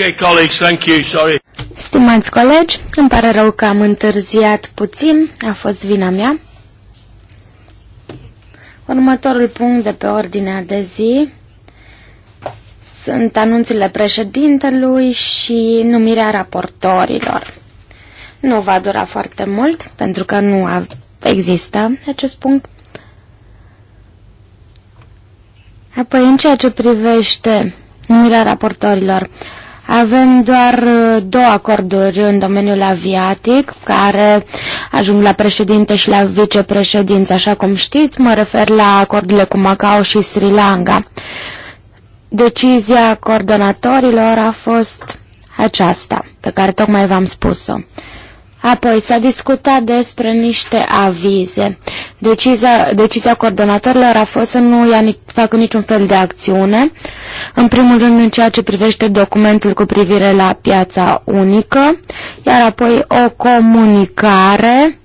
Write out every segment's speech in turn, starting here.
Okay, colleagues, thank you, sorry. Stimați colegi, îmi pare rău că am întârziat puțin, a fost vina mea. Următorul punct de pe ordinea de zi sunt anunțurile președintelui și numirea raportorilor. Nu va dura foarte mult, pentru că nu există acest punct. Apoi, în ceea ce privește numirea raportorilor, avem doar uh, două acorduri în domeniul aviatic care ajung la președinte și la vicepreședință, așa cum știți, mă refer la acordurile cu Macau și Sri Lanka. Decizia coordonatorilor a fost aceasta pe care tocmai v-am spus-o. Apoi s-a discutat despre niște avize. Decizia, decizia coordonatorilor a fost să nu ia, facă niciun fel de acțiune. În primul rând în ceea ce privește documentul cu privire la piața unică, iar apoi o comunicare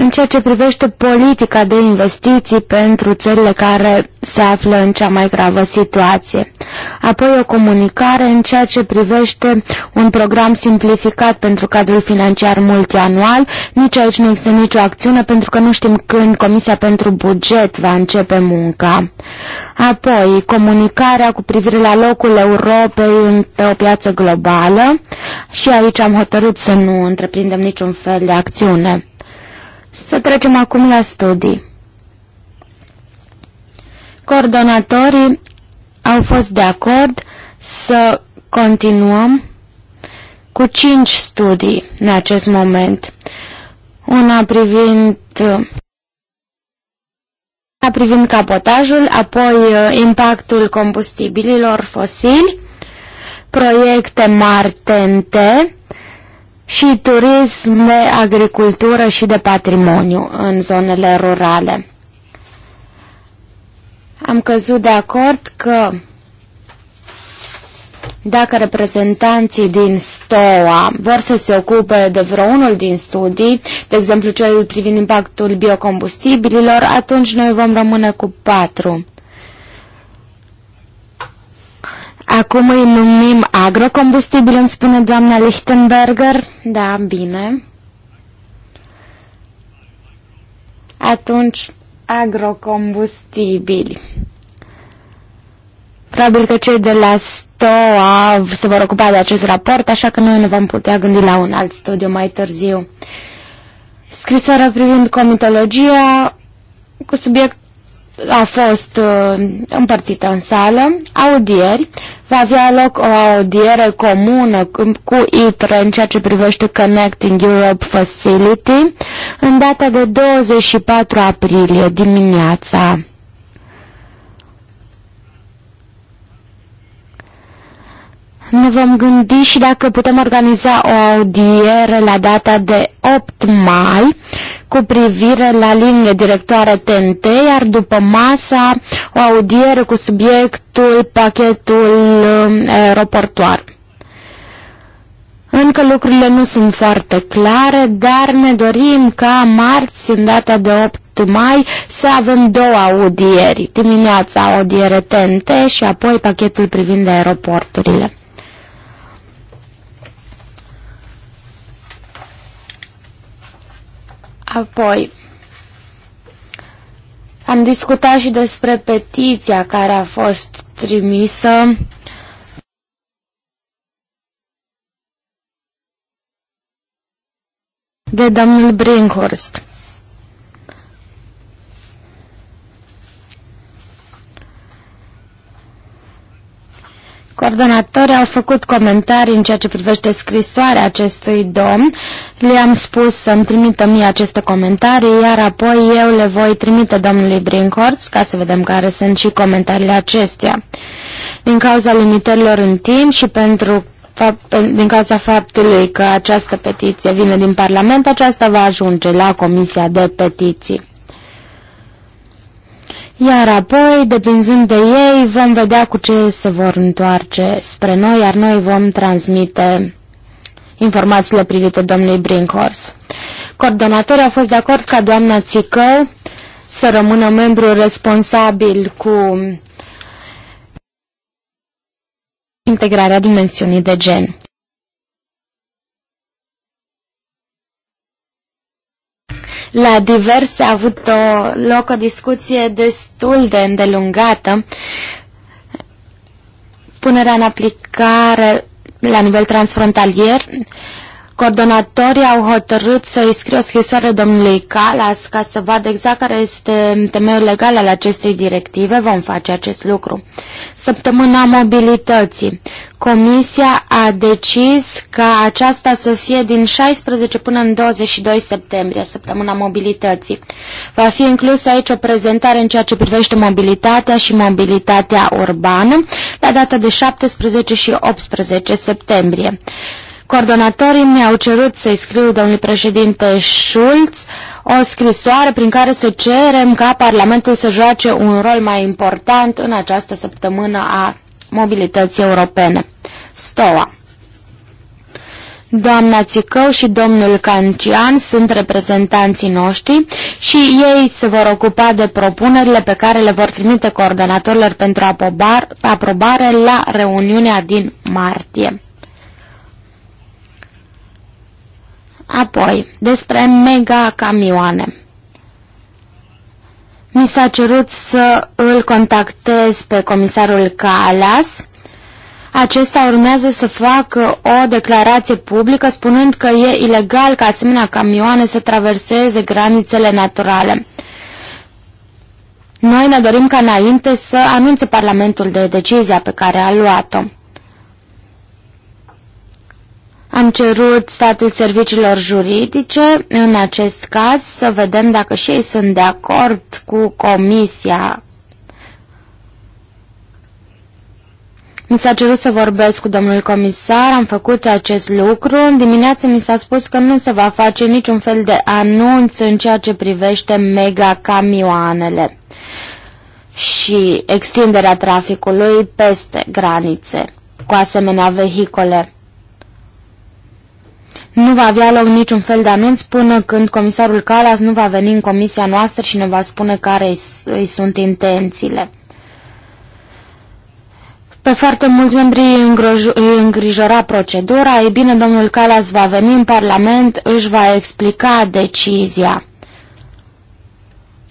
în ceea ce privește politica de investiții pentru țările care se află în cea mai gravă situație. Apoi o comunicare în ceea ce privește un program simplificat pentru cadrul financiar multianual. Nici aici nu există nicio acțiune pentru că nu știm când Comisia pentru Buget va începe munca. Apoi, comunicarea cu privire la locul Europei pe o piață globală și aici am hotărât să nu întreprindem niciun fel de acțiune. Să trecem acum la studii. Coordonatorii au fost de acord să continuăm cu cinci studii în acest moment. Una privind, una privind capotajul, apoi uh, impactul combustibililor fosili, proiecte mari TNT, și turism, de agricultură și de patrimoniu în zonele rurale. Am căzut de acord că dacă reprezentanții din STOA vor să se ocupe de vreunul din studii, de exemplu cel privind impactul biocombustibililor, atunci noi vom rămâne cu patru. Acum îi numim agrocombustibil, îmi spune doamna Lichtenberger. Da, bine. Atunci, agrocombustibili. Probabil că cei de la STOA se vor ocupa de acest raport, așa că noi ne vom putea gândi la un alt studiu mai târziu. Scrisoarea privind comitologia cu subiect a fost uh, împărțită în sală, audieri, va avea loc o audiere comună cu ITRE în ceea ce privește Connecting Europe Facility în data de 24 aprilie dimineața. ne vom gândi și dacă putem organiza o audiere la data de 8 mai cu privire la linie directoare TNT, iar după masa o audiere cu subiectul pachetul um, aeroportuar. Încă lucrurile nu sunt foarte clare, dar ne dorim ca marți, în data de 8 mai, să avem două audieri. Dimineața audiere TNT și apoi pachetul privind aeroporturile. Apoi, am discutat și despre petiția care a fost trimisă de domnul Brinkhorst. Coordonatorii au făcut comentarii în ceea ce privește scrisoarea acestui domn. Le-am spus să-mi trimită mie aceste comentarii, iar apoi eu le voi trimite domnului Brinkhorst ca să vedem care sunt și comentariile acestea. Din cauza limitărilor în timp și pentru din cauza faptului că această petiție vine din Parlament, aceasta va ajunge la Comisia de Petiții iar apoi, depinzând de ei, vom vedea cu ce se vor întoarce spre noi, iar noi vom transmite informațiile privite domnului Brinkhorst. Coordonatorii au fost de acord ca doamna Țică să rămână membru responsabil cu integrarea dimensiunii de gen. La diverse a avut o, loc o discuție destul de îndelungată. Punerea în aplicare la nivel transfrontalier Coordonatorii au hotărât să îi scrie o scrisoare domnului Calas ca să vadă exact care este temeiul legal al acestei directive. Vom face acest lucru. Săptămâna mobilității. Comisia a decis ca aceasta să fie din 16 până în 22 septembrie, săptămâna mobilității. Va fi inclusă aici o prezentare în ceea ce privește mobilitatea și mobilitatea urbană la data de 17 și 18 septembrie. Coordonatorii mi-au cerut să-i scriu domnului președinte Schulz o scrisoare prin care să cerem ca Parlamentul să joace un rol mai important în această săptămână a mobilității europene. STOA Doamna Țicău și domnul Cancian sunt reprezentanții noștri și ei se vor ocupa de propunerile pe care le vor trimite coordonatorilor pentru aprobare la reuniunea din martie. Apoi, despre mega camioane. Mi s-a cerut să îl contactez pe comisarul Calas. Acesta urmează să facă o declarație publică spunând că e ilegal ca asemenea camioane să traverseze granițele naturale. Noi ne dorim ca înainte să anunțe Parlamentul de decizia pe care a luat-o. Am cerut statul serviciilor juridice în acest caz să vedem dacă și ei sunt de acord cu comisia. Mi s-a cerut să vorbesc cu domnul comisar, am făcut acest lucru. În dimineață mi s-a spus că nu se va face niciun fel de anunț în ceea ce privește mega camioanele și extinderea traficului peste granițe cu asemenea vehicole. Nu va avea loc niciun fel de anunț până când comisarul Calas nu va veni în comisia noastră și ne va spune care îi sunt intențiile. Pe foarte mulți membri îi îngrijora procedura, e bine, domnul Calas va veni în Parlament, își va explica decizia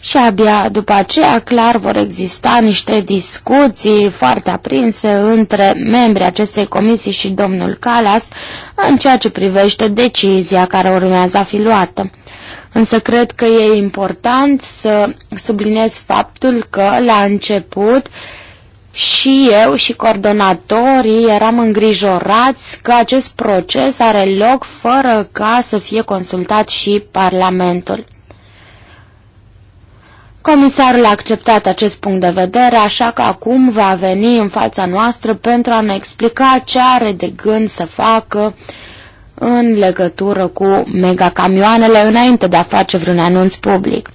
și abia după aceea clar vor exista niște discuții foarte aprinse între membrii acestei comisii și domnul Calas în ceea ce privește decizia care urmează a fi luată. Însă cred că e important să subliniez faptul că la început și eu și coordonatorii eram îngrijorați că acest proces are loc fără ca să fie consultat și Parlamentul. Comisarul a acceptat acest punct de vedere, așa că acum va veni în fața noastră pentru a ne explica ce are de gând să facă în legătură cu megacamioanele înainte de a face vreun anunț public.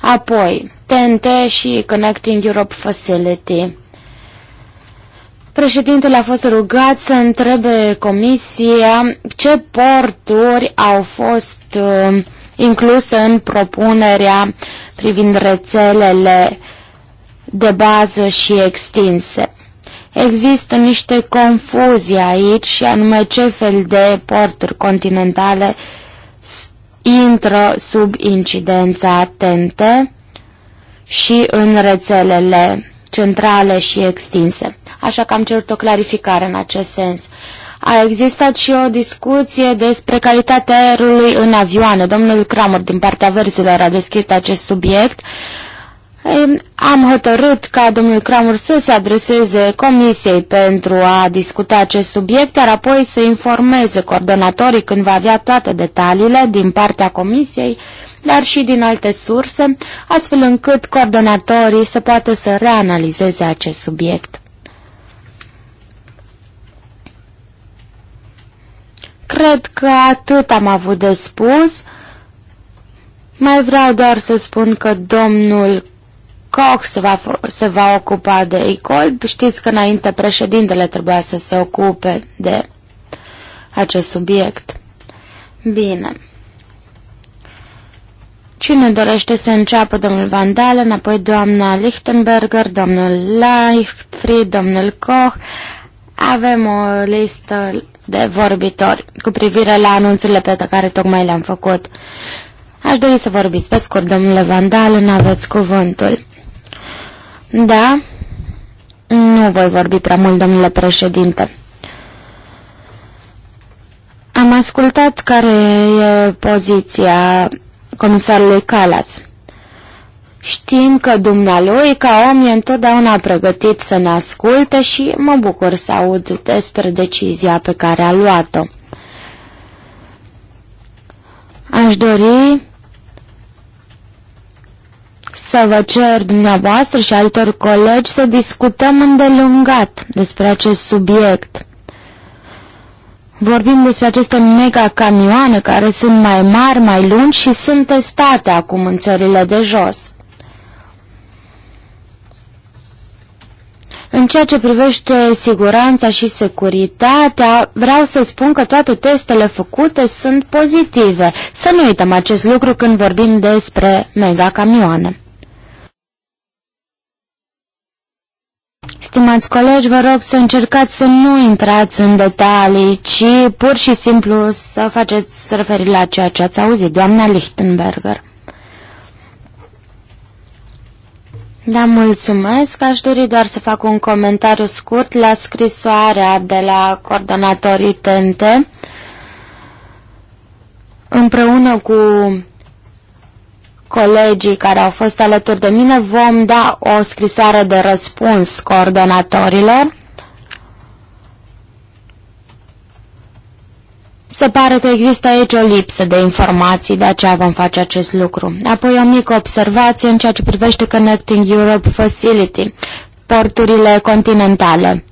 Apoi, TNT și Connecting Europe Facility. Președintele a fost rugat să întrebe comisia ce porturi au fost uh, incluse în propunerea uh, privind rețelele de bază și extinse. Există niște confuzii aici și anume ce fel de porturi continentale intră sub incidența atente și în rețelele centrale și extinse. Așa că am cerut o clarificare în acest sens. A existat și o discuție despre calitatea aerului în avioane. Domnul Kramer din partea verzilor a deschis acest subiect. Am hotărât ca domnul Cramur să se adreseze comisiei pentru a discuta acest subiect, iar apoi să informeze coordonatorii când va avea toate detaliile din partea comisiei, dar și din alte surse, astfel încât coordonatorii să poată să reanalizeze acest subiect. Cred că atât am avut de spus. Mai vreau doar să spun că domnul Koch se va, se va ocupa de ECOL. Știți că înainte președintele trebuia să se ocupe de acest subiect. Bine. Cine dorește să înceapă domnul Vandal, apoi doamna Lichtenberger, domnul Leifried, domnul Koch. Avem o listă de vorbitori cu privire la anunțurile pe care tocmai le-am făcut. Aș dori să vorbiți pe scurt, domnule Vandal, nu aveți cuvântul. Da, nu voi vorbi prea mult, domnule președinte. Am ascultat care e poziția comisarului Calas. Știm că dumnealui, ca om, e întotdeauna pregătit să ne asculte și mă bucur să aud despre decizia pe care a luat-o. Aș dori să vă cer dumneavoastră și altor colegi să discutăm îndelungat despre acest subiect. Vorbim despre aceste mega camioane care sunt mai mari, mai lungi și sunt testate acum în țările de jos. În ceea ce privește siguranța și securitatea, vreau să spun că toate testele făcute sunt pozitive. Să nu uităm acest lucru când vorbim despre megacamioane. Stimați colegi, vă rog să încercați să nu intrați în detalii, ci pur și simplu să faceți referire la ceea ce ați auzit, doamna Lichtenberger. Da, mulțumesc. Aș dori doar să fac un comentariu scurt la scrisoarea de la coordonatorii TNT. Împreună cu colegii care au fost alături de mine, vom da o scrisoare de răspuns coordonatorilor Se pare că există aici o lipsă de informații, de aceea vom face acest lucru. Apoi o mică observație în ceea ce privește Connecting Europe Facility, porturile continentale.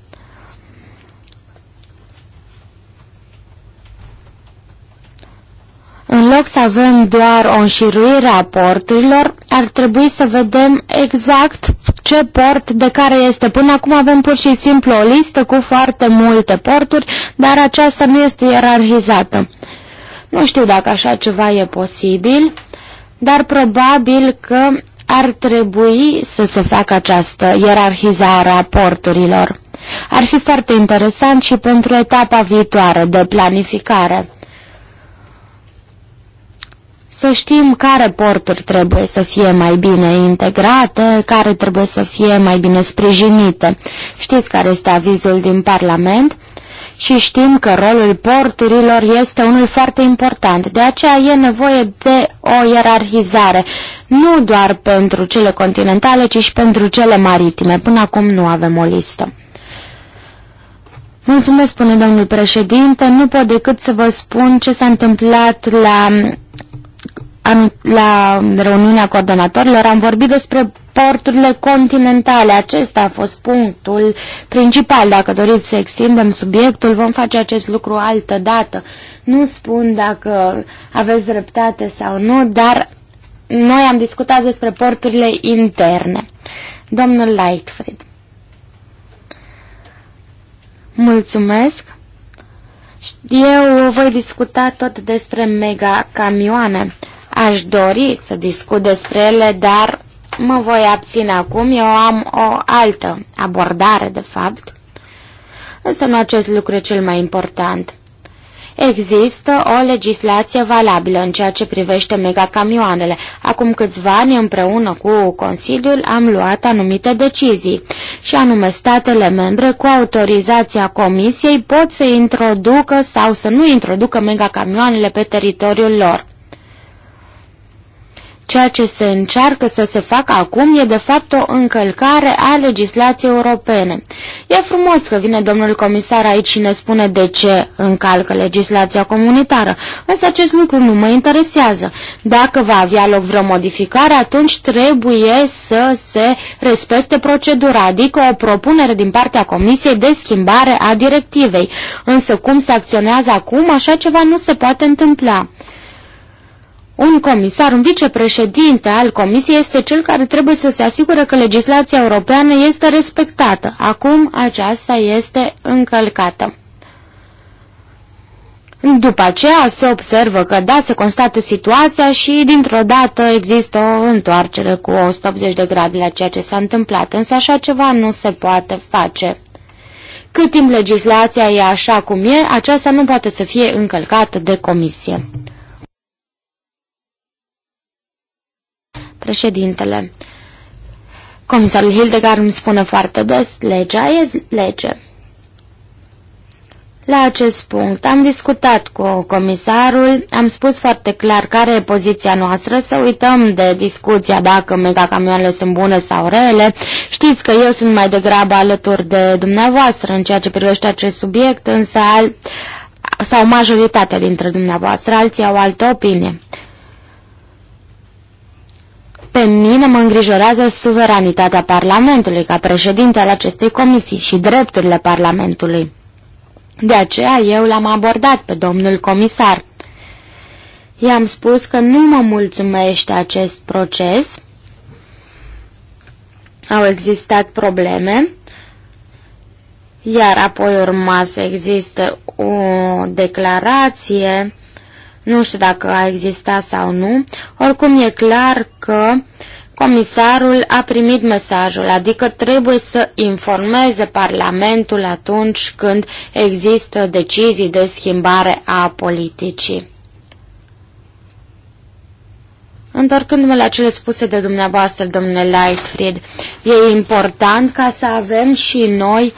În loc să avem doar o înșiruire a porturilor, ar trebui să vedem exact ce port de care este. Până acum avem pur și simplu o listă cu foarte multe porturi, dar aceasta nu este ierarhizată. Nu știu dacă așa ceva e posibil, dar probabil că ar trebui să se facă această ierarhizare a porturilor. Ar fi foarte interesant și pentru etapa viitoare de planificare să știm care porturi trebuie să fie mai bine integrate, care trebuie să fie mai bine sprijinite. Știți care este avizul din Parlament? și știm că rolul porturilor este unul foarte important. De aceea e nevoie de o ierarhizare, nu doar pentru cele continentale, ci și pentru cele maritime. Până acum nu avem o listă. Mulțumesc, spune domnul președinte. Nu pot decât să vă spun ce s-a întâmplat la am, la reuniunea coordonatorilor am vorbit despre porturile continentale. Acesta a fost punctul principal. Dacă doriți să extindem subiectul, vom face acest lucru altă dată. Nu spun dacă aveți dreptate sau nu, dar noi am discutat despre porturile interne. Domnul Lightfried. Mulțumesc. Eu voi discuta tot despre mega camioane. Aș dori să discut despre ele, dar mă voi abține acum. Eu am o altă abordare, de fapt. Însă nu acest lucru e cel mai important. Există o legislație valabilă în ceea ce privește megacamioanele. Acum câțiva ani, împreună cu Consiliul, am luat anumite decizii, și anume statele membre, cu autorizația Comisiei, pot să introducă sau să nu introducă megacamioanele pe teritoriul lor. Ceea ce se încearcă să se facă acum e de fapt o încălcare a legislației europene. E frumos că vine domnul comisar aici și ne spune de ce încalcă legislația comunitară, însă acest lucru nu mă interesează. Dacă va avea loc vreo modificare, atunci trebuie să se respecte procedura, adică o propunere din partea Comisiei de schimbare a directivei. Însă cum se acționează acum, așa ceva nu se poate întâmpla un comisar, un vicepreședinte al comisiei este cel care trebuie să se asigure că legislația europeană este respectată. Acum aceasta este încălcată. După aceea se observă că da, se constată situația și dintr-o dată există o întoarcere cu 180 de grade la ceea ce s-a întâmplat, însă așa ceva nu se poate face. Cât timp legislația e așa cum e, aceasta nu poate să fie încălcată de comisie. Președintele, comisarul Hildegard îmi spune foarte des, legea e lege. La acest punct am discutat cu comisarul, am spus foarte clar care e poziția noastră, să uităm de discuția dacă megacamioanele sunt bune sau rele. Știți că eu sunt mai degrabă alături de dumneavoastră în ceea ce privește acest subiect, însă al, sau majoritatea dintre dumneavoastră, alții au altă opinie. Pe mine mă îngrijorează suveranitatea Parlamentului ca președinte al acestei comisii și drepturile Parlamentului. De aceea eu l-am abordat pe domnul comisar. I-am spus că nu mă mulțumește acest proces, au existat probleme, iar apoi urma să existe o declarație nu știu dacă a existat sau nu, oricum e clar că comisarul a primit mesajul, adică trebuie să informeze Parlamentul atunci când există decizii de schimbare a politicii. Întorcându-mă la cele spuse de dumneavoastră, domnule Lightfried, e important ca să avem și noi uh,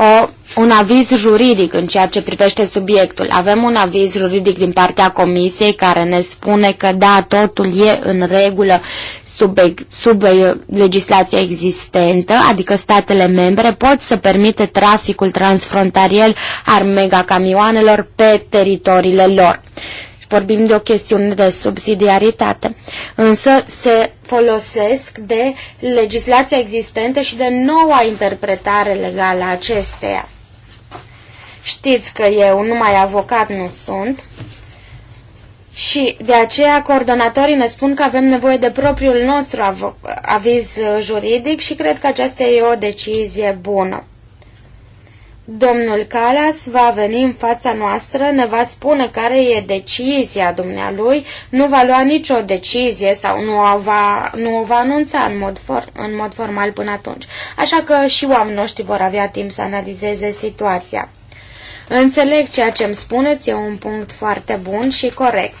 o, un aviz juridic în ceea ce privește subiectul. Avem un aviz juridic din partea comisiei care ne spune că da, totul e în regulă sub, sub legislația existentă, adică statele membre pot să permite traficul transfrontarier al megacamioanelor pe teritoriile lor. Uh, vorbim de o chestiune de subsidiaritate, însă se folosesc de legislația existentă și de noua interpretare legală a acesteia. Știți că eu numai avocat nu sunt și de aceea coordonatorii ne spun că avem nevoie de propriul nostru aviz juridic și cred că aceasta e o decizie bună. Domnul Calas va veni în fața noastră, ne va spune care e decizia dumnealui, nu va lua nicio decizie sau nu o va, nu o va anunța în mod, for, în mod formal până atunci. Așa că și oamenii noștri vor avea timp să analizeze situația. Înțeleg ceea ce îmi spuneți, e un punct foarte bun și corect.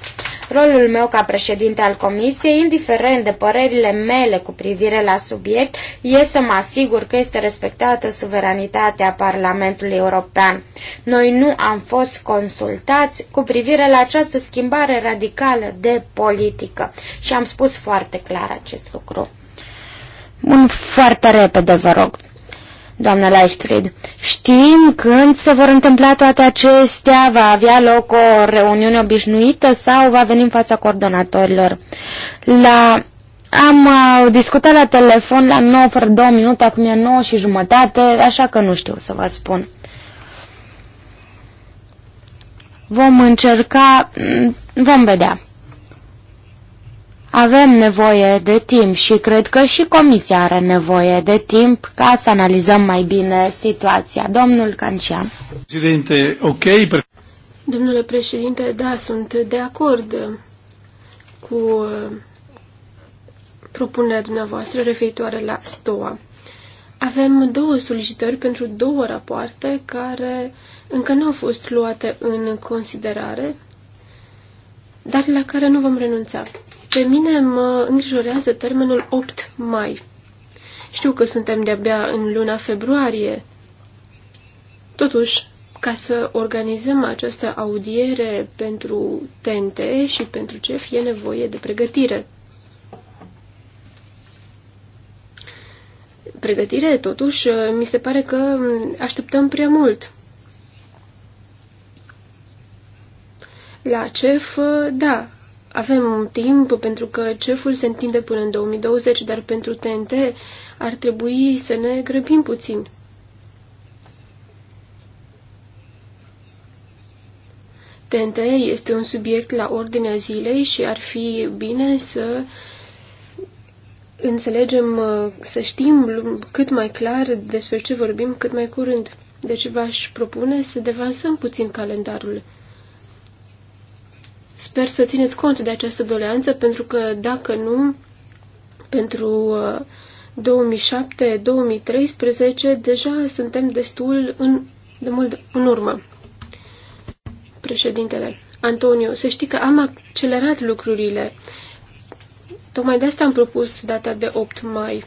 Rolul meu ca președinte al comisiei, indiferent de părerile mele cu privire la subiect, e să mă asigur că este respectată suveranitatea Parlamentului European. Noi nu am fost consultați cu privire la această schimbare radicală de politică și am spus foarte clar acest lucru. Bun, foarte repede, vă rog doamna Leichtfried. Știm când se vor întâmpla toate acestea? Va avea loc o reuniune obișnuită sau va veni în fața coordonatorilor? La... Am uh, discutat la telefon la 9 fără 2 minute, acum e 9 și jumătate, așa că nu știu să vă spun. Vom încerca, mm, vom vedea. Avem nevoie de timp și cred că și Comisia are nevoie de timp ca să analizăm mai bine situația. Domnul Cancian. Președinte, ok. Domnule președinte, da, sunt de acord cu uh, propunerea dumneavoastră referitoare la STOA. Avem două solicitări pentru două rapoarte care încă nu au fost luate în considerare, dar la care nu vom renunța. Pe mine mă îngrijorează termenul 8 mai. Știu că suntem de-abia în luna februarie. Totuși, ca să organizăm această audiere pentru tente și pentru ce e nevoie de pregătire. Pregătire, totuși, mi se pare că așteptăm prea mult. La CEF, da, avem timp pentru că ceful se întinde până în 2020, dar pentru TNT ar trebui să ne grăbim puțin. TNT este un subiect la ordinea zilei și ar fi bine să înțelegem, să știm cât mai clar despre ce vorbim cât mai curând. Deci v-aș propune să devansăm puțin calendarul. Sper să țineți cont de această doleanță, pentru că dacă nu, pentru 2007-2013 uh, deja suntem destul în, de mult în urmă. Președintele, Antonio, să știi că am accelerat lucrurile. Tocmai de asta am propus data de 8 mai.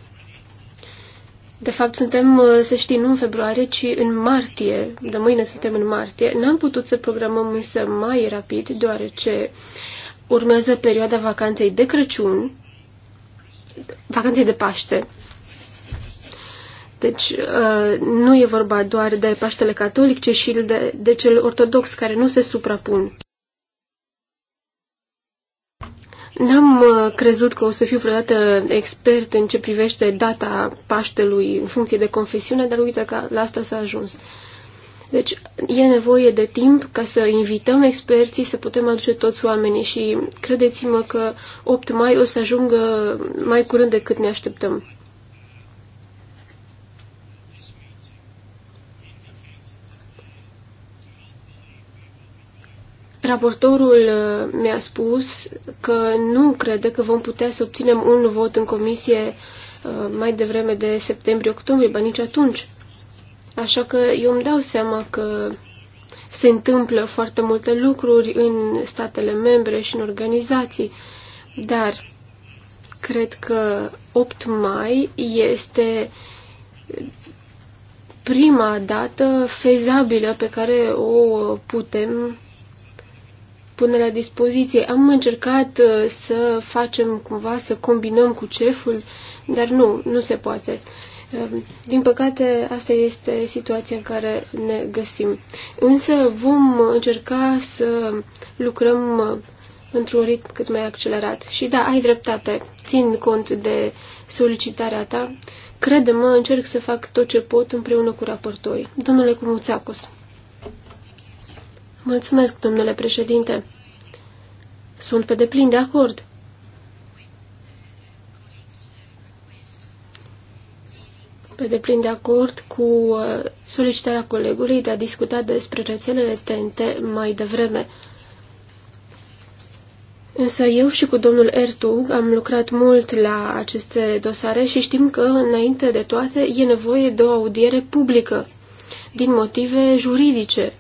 De fapt, suntem, uh, să știi, nu în februarie, ci în martie. De mâine suntem în martie. N-am putut să programăm însă mai rapid, deoarece urmează perioada vacanței de Crăciun, vacanței de Paște. Deci uh, nu e vorba doar de Paștele Catolic, ci și de, de cel ortodox, care nu se suprapun. N-am uh, crezut că o să fiu vreodată expert în ce privește data Paștelui în funcție de confesiune, dar uite că la asta s-a ajuns. Deci e nevoie de timp ca să invităm experții, să putem aduce toți oamenii și credeți-mă că 8 mai o să ajungă mai curând decât ne așteptăm. Raportorul uh, mi-a spus că nu crede că vom putea să obținem un vot în comisie uh, mai devreme de septembrie-octombrie, ba nici atunci. Așa că eu îmi dau seama că se întâmplă foarte multe lucruri în statele membre și în organizații, dar cred că 8 mai este prima dată fezabilă pe care o putem pune la dispoziție. Am încercat uh, să facem cumva, să combinăm cu ceful, dar nu, nu se poate. Um, din păcate, asta este situația în care ne găsim. Însă vom încerca să lucrăm uh, într-un ritm cât mai accelerat. Și da, ai dreptate, țin cont de solicitarea ta. Crede-mă, încerc să fac tot ce pot împreună cu raportorii. Domnule Cumuțacos. Mulțumesc, domnule președinte. Sunt pe deplin de acord. Pe deplin de acord cu uh, solicitarea colegului de a discuta despre rețelele TNT mai devreme. Însă eu și cu domnul Ertug am lucrat mult la aceste dosare și știm că, înainte de toate, e nevoie de o audiere publică, din motive juridice.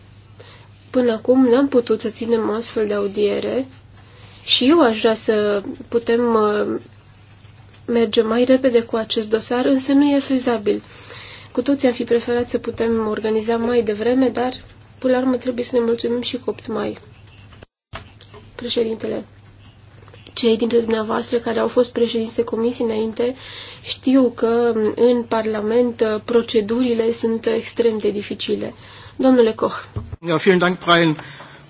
Până acum n-am putut să ținem o astfel de audiere și eu aș vrea să putem uh, merge mai repede cu acest dosar, însă nu e fezabil. Cu toții am fi preferat să putem organiza mai devreme, dar până la urmă trebuie să ne mulțumim și cu 8 mai. Președintele, cei dintre dumneavoastră care au fost președinți de comisii înainte știu că în Parlament uh, procedurile sunt extrem de dificile. Domnule Koch. Ja, vielen Dank, Brian.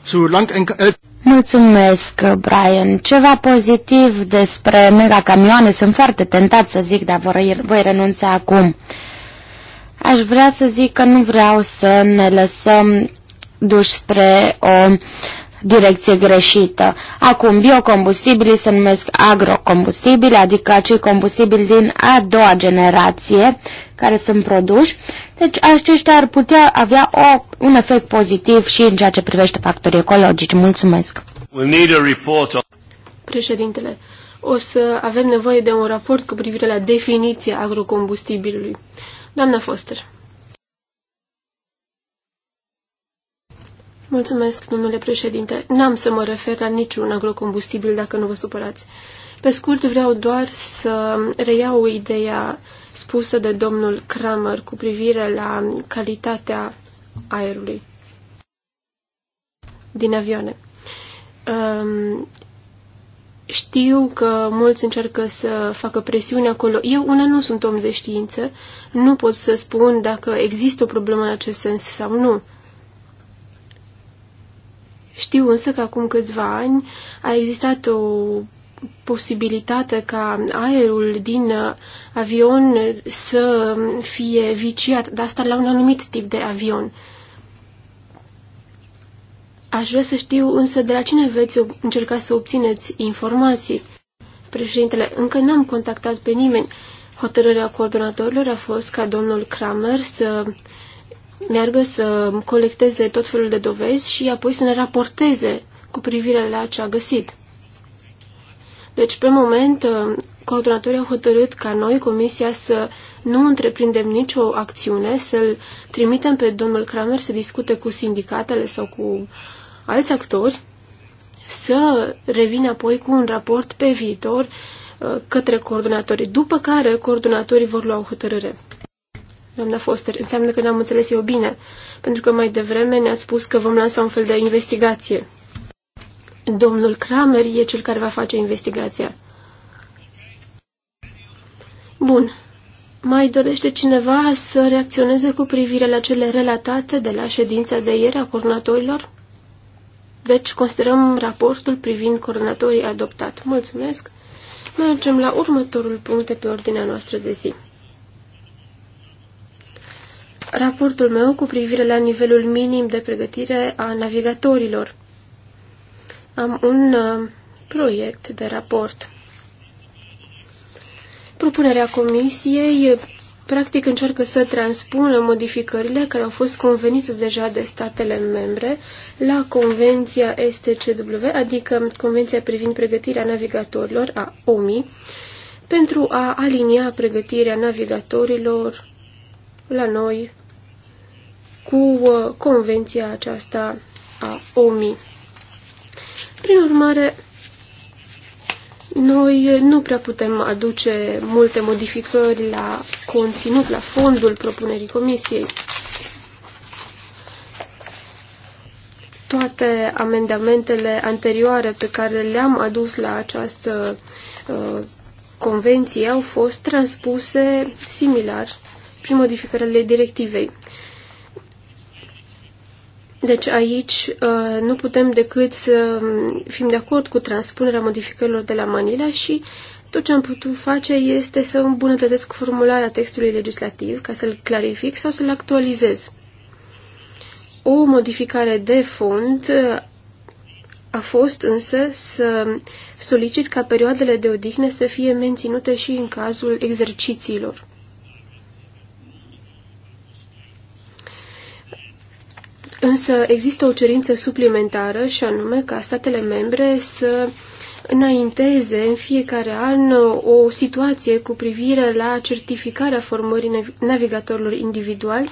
Zu lang äh, Mulțumesc, Brian. Ceva pozitiv despre megacamioane. Sunt foarte tentat să zic, dar voi, voi renunța acum. Aș vrea să zic că nu vreau să ne lăsăm duși spre o direcție greșită. Acum, biocombustibilii se numesc agrocombustibili, adică acei combustibili din a doua generație care sunt produși deci aceștia ar putea avea o, un efect pozitiv și în ceea ce privește factorii ecologici. Mulțumesc! Președintele, o să avem nevoie de un raport cu privire la definiția agrocombustibilului. Doamna Foster. Mulțumesc, domnule președinte. N-am să mă refer la niciun agrocombustibil, dacă nu vă supărați. Pe scurt, vreau doar să reiau ideea Spusă de domnul Kramer cu privire la calitatea aerului din avioane. Um, știu că mulți încearcă să facă presiune acolo. Eu, una, nu sunt om de știință. Nu pot să spun dacă există o problemă în acest sens sau nu. Știu însă că acum câțiva ani a existat o posibilitate ca aerul din uh, avion să fie viciat, dar asta la un anumit tip de avion. Aș vrea să știu însă de la cine veți încerca să obțineți informații. Președintele, încă n-am contactat pe nimeni. Hotărârea coordonatorilor a fost ca domnul Kramer să meargă să colecteze tot felul de dovezi și apoi să ne raporteze cu privire la ce a găsit. Deci, pe moment, uh, coordonatorii au hotărât ca noi, Comisia, să nu întreprindem nicio acțiune, să-l trimitem pe domnul Kramer să discute cu sindicatele sau cu alți actori, să revină apoi cu un raport pe viitor uh, către coordonatorii, după care coordonatorii vor lua o hotărâre. Doamna Foster, înseamnă că ne am înțeles eu bine, pentru că mai devreme ne-a spus că vom lansa un fel de investigație. Domnul Kramer e cel care va face investigația. Bun. Mai dorește cineva să reacționeze cu privire la cele relatate de la ședința de ieri a coordonatorilor? Deci considerăm raportul privind coordonatorii adoptat. Mulțumesc. Mergem la următorul punct de pe ordinea noastră de zi. Raportul meu cu privire la nivelul minim de pregătire a navigatorilor am un uh, proiect de raport. Propunerea comisiei uh, practic încearcă să transpună modificările care au fost convenite deja de statele membre la Convenția STCW, adică Convenția privind pregătirea navigatorilor a OMI, pentru a alinia pregătirea navigatorilor la noi cu uh, convenția aceasta a OMI. Prin urmare, noi nu prea putem aduce multe modificări la conținut, la fondul propunerii comisiei. Toate amendamentele anterioare pe care le-am adus la această uh, convenție au fost transpuse similar prin modificările directivei. Deci aici uh, nu putem decât să um, fim de acord cu transpunerea modificărilor de la Manila și tot ce am putut face este să îmbunătățesc formularea textului legislativ ca să-l clarific sau să-l actualizez. O modificare de fond uh, a fost însă să solicit ca perioadele de odihnă să fie menținute și în cazul exercițiilor. Însă există o cerință suplimentară și anume ca statele membre să înainteze în fiecare an o situație cu privire la certificarea formării navigatorilor individuali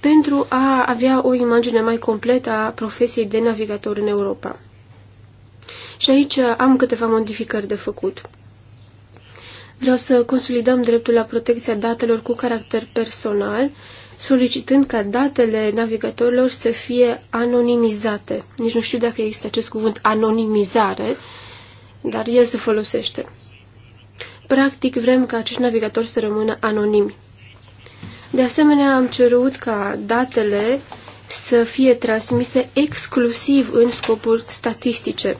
pentru a avea o imagine mai completă a profesiei de navigator în Europa. Și aici am câteva modificări de făcut. Vreau să consolidăm dreptul la protecția datelor cu caracter personal solicitând ca datele navigatorilor să fie anonimizate. Nici nu știu dacă există acest cuvânt anonimizare, dar el se folosește. Practic, vrem ca acești navigatori să rămână anonimi. De asemenea, am cerut ca datele să fie transmise exclusiv în scopuri statistice.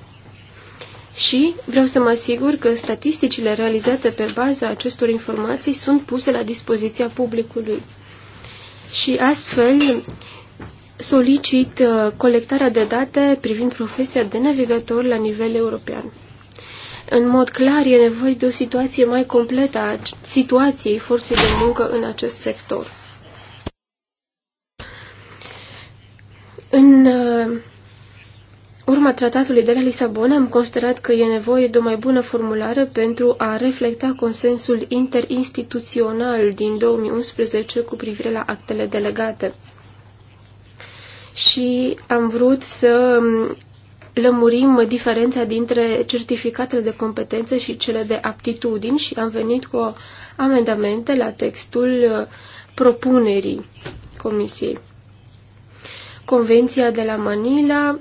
Și vreau să mă asigur că statisticile realizate pe baza acestor informații sunt puse la dispoziția publicului și astfel solicit uh, colectarea de date privind profesia de navigator la nivel european. În mod clar, e nevoie de o situație mai completă a situației forței de muncă în acest sector. În uh, urma tratatului de la Lisabona, am considerat că e nevoie de o mai bună formulare pentru a reflecta consensul interinstituțional din 2011 cu privire la actele delegate. Și am vrut să lămurim diferența dintre certificatele de competență și cele de aptitudini și am venit cu amendamente la textul uh, propunerii Comisiei. Convenția de la Manila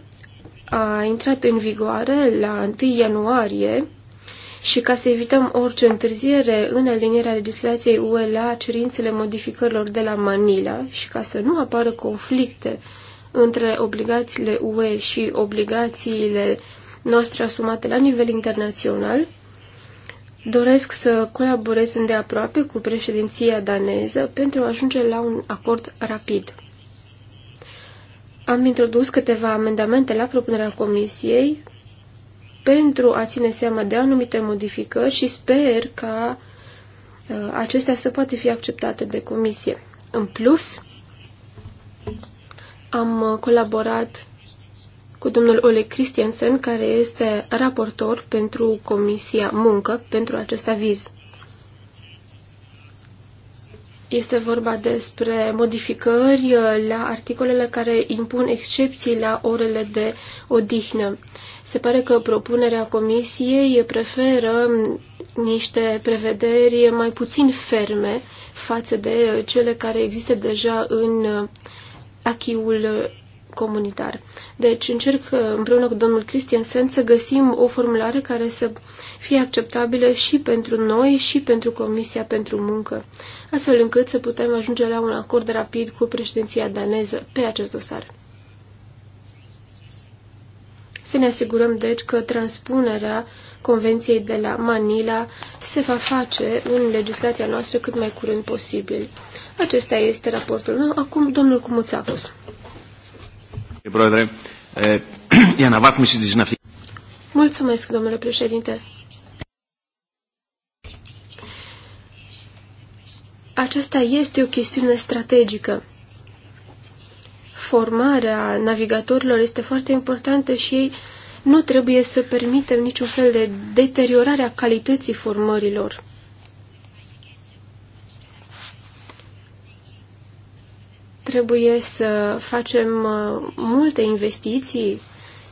a intrat în vigoare la 1 ianuarie și ca să evităm orice întârziere în alinierea legislației UE la cerințele modificărilor de la Manila și ca să nu apară conflicte între obligațiile UE și obligațiile noastre asumate la nivel internațional, doresc să colaborez îndeaproape cu președinția daneză pentru a ajunge la un acord rapid am introdus câteva amendamente la propunerea comisiei pentru a ține seama de anumite modificări și sper ca uh, acestea să poate fi acceptate de comisie. În plus, am uh, colaborat cu domnul Ole Christiansen, care este raportor pentru Comisia Muncă pentru acest aviz. Este vorba despre modificări uh, la articolele care impun excepții la orele de odihnă. Se pare că propunerea comisiei preferă niște prevederi mai puțin ferme față de cele care există deja în uh, achiul uh, comunitar. Deci încerc împreună cu domnul Sen să găsim o formulare care să fie acceptabilă și pentru noi și pentru Comisia pentru Muncă astfel încât să putem ajunge la un acord rapid cu președinția daneză pe acest dosar. Să ne asigurăm, deci, că transpunerea Convenției de la Manila se va face în legislația noastră cât mai curând posibil. Acesta este raportul meu. Acum, domnul Cumuțacos. Eh, Mulțumesc, domnule președinte. aceasta este o chestiune strategică. Formarea navigatorilor este foarte importantă și ei nu trebuie să permitem niciun fel de deteriorare a calității formărilor. Trebuie să facem uh, multe investiții,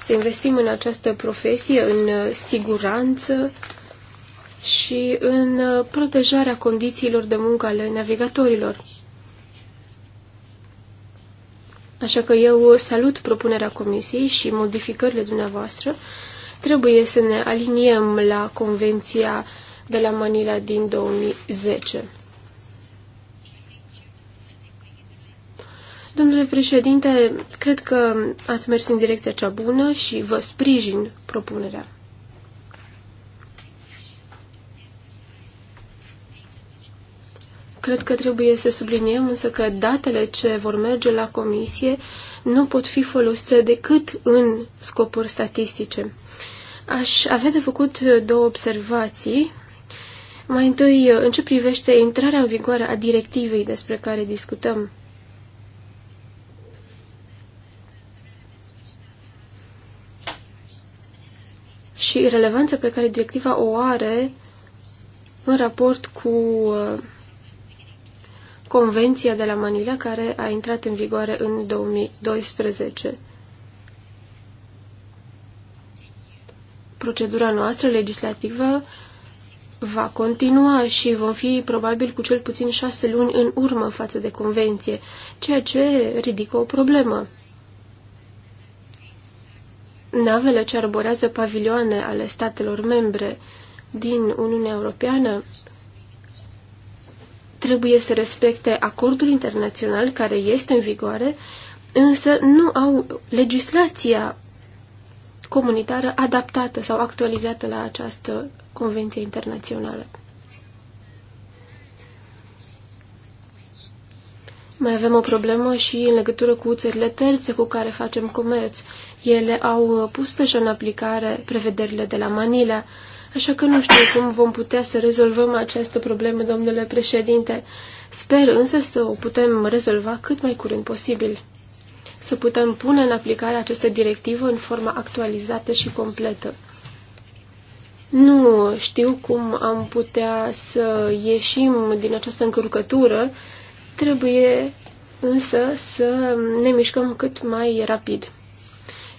să investim în această profesie, în uh, siguranță, și în uh, protejarea condițiilor de muncă ale navigatorilor. Așa că eu salut propunerea comisiei și modificările dumneavoastră. Trebuie să ne aliniem la Convenția de la Manila din 2010. Domnule președinte, cred că ați mers în direcția cea bună și vă sprijin propunerea. Cred că trebuie să subliniem însă că datele ce vor merge la comisie nu pot fi folosite decât în scopuri statistice. Aș avea de făcut două observații. Mai întâi, în ce privește intrarea în vigoare a directivei despre care discutăm. Și relevanța pe care directiva o are în raport cu uh, Convenția de la Manila, care a intrat în vigoare în 2012. Procedura noastră legislativă va continua și vom fi probabil cu cel puțin șase luni în urmă față de convenție, ceea ce ridică o problemă. Navele ce arborează pavilioane ale statelor membre din Uniunea Europeană trebuie să respecte acordul internațional care este în vigoare, însă nu au legislația comunitară adaptată sau actualizată la această convenție internațională. Mai avem o problemă și în legătură cu țările terțe cu care facem comerț. Ele au pus deja în aplicare prevederile de la Manila, Așa că nu știu cum vom putea să rezolvăm această problemă, domnule președinte. Sper însă să o putem rezolva cât mai curând posibil. Să putem pune în aplicare această directivă în forma actualizată și completă. Nu știu cum am putea să ieșim din această încurcătură, trebuie însă să ne mișcăm cât mai rapid.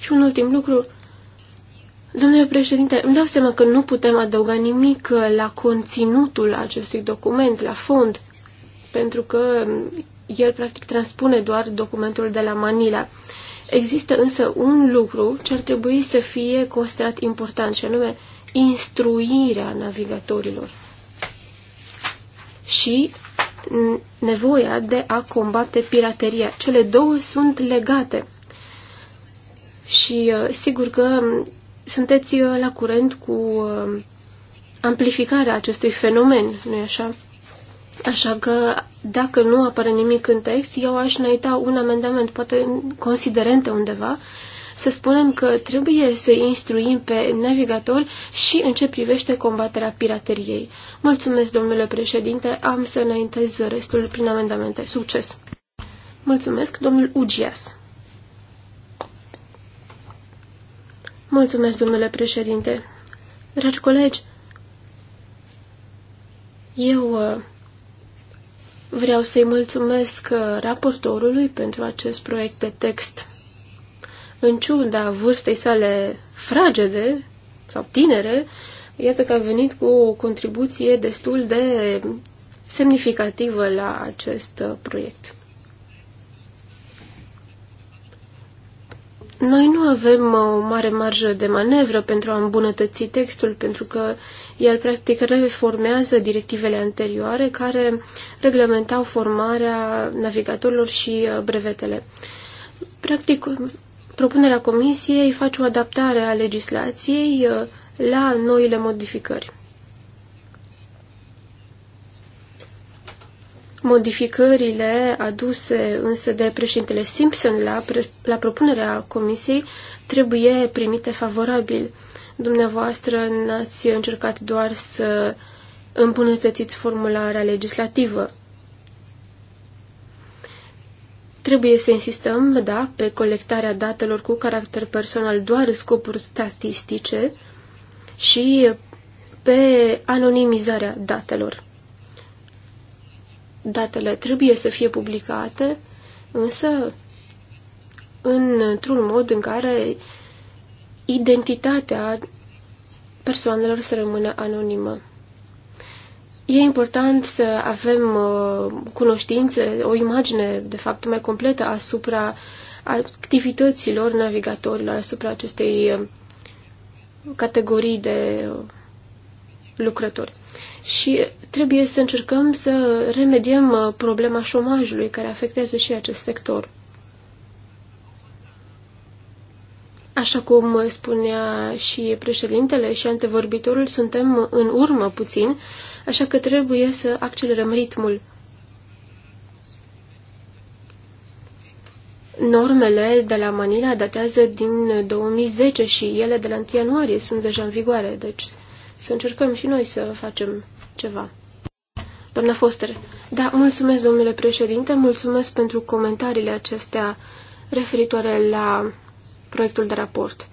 Și un ultim lucru, Domnule președinte, îmi dau seama că nu putem adăuga nimic la conținutul acestui document, la fond, pentru că el practic transpune doar documentul de la Manila. Există însă un lucru ce ar trebui să fie considerat important, și anume instruirea navigatorilor și nevoia de a combate pirateria. Cele două sunt legate. Și uh, sigur că sunteți uh, la curent cu uh, amplificarea acestui fenomen, nu-i așa? Așa că, dacă nu apare nimic în text, eu aș înainta un amendament, poate considerente undeva, să spunem că trebuie să instruim pe navigator și în ce privește combaterea pirateriei. Mulțumesc, domnule președinte, am să înaintez restul prin amendamente. Succes! Mulțumesc, domnul Ugias. Mulțumesc, domnule președinte. Dragi colegi, eu uh, vreau să-i mulțumesc uh, raportorului pentru acest proiect de text. În ciuda vârstei sale fragede sau tinere, iată că a venit cu o contribuție destul de semnificativă la acest uh, proiect. Noi nu avem uh, o mare marjă de manevră pentru a îmbunătăți textul, pentru că el practic reformează directivele anterioare care reglementau formarea navigatorilor și uh, brevetele. Practic, propunerea Comisiei face o adaptare a legislației uh, la noile modificări. Modificările aduse însă de președintele Simpson la, pre- la propunerea comisiei trebuie primite favorabil. Dumneavoastră n-ați încercat doar să îmbunătățiți formularea legislativă. Trebuie să insistăm, da, pe colectarea datelor cu caracter personal doar în scopuri statistice și pe anonimizarea datelor datele trebuie să fie publicate, însă într-un mod în care identitatea persoanelor să rămână anonimă. E important să avem uh, cunoștințe, o imagine, de fapt, mai completă asupra activităților navigatorilor, asupra acestei uh, categorii de uh, lucrători și trebuie să încercăm să remediem uh, problema șomajului care afectează și acest sector. Așa cum spunea și președintele și antevorbitorul, suntem în urmă puțin, așa că trebuie să accelerăm ritmul. Normele de la Manila datează din 2010 și ele de la 1 ianuarie sunt deja în vigoare, deci să încercăm și noi să facem ceva. Doamna Foster, da, mulțumesc, domnule președinte, mulțumesc pentru comentariile acestea referitoare la proiectul de raport.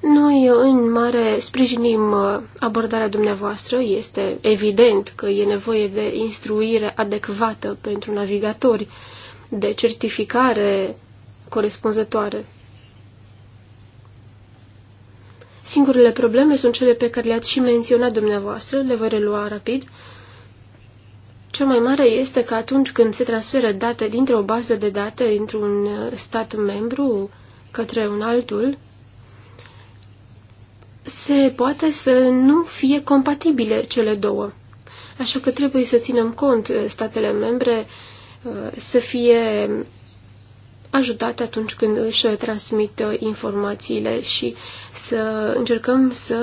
Noi, în mare, sprijinim uh, abordarea dumneavoastră. Este evident că e nevoie de instruire adecvată pentru navigatori, de certificare corespunzătoare. Singurele probleme sunt cele pe care le-ați și menționat dumneavoastră, le voi relua rapid. Cea mai mare este că atunci când se transferă date dintr-o bază de date, dintr-un uh, stat membru către un altul, se poate să nu fie compatibile cele două. Așa că trebuie să ținem cont uh, statele membre uh, să fie ajutat atunci când își transmit uh, informațiile și să încercăm să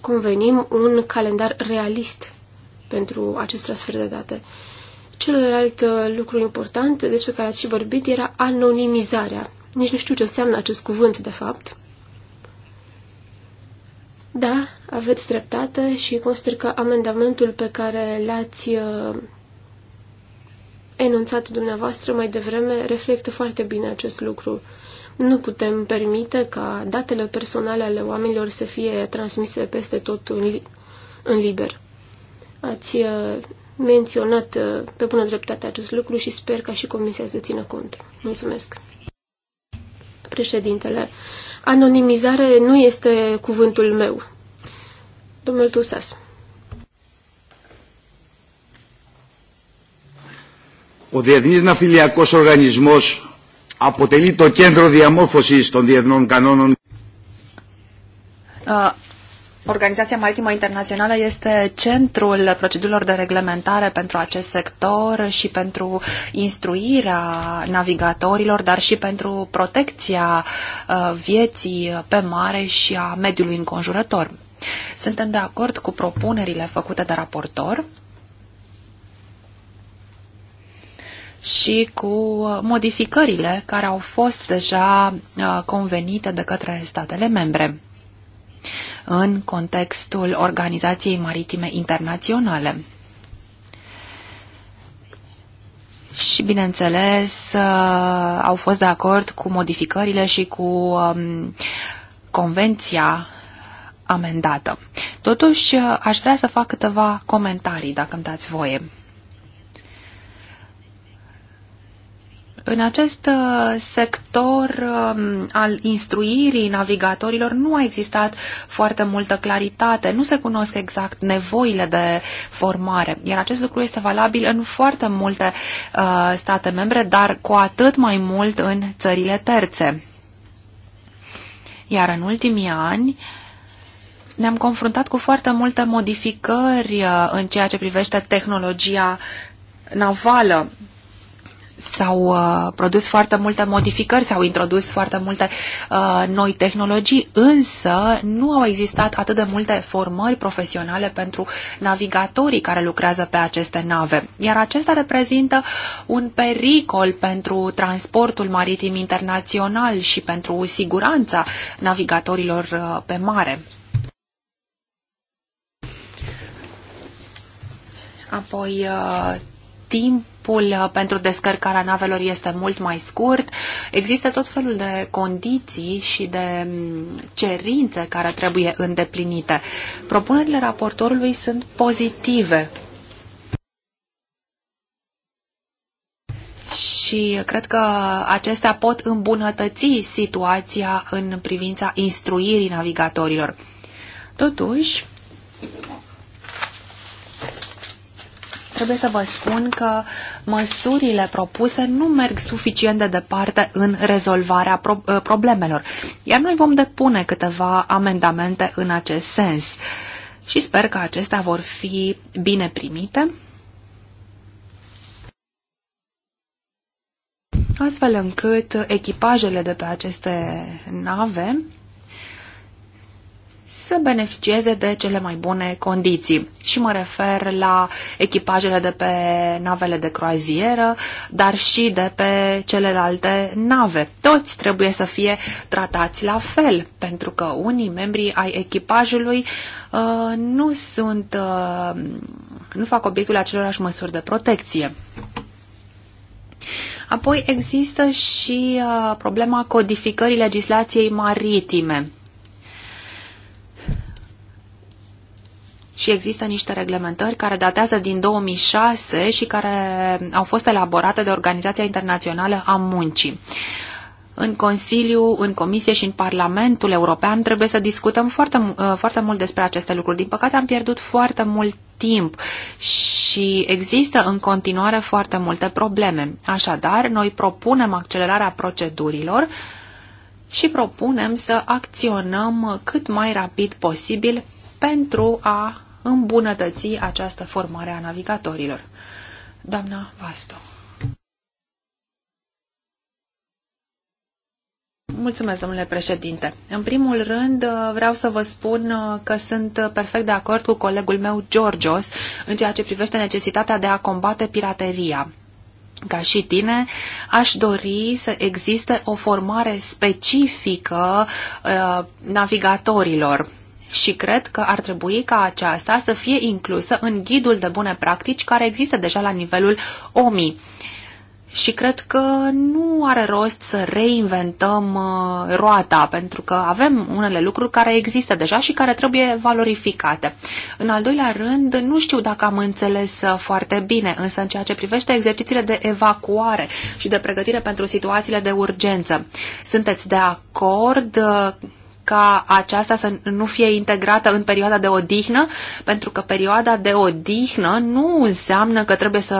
convenim un calendar realist pentru acest transfer de date. Celălalt uh, lucru important despre care ați și vorbit era anonimizarea. Nici nu știu ce înseamnă acest cuvânt, de fapt. Da, aveți dreptate și consider că amendamentul pe care l-ați uh, enunțat dumneavoastră mai devreme reflectă foarte bine acest lucru. Nu putem permite ca datele personale ale oamenilor să fie transmise peste tot în, li- în liber. Ați uh, menționat uh, pe bună dreptate acest lucru și sper ca și Comisia să țină cont. Mulțumesc. Președintele, anonimizare nu este cuvântul meu. Domnul Tusas. Ο Διεθνής Ναυτιλιακός Οργανισμός αποτελεί το κέντρο διαμόρφωσης των διεθνών κανόνων. Uh, Organizația Maritimă Internațională este centrul procedurilor de reglementare pentru acest sector și pentru instruirea navigatorilor, dar și pentru protecția vieții pe mare și a mediului înconjurător. Suntem de acord cu propunerile făcute de raportor și cu uh, modificările care au fost deja uh, convenite de către statele membre în contextul Organizației Maritime Internaționale. Și, bineînțeles, uh, au fost de acord cu modificările și cu um, convenția amendată. Totuși, aș vrea să fac câteva comentarii, dacă îmi dați voie. În acest uh, sector um, al instruirii navigatorilor nu a existat foarte multă claritate, nu se cunosc exact nevoile de formare, iar acest lucru este valabil în foarte multe uh, state membre, dar cu atât mai mult în țările terțe. Iar în ultimii ani, ne-am confruntat cu foarte multe modificări uh, în ceea ce privește tehnologia navală s-au uh, produs foarte multe modificări, s-au introdus foarte multe uh, noi tehnologii, însă nu au existat atât de multe formări profesionale pentru navigatorii care lucrează pe aceste nave. Iar acesta reprezintă un pericol pentru transportul maritim internațional și pentru siguranța navigatorilor uh, pe mare. Apoi, uh, timp timpul uh, pentru descărcarea navelor este mult mai scurt. Există tot felul de condiții și de mm, cerințe care trebuie îndeplinite. Propunerile raportorului sunt pozitive și cred că acestea pot îmbunătăți situația în privința instruirii navigatorilor. Totuși, trebuie să vă spun că măsurile propuse nu merg suficient de departe în rezolvarea pro uh, problemelor, iar noi vom depune câteva amendamente în acest sens și sper că acestea vor fi bine primite, astfel încât echipajele de pe aceste nave să beneficieze de cele mai bune condiții. Și mă refer la echipajele de pe navele de croazieră, dar și de pe celelalte nave. Toți trebuie să fie tratați la fel, pentru că unii membri ai echipajului uh, nu sunt uh, nu fac obiectul acelorași măsuri de protecție. Apoi există și uh, problema codificării legislației maritime. și există niște reglementări care datează din 2006 și care au fost elaborate de Organizația Internațională a Muncii. În Consiliu, în Comisie și în Parlamentul European trebuie să discutăm foarte, uh, foarte mult despre aceste lucruri. Din păcate am pierdut foarte mult timp și există în continuare foarte multe probleme. Așadar, noi propunem accelerarea procedurilor și propunem să acționăm cât mai rapid posibil pentru a îmbunătăți această formare a navigatorilor. Doamna Vasto. Mulțumesc, domnule președinte. În primul rând, vreau să vă spun că sunt perfect de acord cu colegul meu, Georgios, în ceea ce privește necesitatea de a combate pirateria. Ca și tine, aș dori să existe o formare specifică uh, navigatorilor și cred că ar trebui ca aceasta să fie inclusă în ghidul de bune practici care există deja la nivelul OMI. Și cred că nu are rost să reinventăm uh, roata, pentru că avem unele lucruri care există deja și care trebuie valorificate. În al doilea rând, nu știu dacă am înțeles uh, foarte bine, însă în ceea ce privește exercițiile de evacuare și de pregătire pentru situațiile de urgență, sunteți de acord uh, ca aceasta să nu fie integrată în perioada de odihnă, pentru că perioada de odihnă nu înseamnă că trebuie să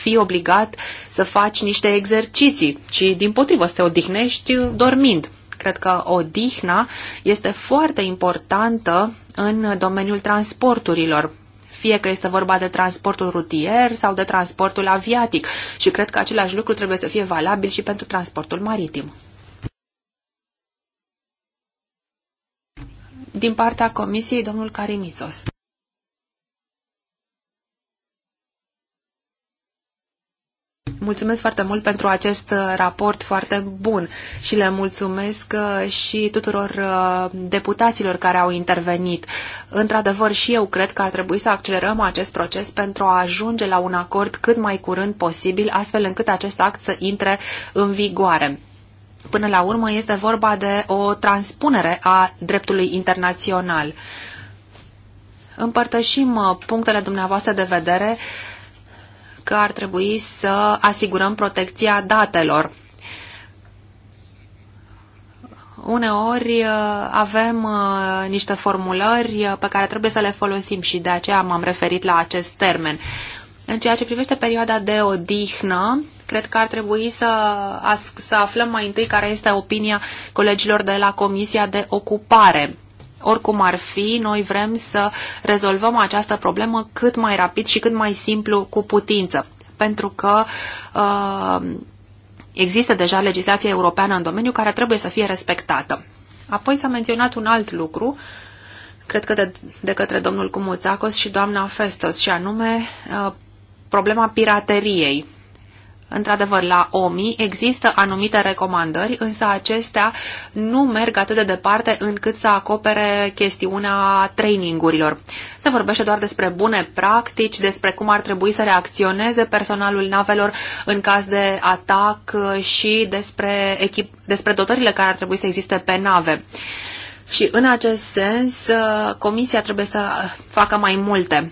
fii obligat să faci niște exerciții, ci din potrivă să te odihnești dormind. Cred că odihna este foarte importantă în domeniul transporturilor, fie că este vorba de transportul rutier sau de transportul aviatic și cred că același lucru trebuie să fie valabil și pentru transportul maritim. din partea Comisiei, domnul Carimitos. Mulțumesc foarte mult pentru acest uh, raport foarte bun și le mulțumesc uh, și tuturor uh, deputaților care au intervenit. Într-adevăr, și eu cred că ar trebui să accelerăm acest proces pentru a ajunge la un acord cât mai curând posibil, astfel încât acest act să intre în vigoare. Până la urmă este vorba de o transpunere a dreptului internațional. Împărtășim uh, punctele dumneavoastră de vedere că ar trebui să asigurăm protecția datelor. Uneori uh, avem uh, niște formulări pe care trebuie să le folosim și de aceea m-am referit la acest termen. În ceea ce privește perioada de odihnă, Cred că ar trebui să, să aflăm mai întâi care este opinia colegilor de la Comisia de Ocupare. Oricum ar fi, noi vrem să rezolvăm această problemă cât mai rapid și cât mai simplu cu putință, pentru că uh, există deja legislație europeană în domeniu care trebuie să fie respectată. Apoi s-a menționat un alt lucru, cred că de, de către domnul Cumuțacos și doamna Festos, și anume uh, problema pirateriei. Într-adevăr, la OMI există anumite recomandări, însă acestea nu merg atât de departe încât să acopere chestiunea trainingurilor. Se vorbește doar despre bune practici, despre cum ar trebui să reacționeze personalul navelor în caz de atac și despre, echip, despre dotările care ar trebui să existe pe nave. Și în acest sens, Comisia trebuie să facă mai multe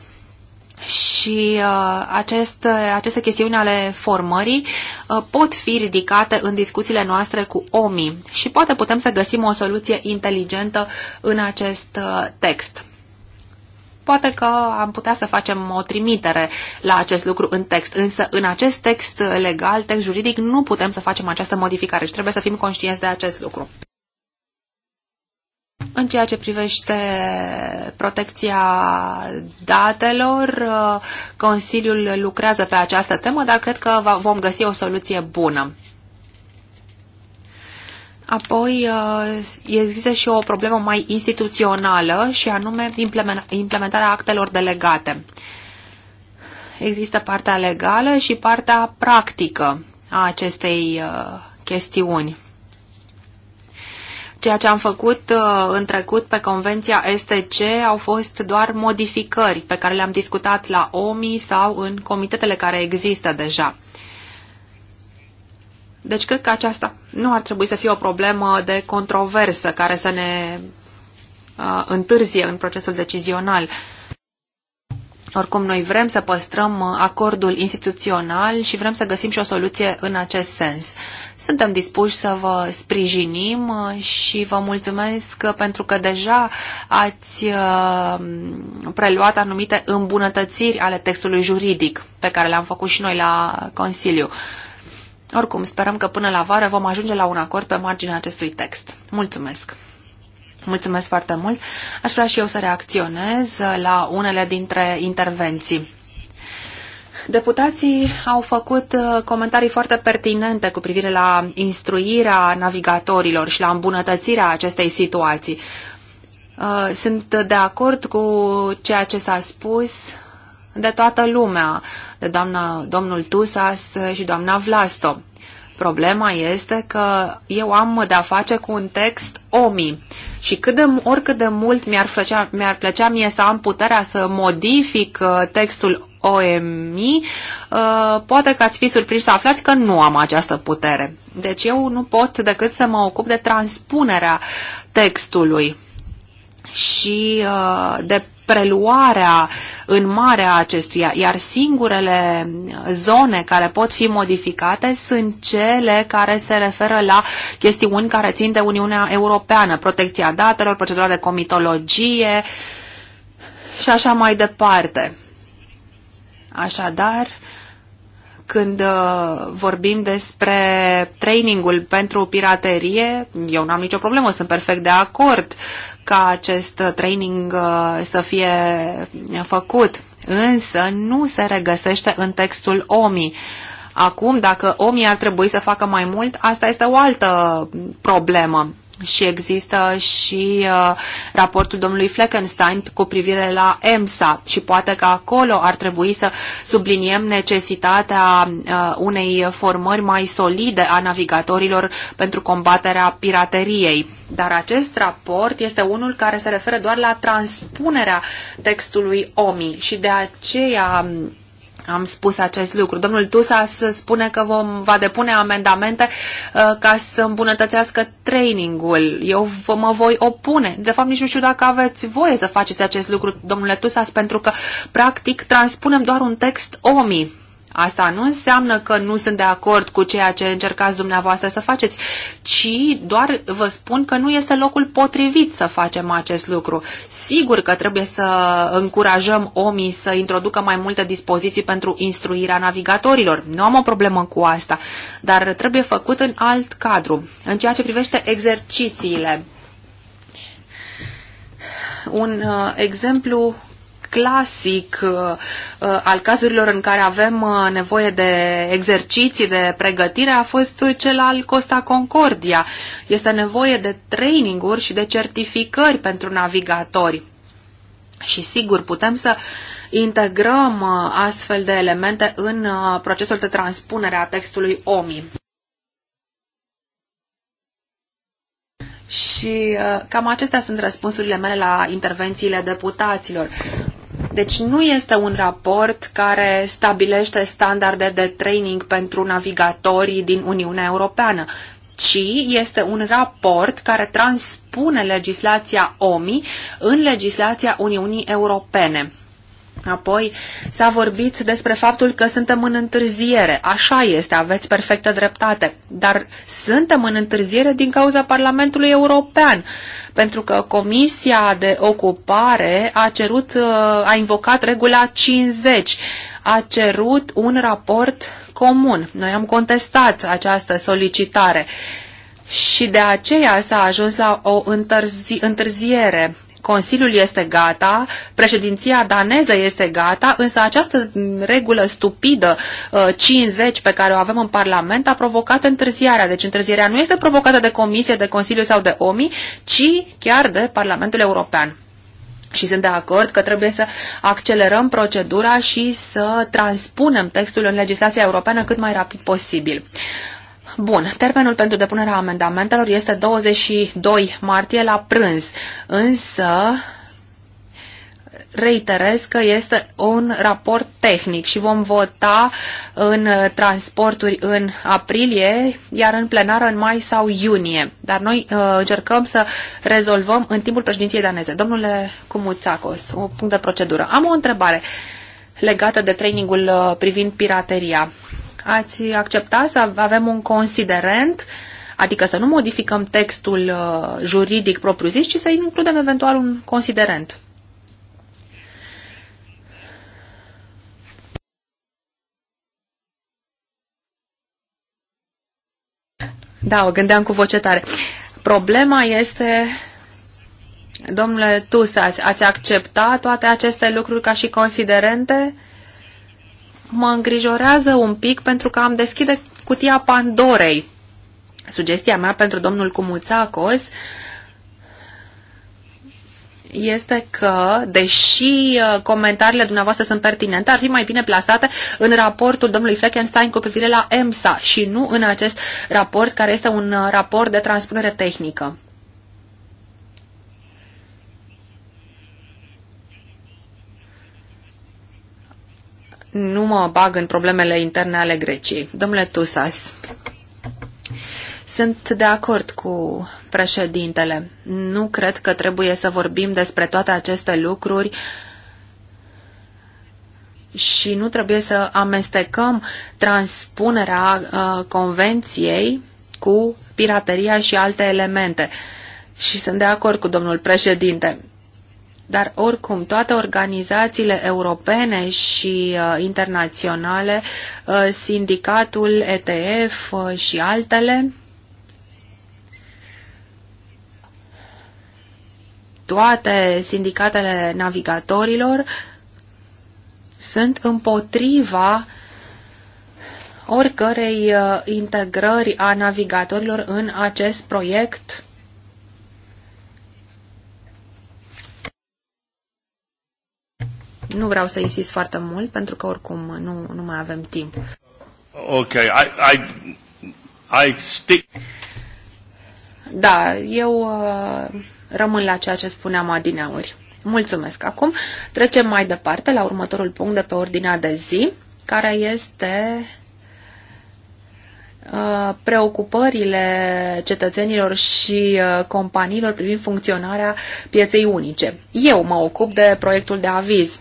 și uh, acest, aceste chestiuni ale formării uh, pot fi ridicate în discuțiile noastre cu OMI și poate putem să găsim o soluție inteligentă în acest uh, text. Poate că am putea să facem o trimitere la acest lucru în text, însă în acest text legal, text juridic, nu putem să facem această modificare și trebuie să fim conștienți de acest lucru. În ceea ce privește protecția datelor, Consiliul lucrează pe această temă, dar cred că vom găsi o soluție bună. Apoi uh, există și o problemă mai instituțională și anume implementarea actelor delegate. Există partea legală și partea practică a acestei uh, chestiuni. Ceea ce am făcut uh, în trecut pe Convenția STC au fost doar modificări pe care le-am discutat la OMI sau în comitetele care există deja. Deci cred că aceasta nu ar trebui să fie o problemă de controversă care să ne uh, întârzie în procesul decizional. Oricum, noi vrem să păstrăm uh, acordul instituțional și vrem să găsim și o soluție în acest sens. Suntem dispuși să vă sprijinim uh, și vă mulțumesc pentru că deja ați uh, preluat anumite îmbunătățiri ale textului juridic pe care le-am făcut și noi la Consiliu. Oricum, sperăm că până la vară vom ajunge la un acord pe marginea acestui text. Mulțumesc! Mulțumesc foarte mult. Aș vrea și eu să reacționez la unele dintre intervenții. Deputații au făcut uh, comentarii foarte pertinente cu privire la instruirea navigatorilor și la îmbunătățirea acestei situații. Uh, sunt de acord cu ceea ce s-a spus de toată lumea, de doamna, domnul Tusas și doamna Vlasto. Problema este că eu am de-a face cu un text OMI și cât de, oricât de mult mi-ar plăcea, mi-ar plăcea mie să am puterea să modific uh, textul OMI, uh, poate că ați fi surprinși să aflați că nu am această putere. Deci eu nu pot decât să mă ocup de transpunerea textului și uh, de preluarea în mare a acestuia, iar singurele zone care pot fi modificate sunt cele care se referă la chestiuni care țin de Uniunea Europeană, protecția datelor, procedura de comitologie și așa mai departe. Așadar, când uh, vorbim despre trainingul pentru piraterie, eu n-am nicio problemă, sunt perfect de acord ca acest training uh, să fie făcut, însă nu se regăsește în textul OMI. Acum, dacă omii ar trebui să facă mai mult, asta este o altă problemă și există și uh, raportul domnului Fleckenstein cu privire la EMSA și poate că acolo ar trebui să subliniem necesitatea uh, unei formări mai solide a navigatorilor pentru combaterea pirateriei. Dar acest raport este unul care se referă doar la transpunerea textului OMI și de aceea um, am spus acest lucru. Domnul Tusas spune că vom, va depune amendamente uh, ca să îmbunătățească trainingul. Eu mă voi opune. De fapt, nici nu știu dacă aveți voie să faceți acest lucru, domnule Tusas, pentru că, practic, transpunem doar un text OMI Asta nu înseamnă că nu sunt de acord cu ceea ce încercați dumneavoastră să faceți, ci doar vă spun că nu este locul potrivit să facem acest lucru. Sigur că trebuie să încurajăm omii să introducă mai multe dispoziții pentru instruirea navigatorilor. Nu am o problemă cu asta, dar trebuie făcut în alt cadru. În ceea ce privește exercițiile, un uh, exemplu clasic uh, uh, al cazurilor în care avem uh, nevoie de exerciții, de pregătire, a fost cel al Costa Concordia. Este nevoie de traininguri și de certificări pentru navigatori. Și sigur, putem să integrăm astfel de elemente în procesul de transpunere a textului OMI. Și cam acestea sunt răspunsurile mele la intervențiile deputaților. Deci nu este un raport care stabilește standarde de training pentru navigatorii din Uniunea Europeană, ci este un raport care transpune legislația OMI în legislația Uniunii Europene. Apoi s-a vorbit despre faptul că suntem în întârziere. Așa este, aveți perfectă dreptate. Dar suntem în întârziere din cauza Parlamentului European, pentru că Comisia de Ocupare a cerut, uh, a invocat regula 50, a cerut un raport comun. Noi am contestat această solicitare și de aceea s-a ajuns la o întârzi întârziere Consiliul este gata, președinția daneză este gata, însă această regulă stupidă 50 uh, pe care o avem în Parlament a provocat întârziarea. Deci întârzierea nu este provocată de Comisie, de Consiliu sau de OMI, ci chiar de Parlamentul European. Și sunt de acord că trebuie să accelerăm procedura și să transpunem textul în legislația europeană cât mai rapid posibil. Bun, termenul pentru depunerea amendamentelor este 22 martie la prânz, însă reiterez că este un raport tehnic și vom vota în transporturi în aprilie, iar în plenară în mai sau iunie. Dar noi uh, încercăm să rezolvăm în timpul președinției daneze. Domnule Cumuțacos, un punct de procedură. Am o întrebare legată de trainingul uh, privind pirateria ați accepta să avem un considerent, adică să nu modificăm textul uh, juridic propriu-zis, ci să includem eventual un considerent. Da, o gândeam cu voce tare. Problema este, domnule Tusa, ați accepta toate aceste lucruri ca și considerente? mă îngrijorează un pic pentru că am deschide cutia Pandorei. Sugestia mea pentru domnul Cumuțacos este că, deși uh, comentariile dumneavoastră sunt pertinente, ar fi mai bine plasate în raportul domnului Fleckenstein cu privire la EMSA și nu în acest raport care este un uh, raport de transpunere tehnică. nu mă bag în problemele interne ale Greciei. Domnule Tusas, sunt de acord cu președintele. Nu cred că trebuie să vorbim despre toate aceste lucruri și nu trebuie să amestecăm transpunerea uh, convenției cu pirateria și alte elemente. Și sunt de acord cu domnul președinte dar oricum, toate organizațiile europene și uh, internaționale, uh, sindicatul ETF uh, și altele, toate sindicatele navigatorilor sunt împotriva oricărei uh, integrări a navigatorilor în acest proiect Nu vreau să insist foarte mult, pentru că oricum nu, nu mai avem timp. Ok, I, I, I stick... Da, eu uh, rămân la ceea ce spuneam adineauri. Mulțumesc. Acum trecem mai departe la următorul punct de pe ordinea de zi, care este uh, preocupările cetățenilor și uh, companiilor privind funcționarea pieței unice. Eu mă ocup de proiectul de aviz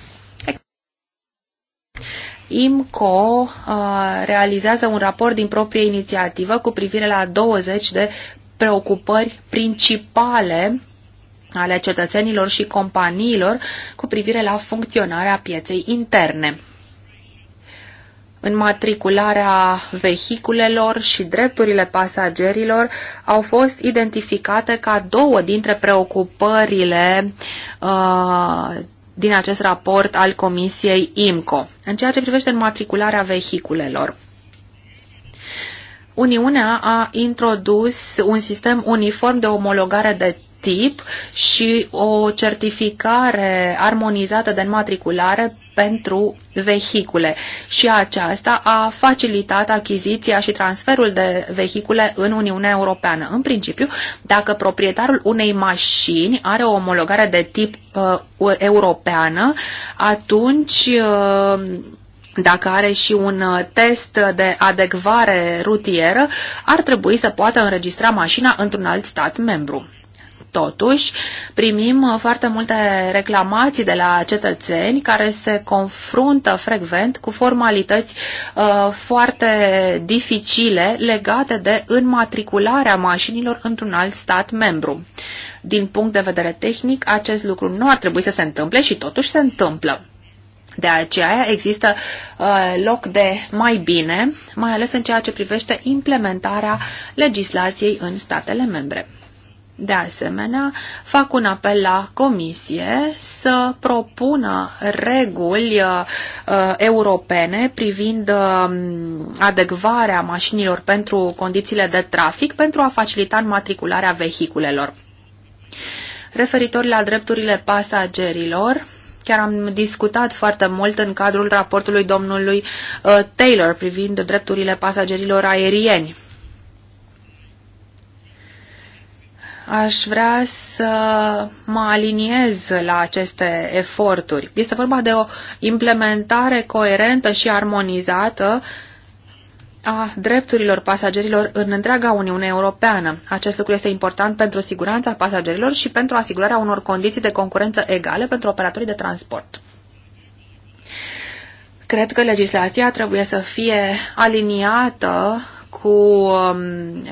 IMCO uh, realizează un raport din proprie inițiativă cu privire la 20 de preocupări principale ale cetățenilor și companiilor cu privire la funcționarea pieței interne înmatricularea vehiculelor și drepturile pasagerilor au fost identificate ca două dintre preocupările uh, din acest raport al Comisiei IMCO, în ceea ce privește înmatricularea vehiculelor. Uniunea a introdus un sistem uniform de omologare de tip și o certificare armonizată de înmatriculare pentru vehicule și aceasta a facilitat achiziția și transferul de vehicule în Uniunea Europeană. În principiu, dacă proprietarul unei mașini are o omologare de tip uh, europeană, atunci uh, dacă are și un uh, test de adecvare rutieră, ar trebui să poată înregistra mașina într-un alt stat membru. Totuși, primim uh, foarte multe reclamații de la cetățeni care se confruntă frecvent cu formalități uh, foarte dificile legate de înmatricularea mașinilor într-un alt stat membru. Din punct de vedere tehnic, acest lucru nu ar trebui să se întâmple și totuși se întâmplă. De aceea există uh, loc de mai bine, mai ales în ceea ce privește implementarea legislației în statele membre. De asemenea, fac un apel la Comisie să propună reguli uh, uh europene privind uh, adecvarea mașinilor pentru condițiile de trafic pentru a facilita înmatricularea vehiculelor. Referitor la drepturile pasagerilor, Chiar am discutat foarte mult în cadrul raportului domnului uh, Taylor privind drepturile pasagerilor aerieni. Aș vrea să mă aliniez la aceste eforturi. Este vorba de o implementare coerentă și armonizată a drepturilor pasagerilor în întreaga Uniune Europeană. Acest lucru este important pentru siguranța pasagerilor și pentru asigurarea unor condiții de concurență egale pentru operatorii de transport. Cred că legislația trebuie să fie aliniată cu um,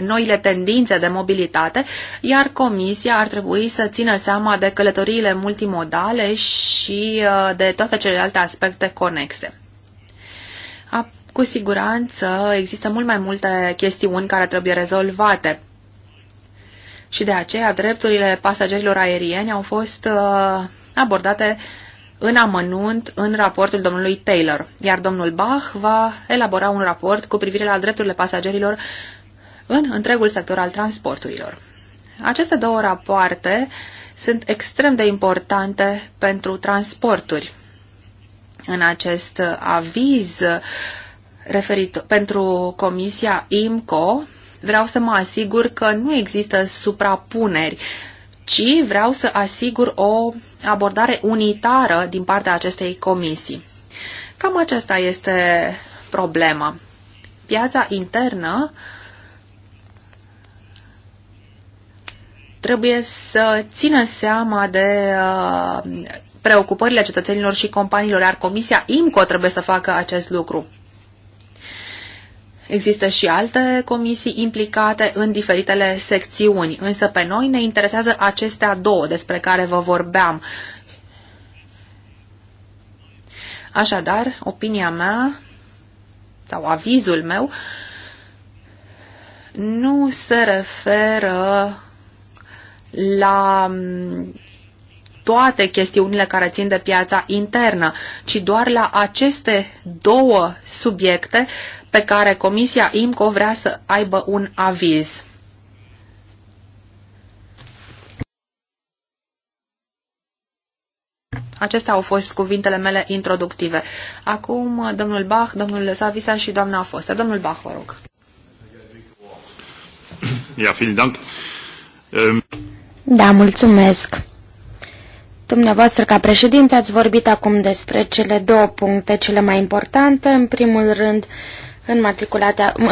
noile tendințe de mobilitate, iar Comisia ar trebui să țină seama de călătoriile multimodale și uh, de toate celelalte aspecte conexe. Cu siguranță există mult mai multe chestiuni care trebuie rezolvate și de aceea drepturile pasagerilor aerieni au fost uh, abordate în amănunt în raportul domnului Taylor, iar domnul Bach va elabora un raport cu privire la drepturile pasagerilor în întregul sector al transporturilor. Aceste două rapoarte sunt extrem de importante pentru transporturi. În acest aviz referit pentru Comisia IMCO, vreau să mă asigur că nu există suprapuneri ci vreau să asigur o abordare unitară din partea acestei comisii. Cam aceasta este problema. Piața internă trebuie să țină seama de uh, preocupările cetățenilor și companiilor, iar Comisia IMCO trebuie să facă acest lucru. Există și alte comisii implicate în diferitele secțiuni, însă pe noi ne interesează acestea două despre care vă vorbeam. Așadar, opinia mea sau avizul meu nu se referă la mm, toate chestiunile care țin de piața internă, ci doar la aceste două subiecte pe care Comisia IMCO vrea să aibă un aviz. Acestea au fost cuvintele mele introductive. Acum, domnul Bach, domnul Savisa și doamna Foster. Domnul Bach, vă rog. Ja, vielen Dank. Ähm, da, mulțumesc. Dumneavoastră, ca președinte, ați vorbit acum despre cele două puncte cele mai importante. În primul rând,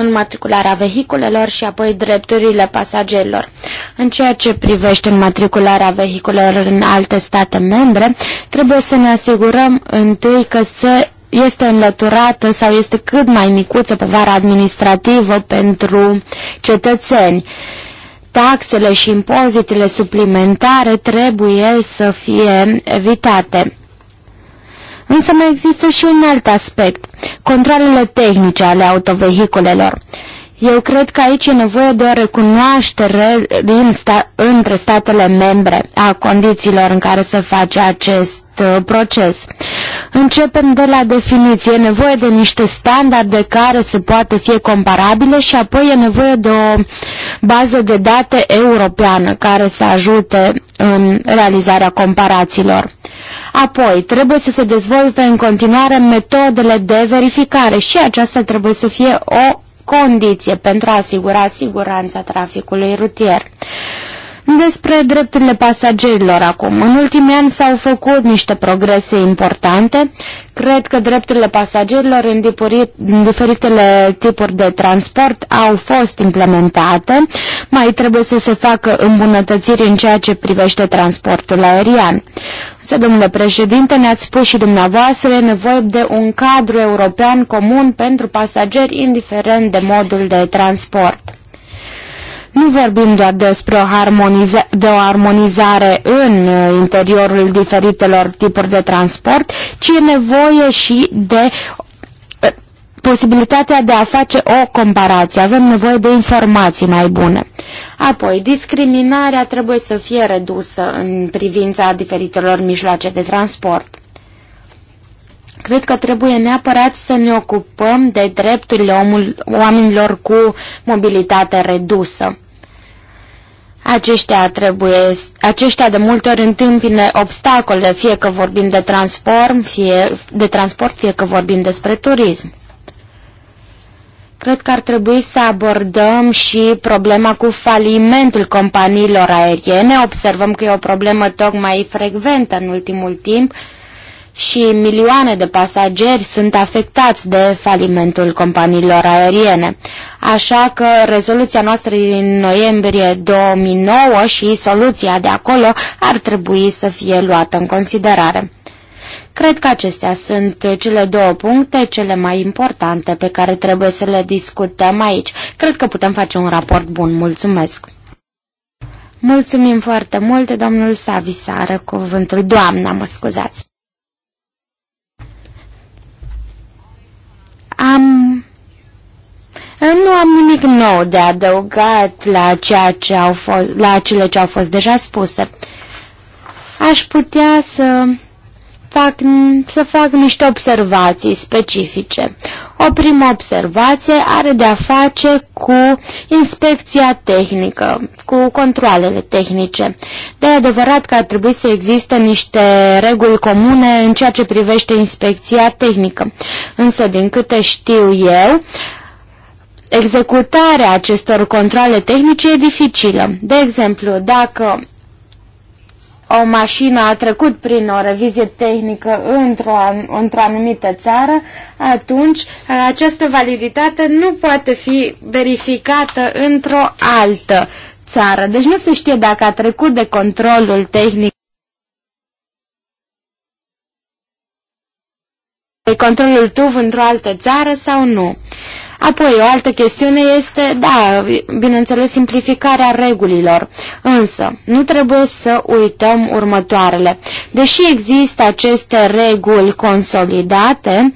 înmatricularea vehiculelor și apoi drepturile pasagerilor. În ceea ce privește înmatricularea vehiculelor în alte state membre, trebuie să ne asigurăm întâi că se este înlăturată sau este cât mai micuță povara administrativă pentru cetățeni. Taxele și impozitele suplimentare trebuie să fie evitate. Însă mai există și un alt aspect, controlele tehnice ale autovehiculelor. Eu cred că aici e nevoie de o recunoaștere din sta între statele membre a condițiilor în care se face acest uh, proces. Începem de la definiție. E nevoie de niște standarde care se poate fi comparabile și apoi e nevoie de o bază de date europeană care să ajute în realizarea comparațiilor. Apoi, trebuie să se dezvolte în continuare metodele de verificare și aceasta trebuie să fie o condiție pentru a asigura siguranța traficului rutier. Despre drepturile pasagerilor acum. În ultimii ani s-au făcut niște progrese importante. Cred că drepturile pasagerilor în, dipurit, în diferitele tipuri de transport au fost implementate. Mai trebuie să se facă îmbunătățiri în ceea ce privește transportul aerian. Să, domnule președinte, ne-ați spus și dumneavoastră, e nevoie de un cadru european comun pentru pasageri, indiferent de modul de transport. Nu vorbim doar despre o harmoniza de o armonizare în uh, interiorul diferitelor tipuri de transport, ci e nevoie și de uh, posibilitatea de a face o comparație. Avem nevoie de informații mai bune. Apoi, discriminarea trebuie să fie redusă în privința diferitelor mijloace de transport. Cred că trebuie neapărat să ne ocupăm de drepturile omul, oamenilor cu mobilitate redusă. Aceștia, trebuie, aceștia de multe ori întâmpină obstacole, fie că vorbim de transport, fie, de transport, fie că vorbim despre turism. Cred că ar trebui să abordăm și problema cu falimentul companiilor aeriene. Observăm că e o problemă tocmai frecventă în ultimul timp, uh, și milioane de pasageri sunt afectați de falimentul companiilor aeriene. Așa că rezoluția noastră din noiembrie 2009 și soluția de acolo ar trebui să fie luată în considerare. Cred că acestea sunt cele două puncte cele mai importante pe care trebuie să le discutăm aici. Cred că putem face un raport bun. Mulțumesc! Mulțumim foarte mult, domnul Savisară, cuvântul. Doamna, mă scuzați! Am nu am nimic nou de adăugat la, ceea ce au fost, la cele ce au fost deja spuse. Aș putea să fac, să fac niște observații specifice. O primă observație are de a face cu inspecția tehnică, cu controlele tehnice. De adevărat că ar trebui să existe niște reguli comune în ceea ce privește inspecția tehnică. Însă, din câte știu eu, executarea acestor controle tehnice e dificilă. De exemplu, dacă o mașină a trecut prin o revizie tehnică într-o, într-o anumită țară, atunci această validitate nu poate fi verificată într-o altă țară. Deci nu se știe dacă a trecut de controlul tehnic. de controlul TUV într-o altă țară sau nu. Apoi, o altă chestiune este, da, bineînțeles, simplificarea regulilor. Însă, nu trebuie să uităm următoarele. Deși există aceste reguli consolidate,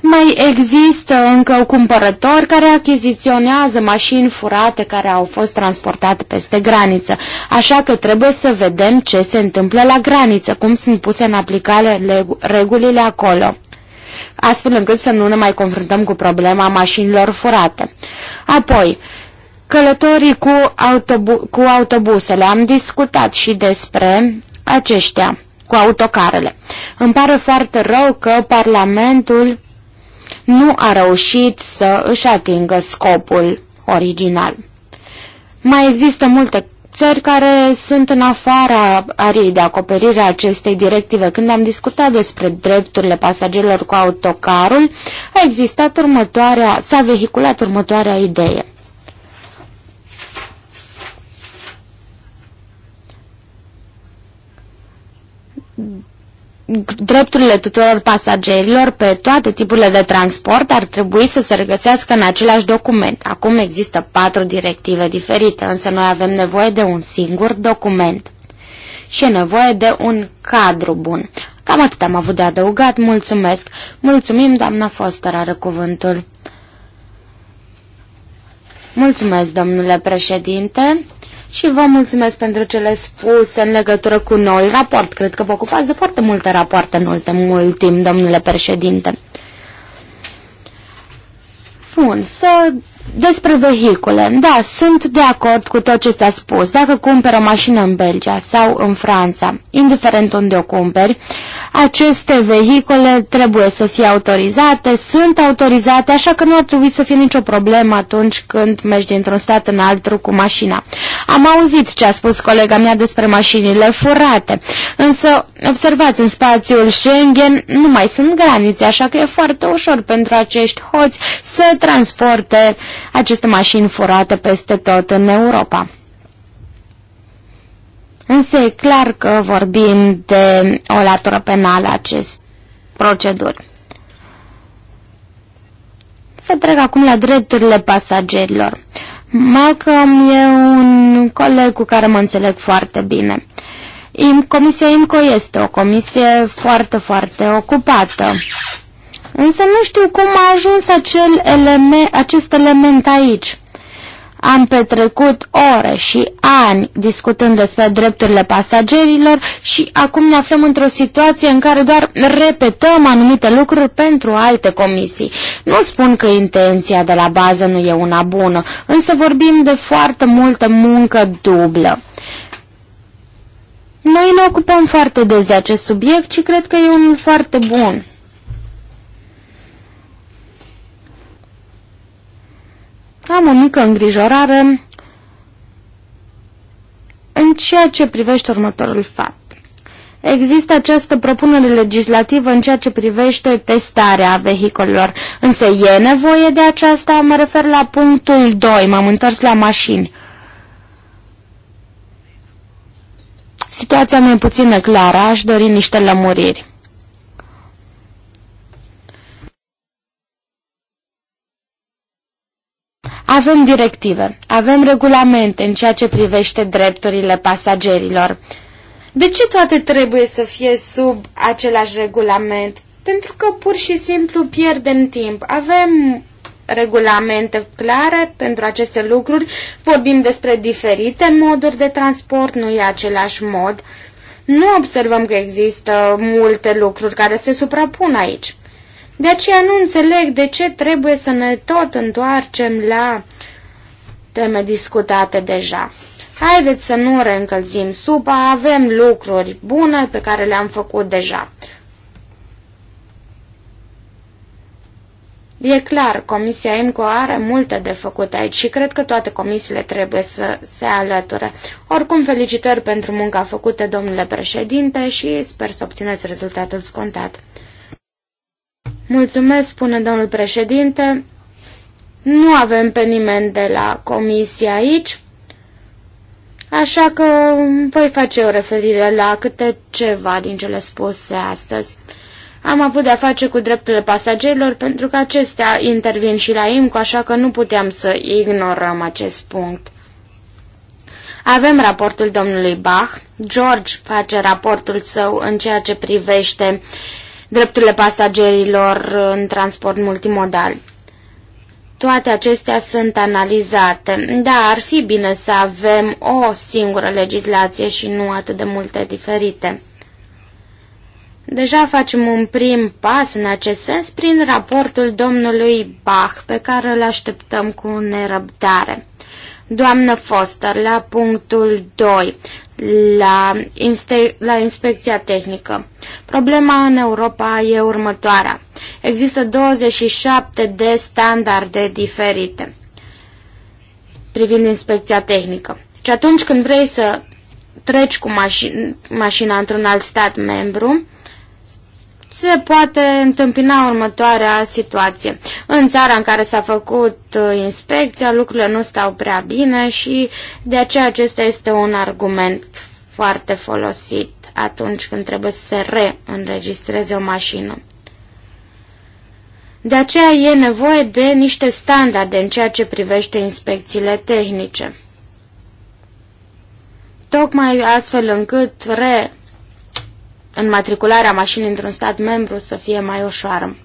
mai există încă cumpărători care achiziționează mașini furate care au fost transportate peste graniță. Așa că trebuie să vedem ce se întâmplă la graniță, cum sunt puse în aplicare regulile acolo astfel încât să nu ne mai confruntăm cu problema mașinilor furate. Apoi, călătorii cu, autobu- cu autobuzele. Am discutat și despre aceștia, cu autocarele. Îmi pare foarte rău că Parlamentul nu a reușit să își atingă scopul original. Mai există multe țări care sunt în afara ariei de acoperire a acestei directive. Când am discutat despre drepturile pasagerilor cu autocarul, a existat următoarea, s-a vehiculat următoarea idee drepturile tuturor pasagerilor pe toate tipurile de transport ar trebui să se regăsească în același document. Acum există patru directive diferite, însă noi avem nevoie de un singur document și e nevoie de un cadru bun. Cam atât am avut de adăugat, mulțumesc. Mulțumim, doamna Foster are cuvântul. Mulțumesc, domnule președinte și vă mulțumesc pentru cele spuse în legătură cu noul raport. Cred că vă ocupați de foarte multe rapoarte în ultimul timp, domnule președinte. Bun, să despre vehicule, da, sunt de acord cu tot ce ți-a spus. Dacă cumperi o mașină în Belgia sau în Franța, indiferent unde o cumperi, aceste vehicule trebuie să fie autorizate, sunt autorizate, așa că nu ar trebui să fie nicio problemă atunci când mergi dintr-un stat în altul cu mașina. Am auzit ce a spus colega mea despre mașinile furate, însă, observați, în spațiul Schengen nu mai sunt granițe, așa că e foarte ușor pentru acești hoți să transporte aceste mașini furate peste tot în Europa. Însă e clar că vorbim de o latură penală acest proceduri. Să trec acum la drepturile pasagerilor. Malcolm e un coleg cu care mă înțeleg foarte bine. Comisia IMCO este o comisie foarte, foarte ocupată. Însă nu știu cum a ajuns acel eleme, acest element aici. Am petrecut ore și ani discutând despre drepturile pasagerilor și acum ne aflăm într-o situație în care doar repetăm anumite lucruri pentru alte comisii. Nu spun că intenția de la bază nu e una bună, însă vorbim de foarte multă muncă dublă. Noi ne ocupăm foarte des de acest subiect și cred că e unul foarte bun. Am o mică îngrijorare în ceea ce privește următorul fapt. Există această propunere legislativă în ceea ce privește testarea vehicolelor, însă e nevoie de aceasta? Mă refer la punctul 2, m-am întors la mașini. Situația e puțin neclară, aș dori niște lămuriri. Avem directive, avem regulamente în ceea ce privește drepturile pasagerilor. De ce toate trebuie să fie sub același regulament? Pentru că pur și simplu pierdem timp. Avem regulamente clare pentru aceste lucruri, vorbim despre diferite moduri de transport, nu e același mod. Nu observăm că există multe lucruri care se suprapun aici. De aceea nu înțeleg de ce trebuie să ne tot întoarcem la teme discutate deja. Haideți să nu reîncălzim supa, avem lucruri bune pe care le-am făcut deja. E clar, Comisia IMCO are multe de făcut aici și cred că toate comisiile trebuie să se alăture. Oricum, felicitări pentru munca făcută, domnule președinte, și sper să obțineți rezultatul scontat. Mulțumesc, spune domnul președinte. Nu avem pe nimeni de la comisie aici, așa că voi face o referire la câte ceva din cele spuse astăzi. Am avut de-a face cu drepturile pasagerilor pentru că acestea intervin și la IMCO, așa că nu puteam să ignorăm acest punct. Avem raportul domnului Bach, George face raportul său în ceea ce privește uh, drepturile pasagerilor în transport multimodal. Toate acestea sunt analizate. dar ar fi bine să avem o singură legislație și nu atât de multe diferite. Deja facem un prim pas în acest sens prin raportul domnului Bach, pe care îl așteptăm cu nerăbdare. Doamnă Foster, la punctul 2, la, la inspecția tehnică. Problema în Europa e următoarea. Există 27 de standarde diferite privind inspecția tehnică. Și atunci când vrei să treci cu mașin, mașina într-un alt stat membru, se poate întâmpina următoarea situație. În țara în care s-a făcut uh, inspecția, lucrurile nu stau prea bine și de aceea acesta este un argument foarte folosit atunci când trebuie să se reînregistreze o mașină. De aceea e nevoie de niște standarde în ceea ce privește inspecțiile tehnice. Tocmai astfel încât re înmatricularea mașinii într-un stat membru să fie mai ușoară.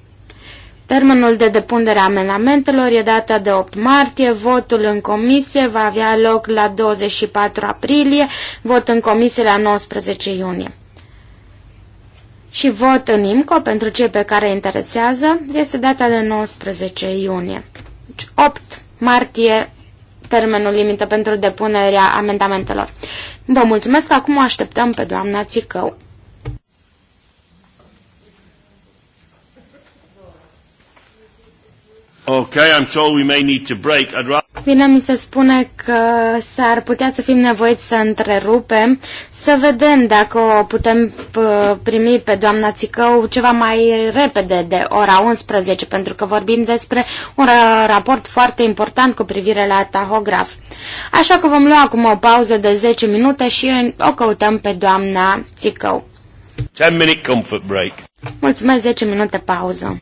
Termenul de depunere a amendamentelor e data de 8 martie, votul în comisie va avea loc la 24 aprilie, vot în comisie la 19 iunie. Și vot în IMCO pentru cei pe care interesează este data de 19 iunie. 8 deci, martie, termenul limită pentru depunerea amendamentelor. Vă mulțumesc, acum o așteptăm pe doamna Țicău. Okay, I'm told we may need to break. I'd rather... Bine, mi se spune că s-ar putea să fim nevoiți să întrerupem, să vedem dacă o putem primi pe doamna Țicău ceva mai repede de ora 11, pentru că vorbim despre un raport foarte important cu privire la tahograf. Așa că vom lua acum o pauză de 10 minute și o căutăm pe doamna Țicău. 10 minute comfort break. Mulțumesc 10 minute pauză.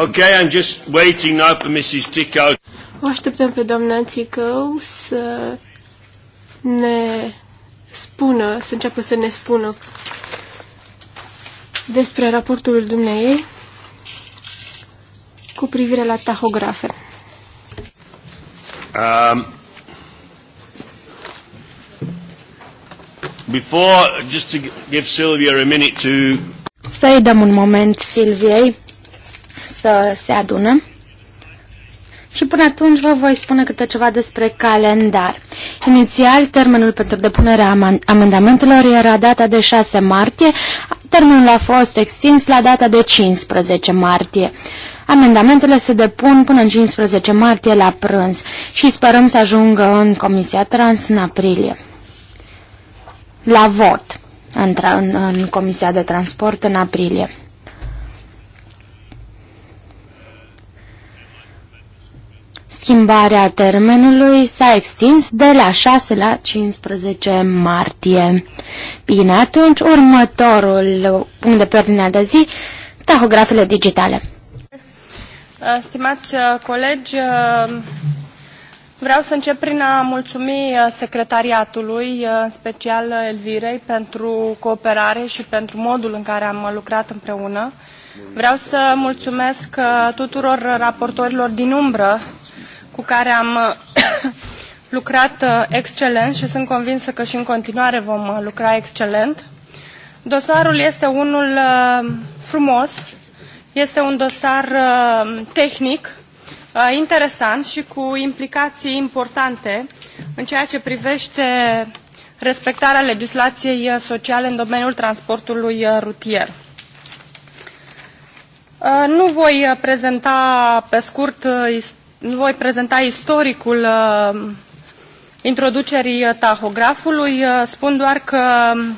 Okay, I'm just waiting now for Mrs. Tico. O așteptăm pe doamna Tico să ne spună, să înceapă să ne spună despre raportul dumneei cu privire la tahografe. Um, before, just to give Sylvia a minute to... Să-i dăm un moment Silviei să se adună. Și până atunci vă voi spune câte ceva despre calendar. Inițial, termenul pentru depunerea amendamentelor era data de 6 martie, termenul a fost extins la data de 15 martie. Amendamentele se depun până în 15 martie la prânz și sperăm să ajungă în Comisia Trans în aprilie. La vot, în, în, în Comisia de Transport în aprilie. Schimbarea termenului s-a extins de la 6 la 15 martie. Bine, atunci următorul punct de pe ordinea de zi, tahografele digitale. Uh, stimați uh, colegi, uh, vreau să încep prin a mulțumi secretariatului, în special Elvirei, pentru cooperare și pentru modul în care am lucrat împreună. Vreau să mulțumesc tuturor raportorilor din umbră cu care am uh, lucrat uh, excelent și sunt convinsă că și în continuare vom uh, lucra excelent. Dosarul este unul frumos, este un dosar tehnic, interesant și cu implicații importante în ceea ce privește respectarea legislației sociale în domeniul transportului rutier. Nu voi prezenta pe scurt istoria voi prezenta istoricul uh, introducerii uh, tahografului. Uh, spun doar că um,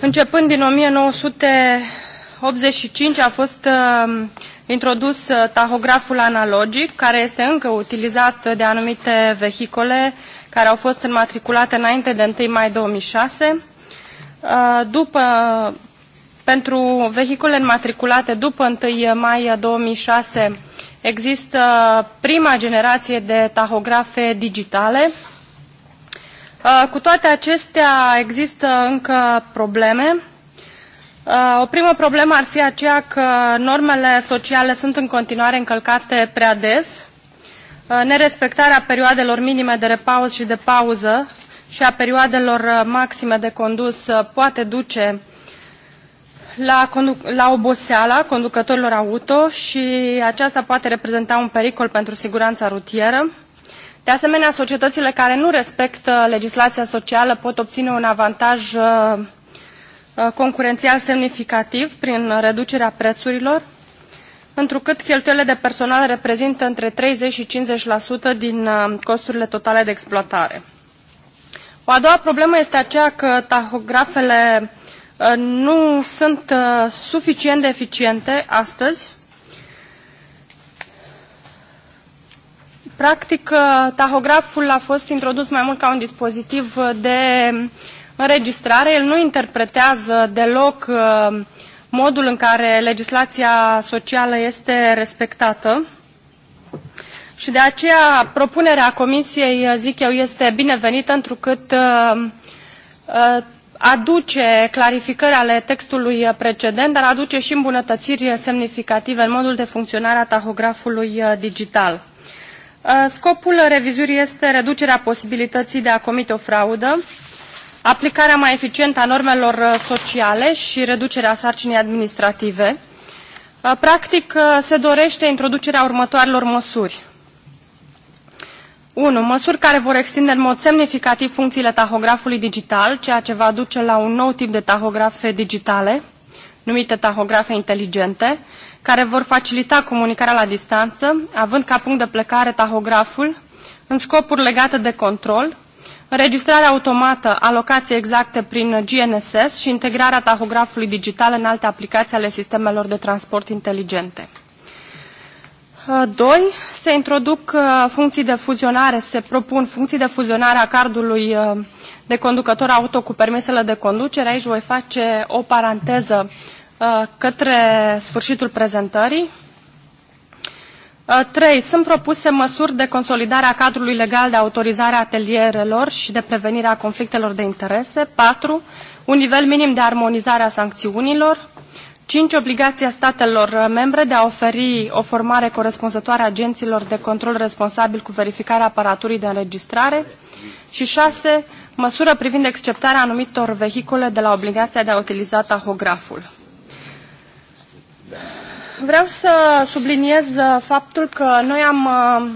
începând din 1985 a fost um, introdus tahograful analogic, care este încă utilizat de anumite vehicole care au fost înmatriculate înainte de 1 mai 2006. După, pentru vehicule înmatriculate după 1 mai 2006, Există prima generație de tahografe digitale. Uh, cu toate acestea există încă probleme. Uh, o primă problemă ar fi aceea că normele sociale sunt în continuare încălcate prea des, uh, nerespectarea perioadelor minime de repaus și de pauză și a perioadelor maxime de condus poate duce la, la oboseala conducătorilor auto și aceasta poate reprezenta un pericol pentru siguranța rutieră. De asemenea, societățile care nu respectă legislația socială pot obține un avantaj uh, uh, concurențial semnificativ prin reducerea prețurilor, întrucât cheltuielile de personal reprezintă între 30 și 50% din uh, costurile totale de exploatare. O a doua problemă este aceea că tahografele Uh, nu sunt uh, suficient de eficiente astăzi. Practic, uh, tahograful a fost introdus mai mult ca un dispozitiv de înregistrare. El nu interpretează deloc modul în care legislația socială este respectată. Și de aceea propunerea Comisiei, zic eu, este binevenită, întrucât aduce clarificări ale textului precedent, dar aduce și îmbunătățiri semnificative în modul de funcționare a tahografului uh, digital. Uh, scopul revizuirii este reducerea posibilității de a comite o fraudă, aplicarea mai eficientă a normelor uh, sociale și reducerea sarcinii administrative. Practic, se dorește introducerea următoarelor măsuri. 1. Măsuri care vor extinde în mod semnificativ funcțiile tahografului digital, ceea ce va duce la un nou tip de tahografe digitale, numite tahografe inteligente, care vor facilita comunicarea la distanță, având ca punct de plecare tahograful, în scopuri legate de control, înregistrarea automată a locației exacte prin GNSS și integrarea tahografului digital în alte aplicații ale sistemelor de transport inteligente. 2. Uh, se introduc uh, funcții de fuzionare, se propun funcții de fuzionare a cardului uh, de conducător auto cu permisele de conducere. Aici voi face o paranteză către sfârșitul prezentării. 3. Sunt propuse măsuri de consolidare a cadrului legal de autorizare a atelierelor și de prevenire a conflictelor de interese. 4. Un nivel minim de armonizare a sancțiunilor. 5. Obligația statelor uh, membre de a oferi o formare corespunzătoare agenților de control responsabil cu verificarea aparaturii de înregistrare. Și 6. Măsură privind exceptarea anumitor vehicule de la obligația de a utiliza tahograful. Vreau să subliniez uh, faptul că noi am uh,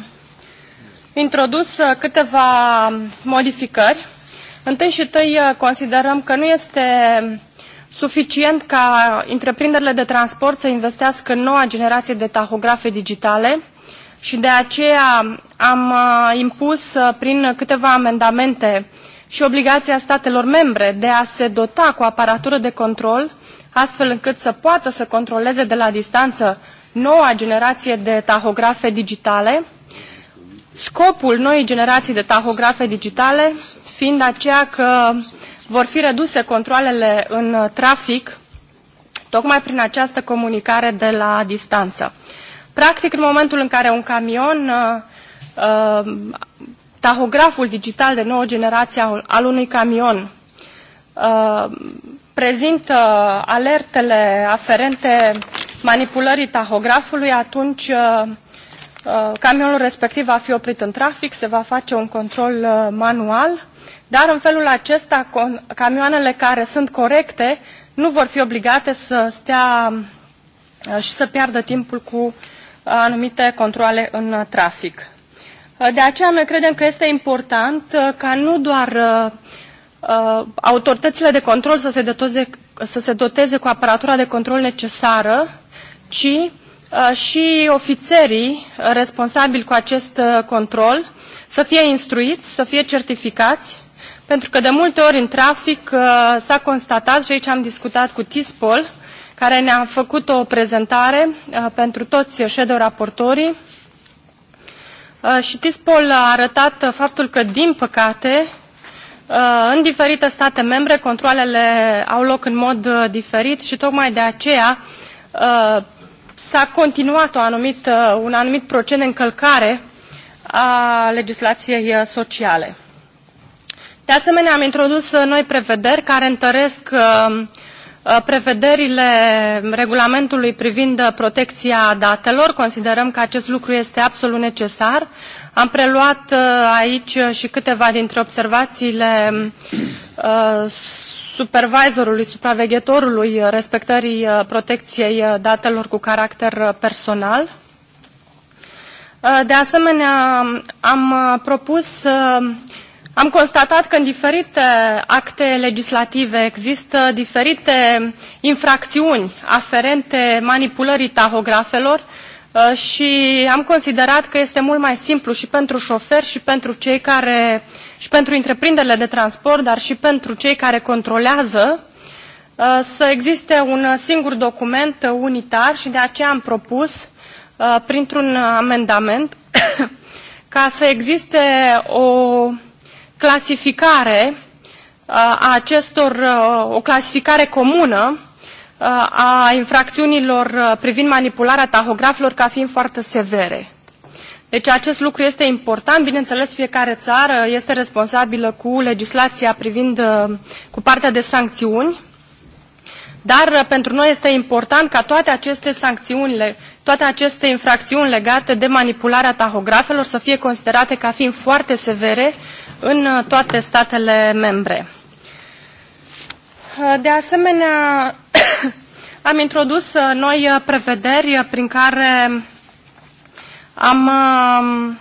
introdus câteva modificări. Întâi și tăi considerăm că nu este suficient ca întreprinderile de transport să investească în noua generație de tahografe digitale și de aceea am uh, impus uh, prin câteva amendamente și obligația statelor membre de a se dota cu aparatură de control, astfel încât să poată să controleze de la distanță noua generație de tahografe digitale, scopul noii generații de tahografe digitale fiind aceea că vor fi reduse controlele în uh, trafic tocmai prin această comunicare de la distanță. Practic, în momentul în care un camion, uh, uh, tahograful digital de nouă generație al unui camion, prezintă alertele aferente manipulării tahografului, atunci uh, Uh, camionul respectiv va fi oprit în trafic, se va face un control uh, manual, dar în felul acesta camioanele care sunt corecte nu vor fi obligate să stea uh, și să piardă timpul cu anumite controle în trafic. De aceea noi credem că este important ca nu doar autoritățile de control să se, doteze, să se doteze cu aparatura de control necesară, ci Uh, și ofițerii responsabili cu acest uh, control să fie instruiți, să fie certificați, pentru că de multe ori în trafic uh, s-a constatat, și aici am discutat cu TISPOL, care ne-a făcut o prezentare pentru toți shadow raportorii, și TISPOL a arătat faptul că, din păcate, în diferite state membre, controlele au loc în mod diferit și tocmai de aceea s-a continuat o anumit, uh, un anumit procent de încălcare a legislației uh, sociale. De asemenea, am introdus uh, noi prevederi care întăresc prevederile regulamentului privind protecția datelor. Considerăm că acest lucru este absolut necesar. Am preluat aici și câteva dintre observațiile supervisorului, supraveghetorului uh, respectării uh, protecției uh, datelor cu caracter personal. De asemenea, am propus, am constatat că în diferite acte legislative există diferite infracțiuni aferente manipulării tahografelor și am considerat că este mult mai simplu și pentru șoferi și pentru cei care uh, și pentru întreprinderile de transport, dar și pentru cei care controlează, uh, să existe un singur document unitar și de aceea am propus uh, printr-un amendament ca să existe o clasificare uh, a acestor, o clasificare comună a infracțiunilor privind manipularea tahografelor ca fiind foarte severe. Deci acest lucru este important. Bineînțeles, fiecare țară este responsabilă cu legislația privind uh, cu partea de sancțiuni, dar uh, pentru noi este important ca toate aceste sancțiuni, toate aceste infracțiuni legate de manipularea tahografelor să fie considerate ca fiind foarte severe în uh, toate statele membre. De asemenea, am introdus noi prevederi prin care am um,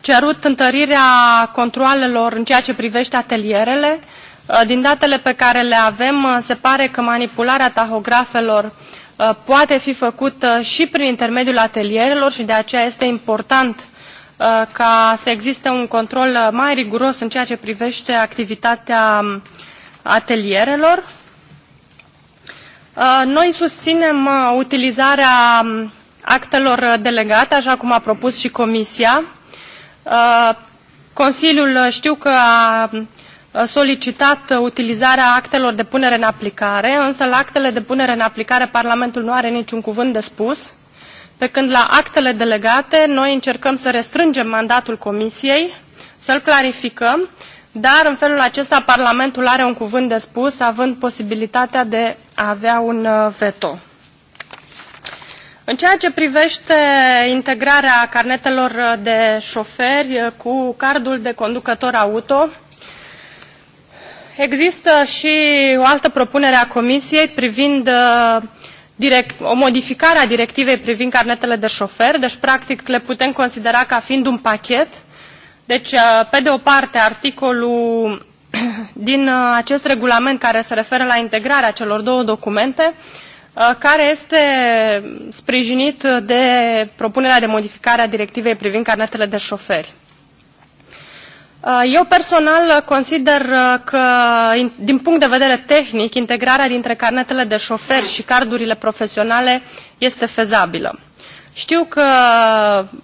cerut întărirea controalelor în ceea ce privește atelierele. Uh, din datele pe care le avem, uh, se pare că manipularea tahografelor uh, poate fi făcută și prin intermediul atelierelor și de aceea este important ca să existe un control mai riguros în ceea ce privește activitatea um, atelierelor. Noi susținem utilizarea um, actelor uh, delegate, așa cum a propus și Comisia. Uh, Consiliul uh, știu că a solicitat utilizarea actelor de punere în aplicare, însă la actele de punere în aplicare Parlamentul nu are niciun cuvânt de spus, pe când la actele delegate noi încercăm să restrângem mandatul Comisiei, să-l clarificăm, dar în felul acesta Parlamentul are un cuvânt de spus, având posibilitatea de a avea un veto. În ceea ce privește integrarea carnetelor uh, de șoferi uh, cu cardul de conducător auto, există și o altă propunere a Comisiei privind uh, direct, o modificare a directivei privind carnetele de șoferi, deci practic le putem considera ca fiind un pachet. Deci, pe de o parte, articolul din acest regulament care se referă la integrarea celor două documente, Uh, care este sprijinit de propunerea de modificare a directivei privind carnetele de șoferi. Uh, eu personal consider uh, că, din punct de vedere tehnic, integrarea dintre carnetele de șoferi și cardurile profesionale este fezabilă. Știu că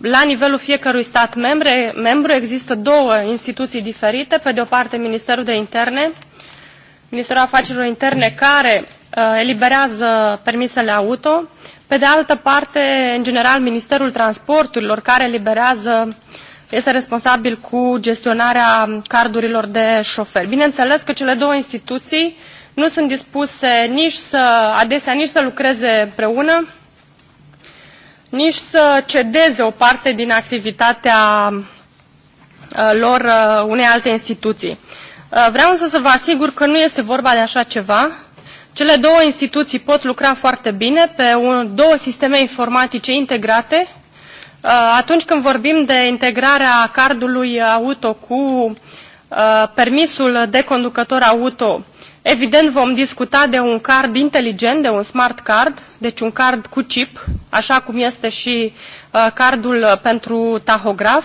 la nivelul fiecărui stat membre, membru există două instituții diferite. Pe de o parte, Ministerul de Interne, Ministerul Afacerilor Interne, care Uh, eliberează permisele auto. Pe de altă parte, în general, Ministerul Transporturilor, care eliberează, este responsabil cu gestionarea cardurilor de șoferi. Bineînțeles că cele două instituții nu sunt dispuse nici să, adesea, nici să lucreze împreună, nici să cedeze o parte din activitatea uh, lor uh, unei alte instituții. Vreau însă să vă asigur că nu este vorba de așa ceva, cele două instituții pot lucra foarte bine pe un, două sisteme informatice integrate. Uh, atunci când vorbim de integrarea cardului auto cu uh, permisul de conducător auto, evident vom discuta de un card inteligent, de un smart card, deci un card cu chip, așa cum este și uh, cardul pentru tahograf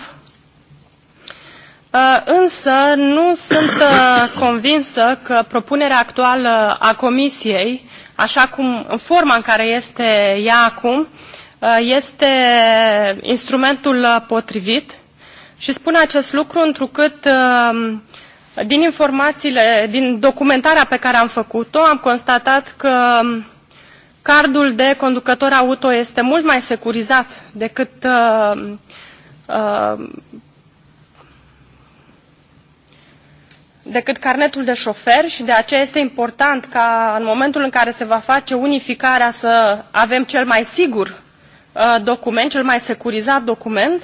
Uh, însă nu sunt uh, convinsă că propunerea actuală a Comisiei, așa cum în forma în care este ea acum, uh, este instrumentul potrivit și spun acest lucru întrucât din informațiile, din documentarea pe care am făcut-o, am constatat că um, cardul de conducător auto este mult mai securizat decât uh, uh, decât carnetul de șofer și de aceea este important ca în momentul în care se va face unificarea să avem cel mai sigur uh, document, cel mai securizat document.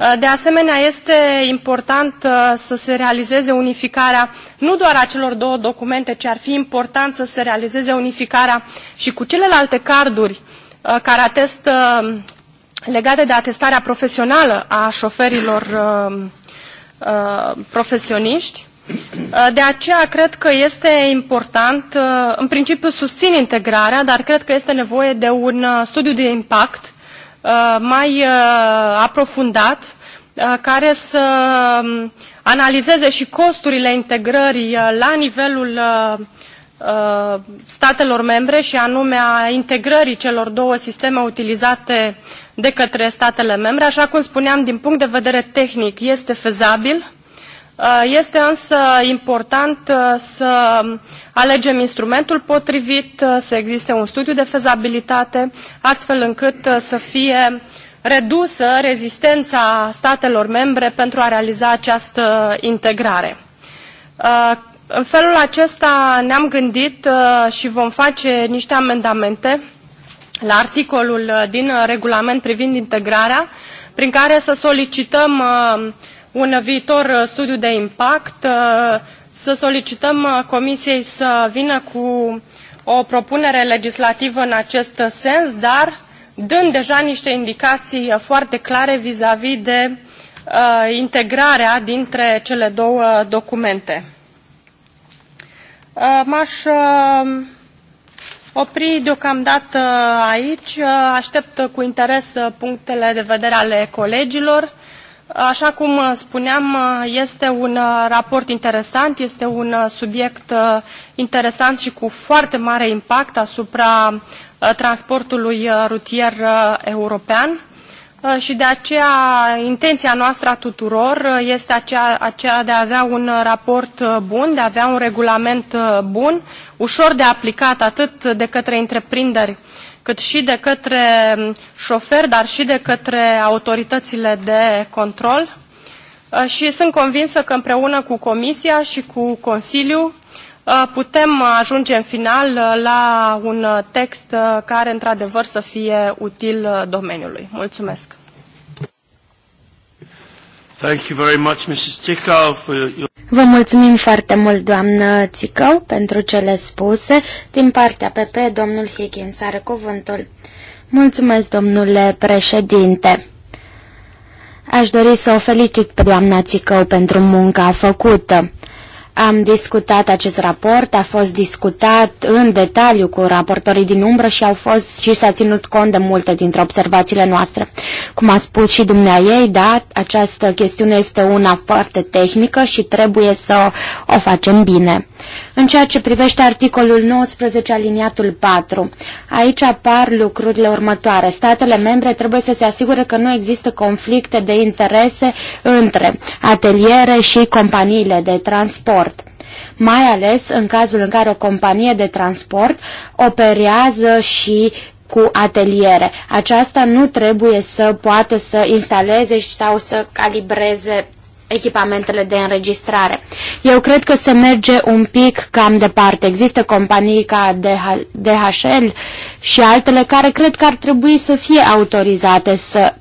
Uh, de asemenea, este important uh, să se realizeze unificarea nu doar a celor două documente, ci ar fi important să se realizeze unificarea și cu celelalte carduri care atestă legate de atestarea profesională a șoferilor profesioniști. Uh, de aceea cred că este important, uh, în principiu susțin integrarea, dar cred că este nevoie de un uh, studiu de impact mai aprofundat care să um, analizeze și costurile integrării la nivelul statelor membre și anume a integrării celor două sisteme utilizate de către statele membre. Așa cum spuneam, din punct de vedere tehnic este fezabil Uh, este însă important uh, să alegem instrumentul potrivit, uh, să existe un studiu de fezabilitate, astfel încât să fie redusă rezistența statelor membre pentru a realiza această integrare. În felul acesta ne-am gândit și vom face niște amendamente la articolul din regulament privind integrarea, prin care să solicităm uh, un viitor uh, studiu de impact, uh, să solicităm uh, Comisiei să vină cu o propunere legislativă în acest sens, dar dând deja niște indicații foarte clare vis-a-vis -vis de uh, integrarea dintre cele două documente. Uh, M-aș uh, opri deocamdată aici. Aștept cu interes punctele de vedere ale colegilor Așa cum uh, spuneam, uh, este un uh, raport interesant, este un subiect interesant și cu foarte mare impact asupra transportului rutier european și de aceea intenția noastră a tuturor este aceea, aceea de a avea un raport bun, de a avea un regulament bun, ușor de aplicat atât de către întreprinderi cât și de către mm, șoferi, dar și de către autoritățile de control. Uh, și sunt convinsă că împreună cu Comisia și cu Consiliu uh, putem ajunge în final uh, la un text care într-adevăr să fie util domeniului. Mulțumesc! Thank you very much, Mrs. for your... Vă mulțumim foarte mult, doamnă Țicău, pentru cele spuse. Din partea PP, domnul Higgins are cuvântul. Mulțumesc, domnule președinte. Aș dori să o felicit pe doamna Țicău pentru munca făcută. Am discutat acest raport, a fost discutat în detaliu cu raportorii din umbră și au fost și s-a ținut cont de multe dintre observațiile noastre. Cum a spus și dumnea ei, da, această chestiune este una foarte tehnică și trebuie să o facem bine. În ceea ce privește articolul 19 aliniatul 4, aici apar lucrurile următoare. Statele membre trebuie să se asigure că nu există conflicte de interese între ateliere și companiile de transport mai ales în cazul în care o companie de transport operează și cu ateliere. Aceasta nu trebuie să poată să instaleze sau să calibreze echipamentele de înregistrare. Eu cred că se merge un pic cam departe. Există companii ca DHL și altele care cred că ar trebui să fie autorizate să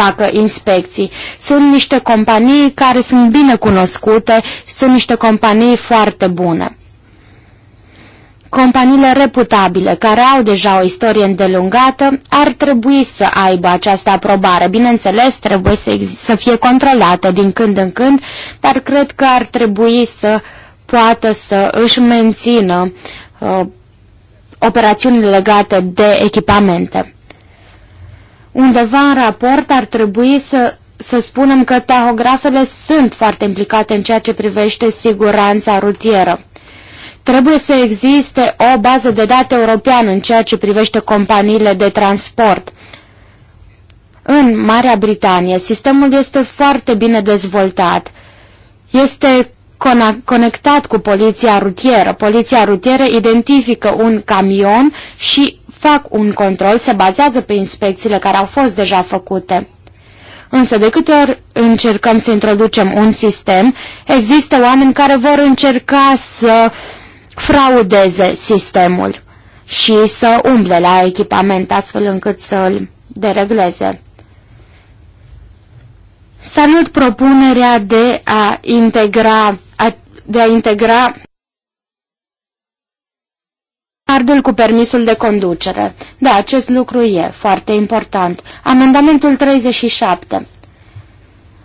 facă inspecții. Sunt niște companii care sunt bine cunoscute, sunt niște companii foarte bune. Companiile reputabile, care au deja o istorie îndelungată, ar trebui să aibă această aprobare. Bineînțeles, trebuie să, să fie controlată din când în când, dar cred că ar trebui să poată să își mențină uh, operațiunile legate de echipamente. Undeva în raport ar trebui să, să spunem că tahografele sunt foarte implicate în ceea ce privește siguranța rutieră. Trebuie să existe o bază de date europeană în ceea ce privește companiile de transport. În Marea Britanie, sistemul este foarte bine dezvoltat. Este conectat cu poliția rutieră. Poliția rutieră identifică un camion și fac un control, se bazează pe inspecțiile care au fost deja făcute. Însă de câte ori încercăm să introducem un sistem, există oameni care vor încerca să fraudeze sistemul și să umble la echipament astfel încât să îl deregleze. Salut propunerea de a integra, de a integra Cardul cu permisul de conducere. Da, acest lucru e foarte important. Amendamentul 37.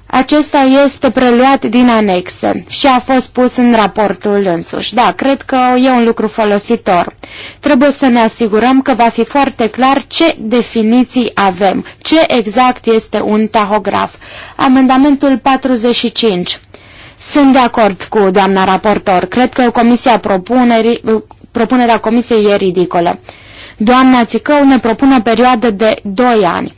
Acesta este preluat din anexe și a fost pus în raportul însuși. Da, cred că e un lucru folositor. Trebuie să ne asigurăm că va fi foarte clar ce definiții avem, ce exact este un tahograf. Amendamentul 45. Sunt de acord cu doamna raportor. Cred că comisia propunerii, propunerea comisiei e ridicolă. Doamna Țicău ne propune o perioadă de 2 ani.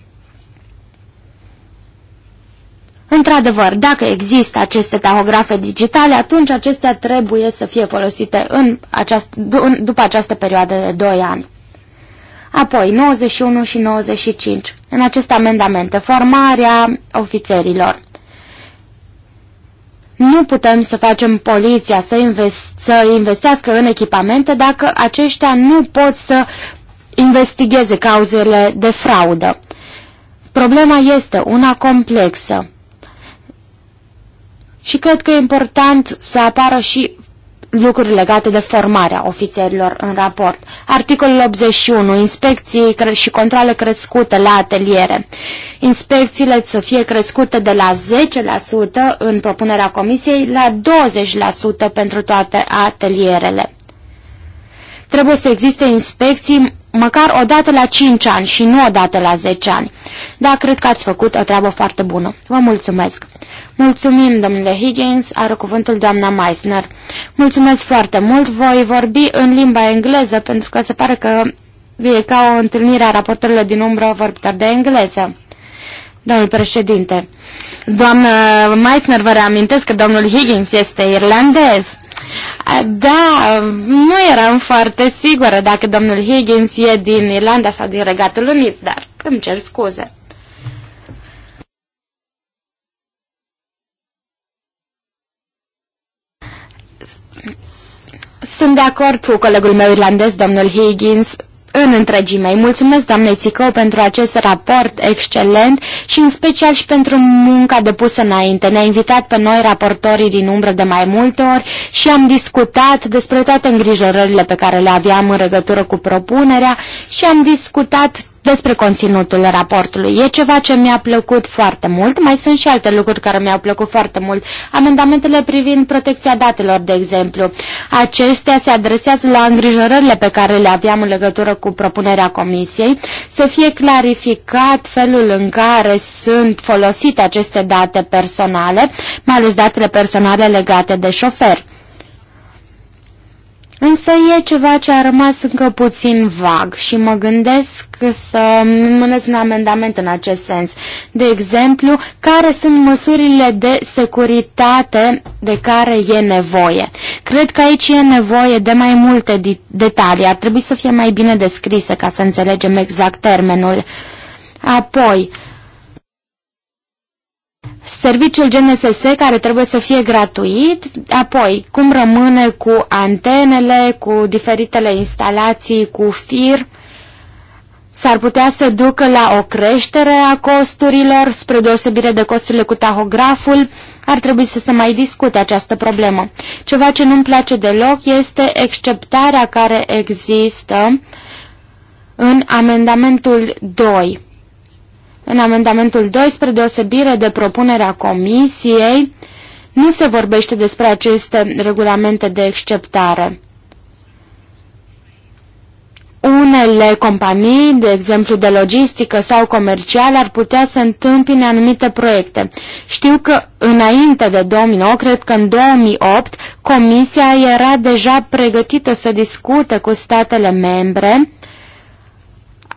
Într-adevăr, dacă există aceste tahografe digitale, atunci acestea trebuie să fie folosite în aceast, după această perioadă de 2 ani. Apoi, 91 și 95. În aceste amendamente, formarea ofițerilor. Nu putem să facem poliția să, invest, să investească în echipamente dacă aceștia nu pot să investigheze cauzele de fraudă. Problema este una complexă. Și cred că e important să apară și lucruri legate de formarea ofițerilor în raport. Articolul 81. Inspecții și controle crescute la ateliere. Inspecțiile să fie crescute de la 10% în propunerea comisiei la 20% pentru toate atelierele. Trebuie să existe inspecții măcar o dată la 5 ani și nu o dată la 10 ani. Da, cred că ați făcut o treabă foarte bună. Vă mulțumesc! Mulțumim, domnule Higgins, are cuvântul doamna Meissner. Mulțumesc foarte mult, voi vorbi în limba engleză, pentru că se pare că e ca o întâlnire a raportorilor din umbră vorbitor de engleză. Domnul președinte, doamna Meissner, vă reamintesc că domnul Higgins este irlandez. Da, nu eram foarte sigură dacă domnul Higgins e din Irlanda sau din Regatul Unit, dar îmi cer scuze. Sunt de acord cu colegul meu irlandez, domnul Higgins în întregime. Îi mulțumesc, doamnei Țicău, pentru acest raport excelent și în special și pentru munca depusă înainte. Ne-a invitat pe noi, raportorii din umbră, de mai multe ori și am discutat despre toate îngrijorările pe care le aveam în legătură cu propunerea și am discutat despre conținutul raportului. E ceva ce mi-a plăcut foarte mult, mai sunt și alte lucruri care mi-au plăcut foarte mult. Amendamentele privind protecția datelor, de exemplu. Acestea se adresează la îngrijorările pe care le aveam în legătură cu propunerea comisiei, să fie clarificat felul în care sunt folosite aceste date personale, mai ales datele personale legate de șofer. Însă e ceva ce a rămas încă puțin vag și mă gândesc să mânez un amendament în acest sens. De exemplu, care sunt măsurile de securitate de care e nevoie? Cred că aici e nevoie de mai multe detalii. Ar trebui să fie mai bine descrise ca să înțelegem exact termenul. Apoi, uh, serviciul GNSS care trebuie să fie gratuit, apoi cum rămâne cu antenele, cu diferitele instalații, cu fir, s-ar putea să ducă la o creștere a costurilor, spre deosebire de costurile cu tahograful, ar trebui să se mai discute această problemă. Ceva ce nu-mi place deloc este exceptarea care există în amendamentul 2 în amendamentul 2, spre deosebire de propunerea Comisiei, nu se vorbește despre aceste regulamente de exceptare. Unele companii, de exemplu de logistică sau comerciale, ar putea să întâmpine anumite proiecte. Știu că înainte de 2009, cred că în 2008, Comisia era deja pregătită să discute cu statele membre uh,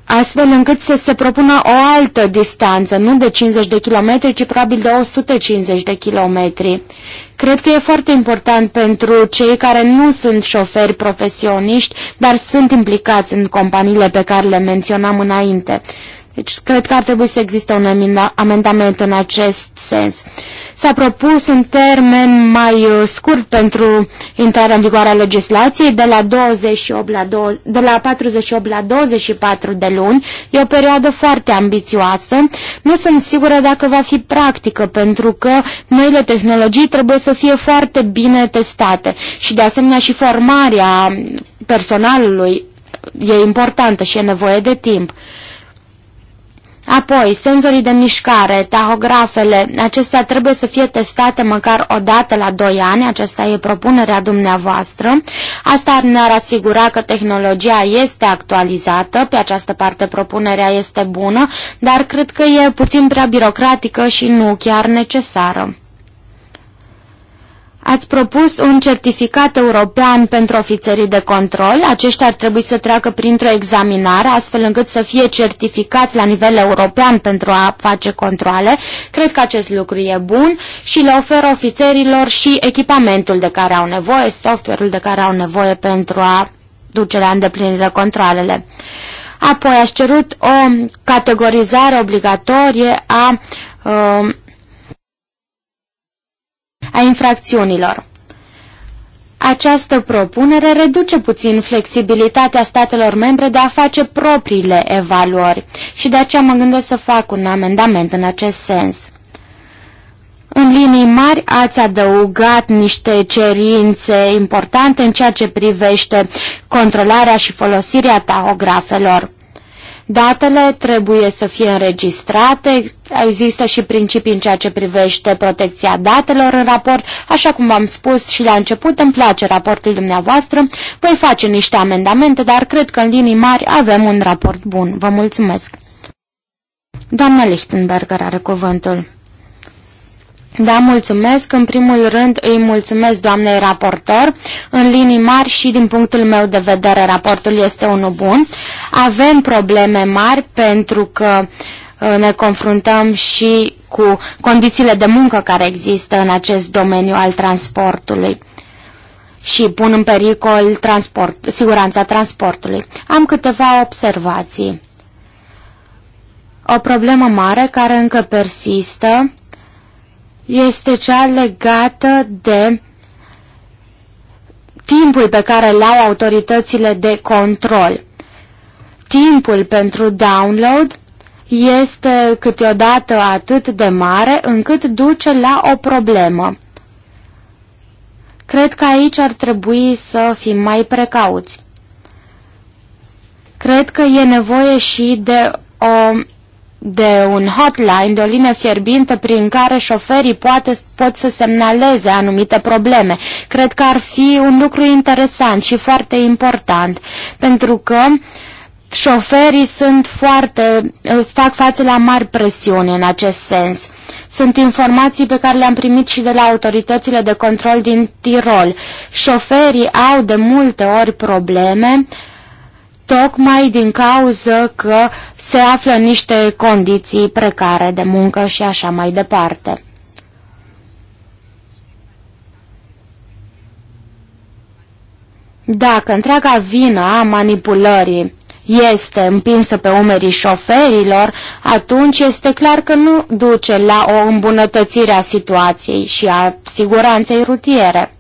astfel încât să se propună o altă distanță, nu de 50 de kilometri, ci probabil de 150 de kilometri. Cred că e foarte important pentru cei care nu sunt șoferi profesioniști, dar sunt implicați în companiile pe care le menționam înainte. Deci cred că ar trebui să existe un amendament în acest sens. S-a propus un termen mai uh, scurt pentru intrarea în vigoare a legislației de la, 28 la 20, de la 48 la 24 de luni. E o perioadă foarte ambițioasă. Nu sunt sigură dacă va fi practică pentru că noile tehnologii trebuie să fie foarte bine testate și de asemenea și formarea personalului e importantă și e nevoie de timp. Apoi, senzorii de mișcare, tahografele, acestea trebuie să fie testate măcar o dată la 2 ani, aceasta e propunerea dumneavoastră. Asta ne-ar asigura că tehnologia este actualizată, pe această parte propunerea este bună, dar cred că e puțin prea birocratică și nu chiar necesară. Ați propus un certificat european pentru ofițerii de control. Aceștia ar trebui să treacă printr-o examinare, astfel încât să fie certificați la nivel european pentru a face controle. Cred că acest lucru e bun și le oferă ofițerilor și echipamentul de care au nevoie, software-ul de care au nevoie pentru a duce la îndeplinire controlele. Apoi aș cerut o categorizare obligatorie a uh, a infracțiunilor. Această propunere reduce puțin flexibilitatea statelor membre de a face propriile evaluări și de aceea mă gândesc să fac un amendament în acest sens. În linii mari ați adăugat niște cerințe importante în ceea ce privește controlarea și folosirea tahografelor. Datele trebuie să fie înregistrate, există și principii în ceea ce privește protecția datelor în raport. Așa cum v-am spus și la început, îmi place raportul dumneavoastră. Voi face niște amendamente, dar cred că în linii mari avem un raport bun. Vă mulțumesc! Doamna Lichtenberger are cuvântul. Da, mulțumesc. În primul rând îi mulțumesc doamnei raportor. În linii mari și din punctul meu de vedere raportul este unul bun. Avem probleme mari pentru că uh, ne confruntăm și cu condițiile de muncă care există în acest domeniu al transportului și pun în pericol transport, siguranța transportului. Am câteva observații. O problemă mare care încă persistă este cea legată de timpul pe care îl au autoritățile de control. Timpul pentru download este câteodată atât de mare încât duce la o problemă. Cred că aici ar trebui să fim mai precauți. Cred că e nevoie și de o de un hotline, de o linie fierbinte prin care șoferii poate, pot să semnaleze anumite probleme. Cred că ar fi un lucru interesant și foarte important, pentru că șoferii sunt foarte, fac față la mari presiuni în acest sens. Sunt informații pe care le-am primit și de la autoritățile de control din Tirol. Șoferii au de multe ori probleme tocmai din cauză că se află în niște condiții precare de muncă și așa mai departe. Dacă întreaga vină a manipulării este împinsă pe umerii șoferilor, atunci este clar că nu duce la o îmbunătățire a situației și a siguranței rutiere.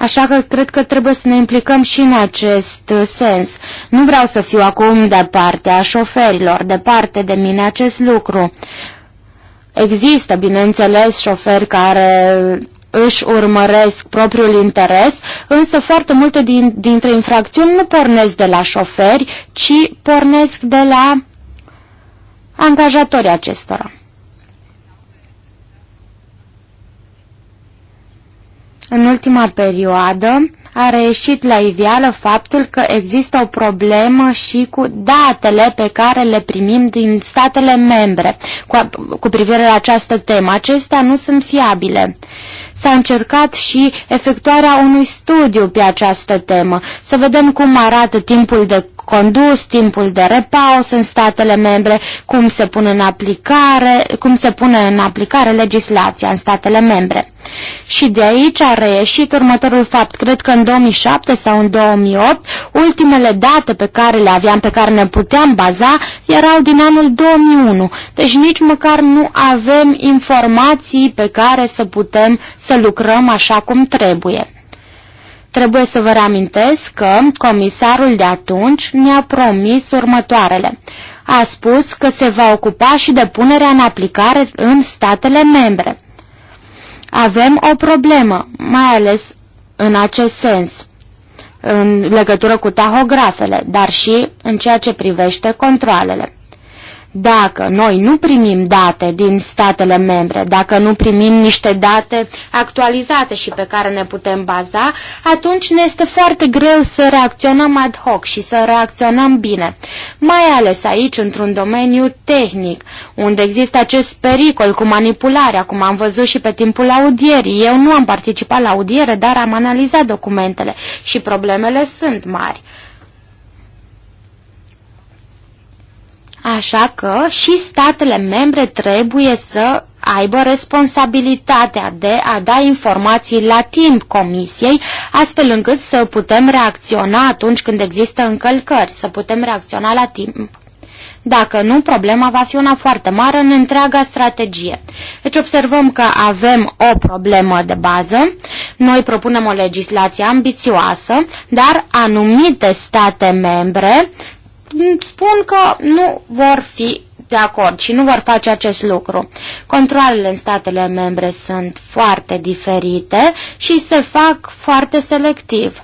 Așa că cred că trebuie să ne implicăm și în acest uh, sens. Nu vreau să fiu acum de partea șoferilor, departe de mine acest lucru. Există, bineînțeles, șoferi care își urmăresc propriul interes, însă foarte multe din, dintre infracțiuni nu pornesc de la șoferi, ci pornesc de la angajatorii acestora. În ultima perioadă a reieșit la iveală faptul că există o problemă și cu datele pe care le primim din statele membre cu, cu privire la această temă. Acestea nu sunt fiabile. S-a încercat și efectuarea unui studiu pe această temă, să vedem cum arată timpul de condus, timpul de repaus în statele membre, cum se pune în aplicare, cum se pune în aplicare legislația în statele membre. Și de aici a reieșit următorul fapt. Cred că în 2007 sau în 2008, ultimele date pe care le aveam, pe care ne puteam baza, erau din anul 2001. Deci nici măcar nu avem informații pe care să putem să lucrăm așa cum trebuie. Trebuie să vă reamintesc că comisarul de atunci ne-a promis următoarele. A spus că se va ocupa și de punerea în aplicare în statele membre. Avem o problemă, mai ales în acest sens, în legătură cu tahografele, dar și în ceea ce privește controlele. Dacă noi nu primim date din statele membre, dacă nu primim niște date actualizate și pe care ne putem baza, atunci ne este foarte greu să reacționăm ad hoc și să reacționăm bine. Mai ales aici, într-un domeniu tehnic, unde există acest pericol cu manipularea, cum am văzut și pe timpul audierii. Eu nu am participat la audiere, dar am analizat documentele și problemele sunt mari. Așa că și statele membre trebuie să aibă responsabilitatea de a da informații la timp comisiei, astfel încât să putem reacționa atunci când există încălcări, să putem reacționa la timp. Dacă nu, problema va fi una foarte mare în întreaga strategie. Deci observăm că avem o problemă de bază, noi propunem o legislație ambițioasă, dar anumite state membre spun că nu vor fi de acord și nu vor face acest lucru. Controlele în statele membre sunt foarte diferite și se fac foarte selectiv.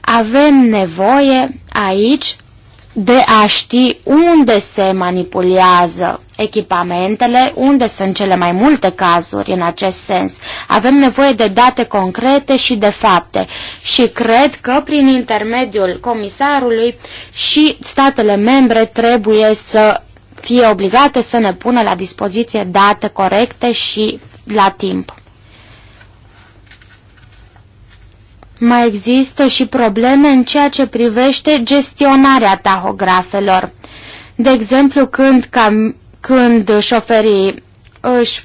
Avem nevoie aici de a ști unde se manipulează echipamentele, unde sunt cele mai multe cazuri în acest sens. Avem nevoie de date concrete și de fapte și cred că prin intermediul comisarului și statele membre trebuie să fie obligate să ne pună la dispoziție date corecte și la timp. Mai există și probleme în ceea ce privește gestionarea tahografelor. De exemplu, când, cam, când șoferii își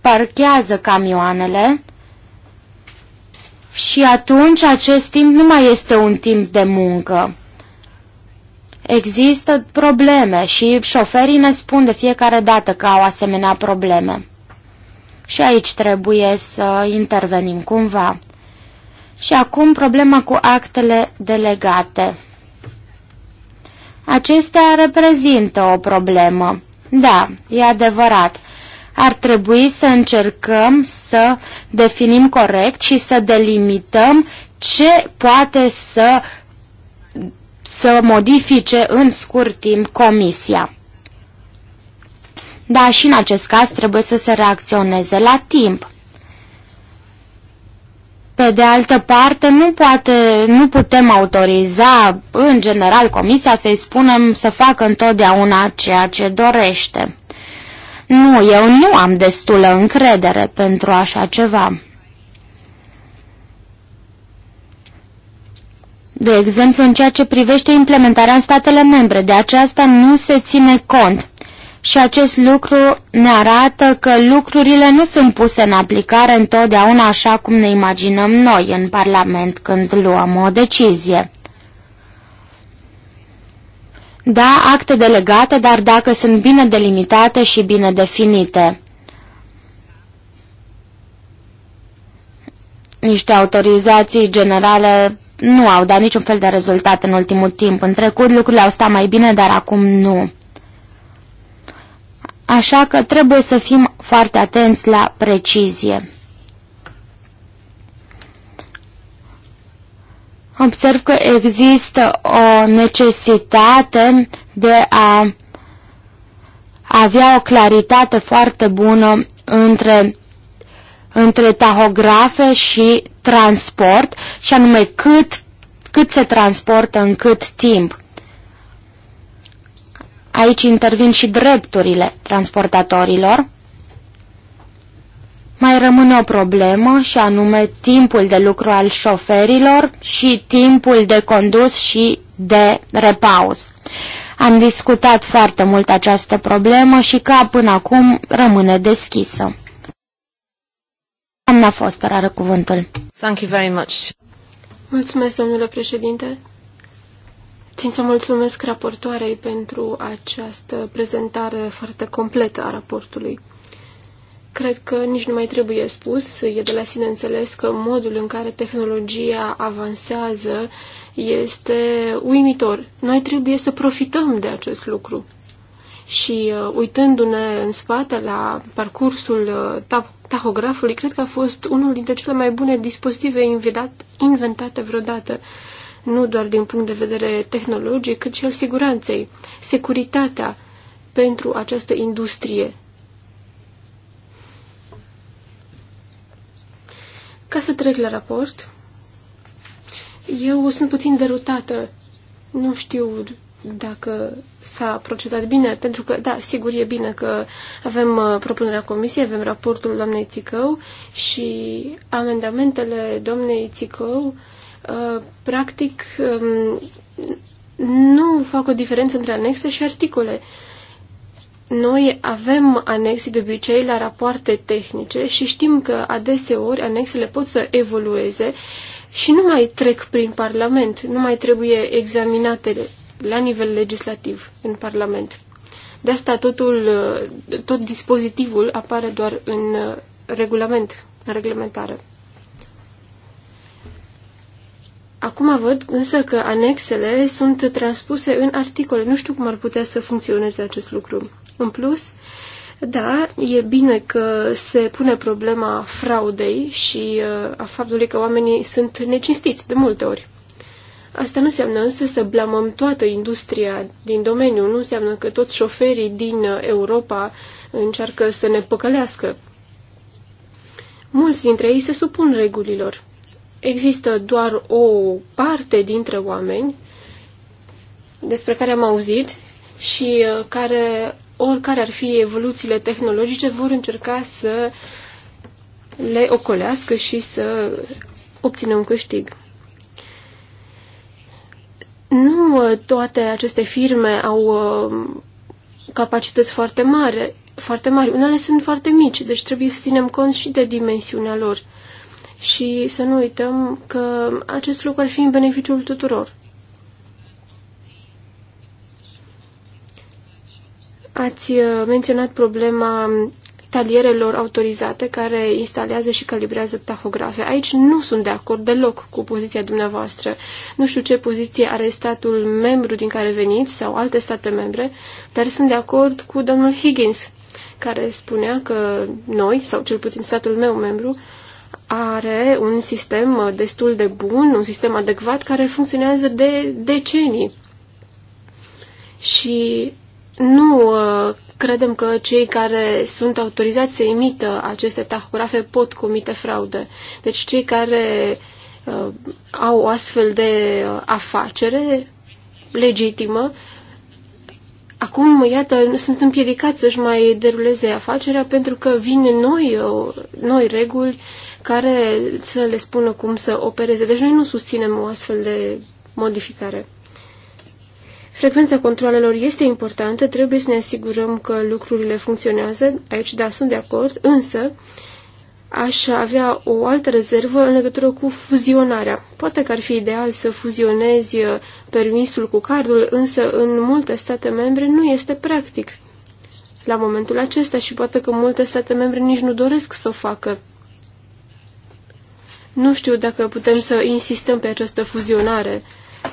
parchează camioanele și atunci acest timp nu mai este un timp de muncă. Există probleme și șoferii ne spun de fiecare dată că au asemenea probleme. Și aici trebuie să intervenim cumva. Și acum problema cu actele delegate. Acestea reprezintă o problemă. Da, e adevărat. Ar trebui să încercăm să definim corect și să delimităm ce poate să, să modifice în scurt timp comisia. Dar și în acest caz trebuie să se reacționeze la timp. Pe de altă parte, nu, poate, nu putem autoriza, în general, comisia să-i spunem să facă întotdeauna ceea ce dorește. Nu, eu nu am destulă încredere pentru așa ceva. De exemplu, în ceea ce privește implementarea în statele membre, de aceasta nu se ține cont și acest lucru ne arată că lucrurile nu sunt puse în aplicare întotdeauna așa cum ne imaginăm noi în Parlament când luăm o decizie. Da, acte delegate, dar dacă sunt bine delimitate și bine definite. Niște autorizații generale nu au dat niciun fel de rezultat în ultimul timp. În trecut lucrurile au stat mai bine, dar acum nu. Așa că trebuie să fim foarte atenți la precizie. Observ că există o necesitate de a avea o claritate foarte bună între, între tahografe și transport, și anume cât, cât se transportă în cât timp. Aici intervin și drepturile transportatorilor. Mai rămâne o problemă și anume timpul de lucru al șoferilor și timpul de condus și de repaus. Am discutat foarte mult această problemă și ca până acum rămâne deschisă. Doamna Foster are cuvântul. Thank you very much. Mulțumesc, domnule președinte. Țin să mulțumesc raportoarei pentru această prezentare foarte completă a raportului. Cred că nici nu mai trebuie spus, e de la sine înțeles că modul în care tehnologia avansează este uimitor. Noi trebuie să profităm de acest lucru. Și uh, uitându-ne în spate la parcursul uh, tahografului, cred că a fost unul dintre cele mai bune dispozitive inventate vreodată nu doar din punct de vedere tehnologic, cât și al siguranței, securitatea pentru această industrie. Ca să trec la raport, eu sunt puțin derutată. Nu știu dacă s-a procedat bine, pentru că, da, sigur e bine că avem uh, propunerea comisiei, avem raportul doamnei Țicău și amendamentele doamnei Țicău Uh, practic um, nu fac o diferență între anexe și articole. Noi avem anexii de obicei la rapoarte tehnice și știm că adeseori anexele pot să evolueze și nu mai trec prin Parlament, nu mai trebuie examinate la nivel legislativ în Parlament. De asta totul, uh, tot dispozitivul apare doar în uh, regulament, în reglementare. Acum văd însă că anexele sunt transpuse în articole. Nu știu cum ar putea să funcționeze acest lucru. În plus, da, e bine că se pune problema fraudei și uh, a faptului că oamenii sunt necinstiți de multe ori. Asta nu înseamnă însă să blamăm toată industria din domeniu, nu înseamnă că toți șoferii din Europa încearcă să ne păcălească. Mulți dintre ei se supun regulilor există doar o parte dintre oameni despre care am auzit și uh, care, oricare ar fi evoluțiile tehnologice, vor încerca să le ocolească și să obțină un câștig. Nu uh, toate aceste firme au uh, capacități foarte mari, foarte mari. Unele sunt foarte mici, deci trebuie să ținem cont și de dimensiunea lor și să nu uităm că acest lucru ar fi în beneficiul tuturor. Ați uh, menționat problema talierelor autorizate care instalează și calibrează tahografe. Aici nu sunt de acord deloc cu poziția dumneavoastră. Nu știu ce poziție are statul membru din care veniți sau alte state membre, dar sunt de acord cu domnul Higgins, care spunea că noi, sau cel puțin statul meu membru, are un sistem uh, destul de bun, un sistem adecvat care funcționează de decenii. Și nu uh, credem că cei care sunt autorizați să imită aceste tahografe pot comite fraude. Deci cei care uh, au o astfel de uh, afacere legitimă Acum, iată, sunt împiedicați să-și mai deruleze afacerea pentru că vin noi, uh, noi reguli care să le spună cum să opereze. Deci noi nu susținem o astfel de modificare. Frecvența controlelor este importantă, trebuie să ne asigurăm că lucrurile funcționează, aici da, sunt de acord, însă aș avea o altă rezervă în legătură cu fuzionarea. Poate că ar fi ideal să fuzionezi uh, permisul cu cardul, însă în multe state membre nu este practic la momentul acesta și poate că multe state membre nici nu doresc să o facă. Nu știu dacă putem să insistăm pe această fuzionare.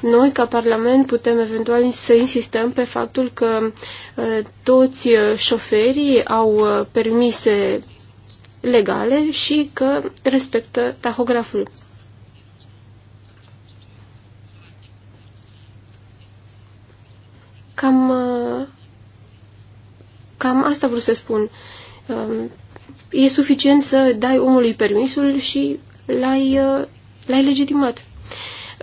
Noi, ca Parlament, putem eventual să insistăm pe faptul că uh, toți uh, șoferii au uh, permise legale și că respectă tahograful. Cam, uh, cam asta vreau să spun. Um, e suficient să dai omului permisul și l-ai, uh, l-ai legitimat.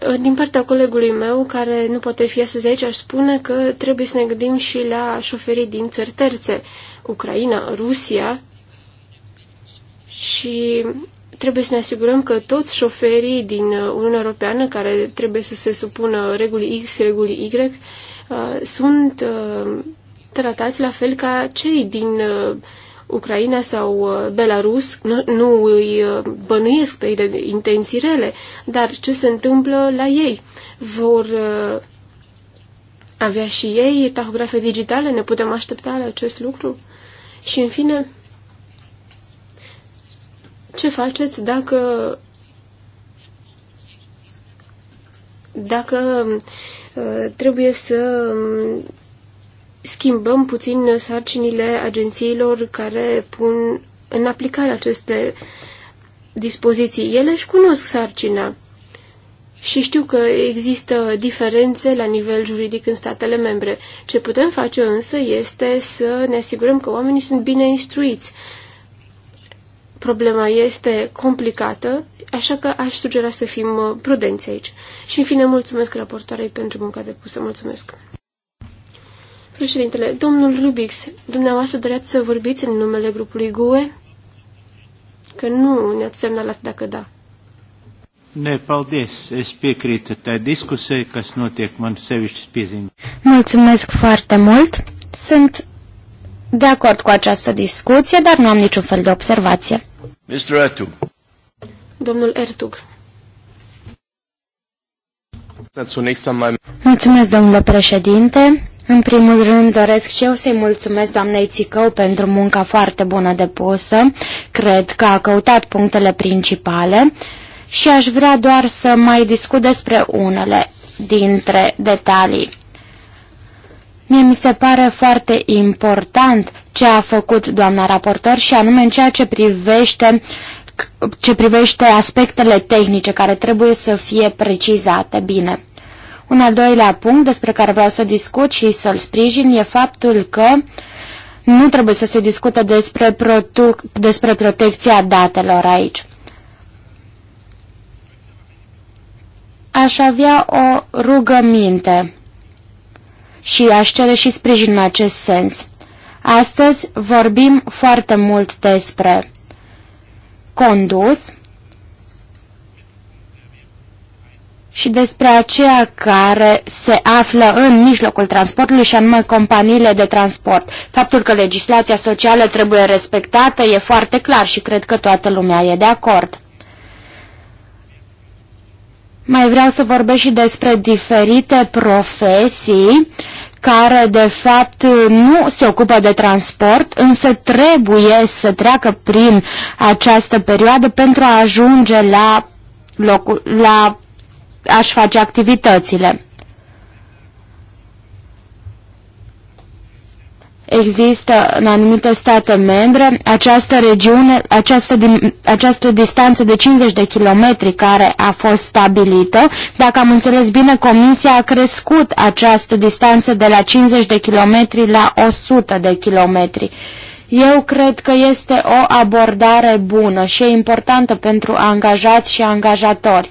Uh, din partea colegului meu, care nu poate fi astăzi aici, aș spune că trebuie să ne gândim și la șoferii din țări terțe, Ucraina, Rusia, și trebuie să ne asigurăm că toți șoferii din Uniunea Europeană care trebuie să se supună regulii X, regulii Y, Uh, sunt uh, tratați la fel ca cei din uh, Ucraina sau Belarus. Nu, nu îi bănuiesc pe ei de intenții rele, dar ce se întâmplă la ei? Vor avea și ei tahografe digitale? Ne putem aștepta la acest lucru? Și în fine, ce faceți dacă dacă Uh, trebuie să um, schimbăm puțin sarcinile agențiilor care pun în aplicare aceste dispoziții. Ele își cunosc sarcina și știu că există diferențe la nivel juridic în statele membre. Ce putem face însă este să ne asigurăm că oamenii sunt bine instruiți. Problema este complicată așa că aș sugera să fim uh, prudenți aici. Și în fine, mulțumesc raportoarei pentru munca depusă. Mulțumesc! Președintele, domnul Rubix, dumneavoastră doreați să vorbiți în numele grupului GUE? Că nu ne-ați semnalat dacă da. Ne, paldies. Es piekrītu tai diskusijai, kas notiek man sevišķi pieziņā. Mulțumesc foarte mult. Sunt de acord cu această discuție, dar nu am niciun fel de observație. Mr. Atu. Domnul Ertug. Mulțumesc, domnule președinte. În primul rând doresc și eu să-i mulțumesc doamnei Țicău pentru munca foarte bună depusă. Cred că a căutat punctele principale și aș vrea doar să mai discut despre unele dintre detalii. Mie mi se pare foarte important ce a făcut doamna raportor și anume în ceea ce privește ce privește aspectele tehnice care trebuie să fie precizate bine. Un al doilea punct despre care vreau să discut și să-l sprijin e faptul că nu trebuie să se discute despre, despre protecția datelor aici. Aș avea o rugăminte și aș cere și sprijin în acest sens. Astăzi vorbim foarte mult despre condus și despre aceea care se află în mijlocul transportului și anume companiile de transport. Faptul că legislația socială trebuie respectată e foarte clar și cred că toată lumea e de acord. Mai vreau să vorbesc și despre diferite profesii uh, care de fapt nu se ocupă de transport, însă trebuie să treacă prin această perioadă pentru a ajunge la, locul, la a-și face activitățile. există în anumite state membre această regiune, această, această distanță de 50 de kilometri care a fost stabilită. Dacă am înțeles bine, Comisia a crescut această distanță de la 50 de kilometri la 100 de kilometri. Eu cred că este o abordare bună și e importantă pentru angajați și angajatori,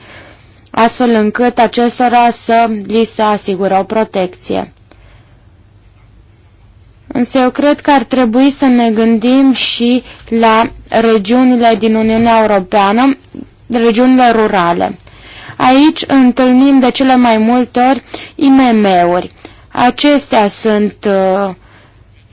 astfel încât acestora să li se asigură o protecție. Însă eu cred că ar trebui să ne gândim și la regiunile din Uniunea Europeană, regiunile rurale. Aici întâlnim de cele mai multe ori IMM-uri. Acestea sunt uh,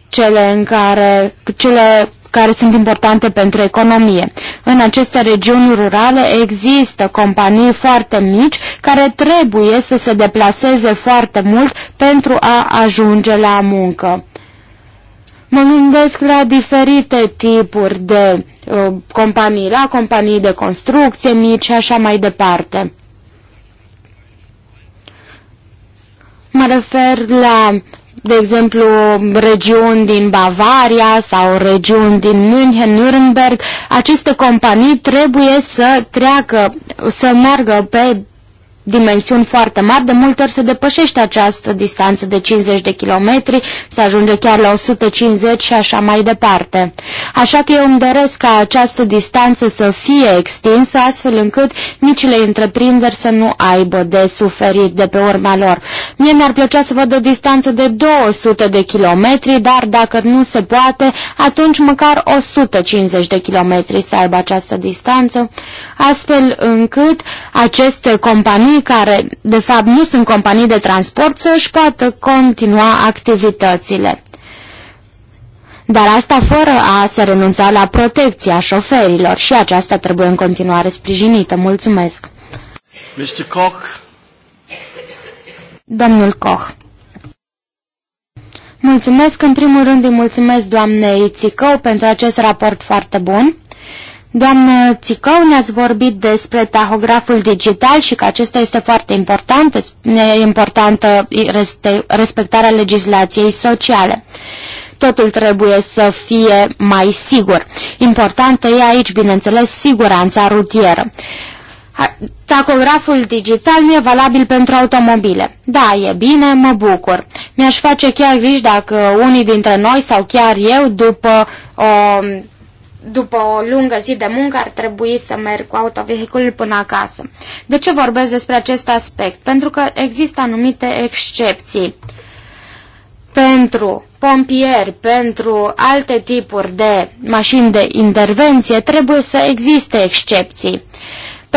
cele, în care, cele care sunt importante pentru economie. În aceste regiuni rurale există companii foarte mici care trebuie să se deplaseze foarte mult pentru a ajunge la muncă. Mă gândesc la diferite tipuri de uh, companii, la companii de construcție mici și așa mai departe. Mă refer la, de exemplu, regiuni din Bavaria sau regiuni din München, Nürnberg. Aceste companii trebuie să treacă, să meargă pe dimensiuni foarte mari, de multe ori se depășește această distanță de 50 de kilometri, se ajunge chiar la 150 și așa mai departe. Așa că eu îmi doresc ca această distanță să fie extinsă, astfel încât micile întreprinderi să nu aibă de suferit de pe urma lor. Mie mi-ar plăcea să văd o distanță de 200 de kilometri, dar dacă nu se poate, atunci măcar 150 de kilometri să aibă această distanță, astfel încât aceste companii companii care de fapt nu sunt companii de transport să își poată continua activitățile. Dar asta fără a se renunța la protecția șoferilor și aceasta trebuie în continuare sprijinită. Mulțumesc! Mr. Koch. Domnul Koch. Mulțumesc în primul rând îi mulțumesc doamnei Țicău pentru acest raport foarte bun. Doamnă Țicău, ne-ați vorbit despre tahograful digital și că acesta este foarte important, e importantă respectarea legislației sociale. Totul trebuie să fie mai sigur. Importantă e aici, bineînțeles, siguranța rutieră. Tacograful digital nu e valabil pentru automobile. Da, e bine, mă bucur. Mi-aș face chiar griji dacă unii dintre noi sau chiar eu, după o după o lungă zi de muncă ar trebui să merg cu autovehiculul până acasă. De ce vorbesc despre acest aspect? Pentru că există anumite excepții. Pentru pompieri, pentru alte tipuri de mașini de intervenție, trebuie să existe excepții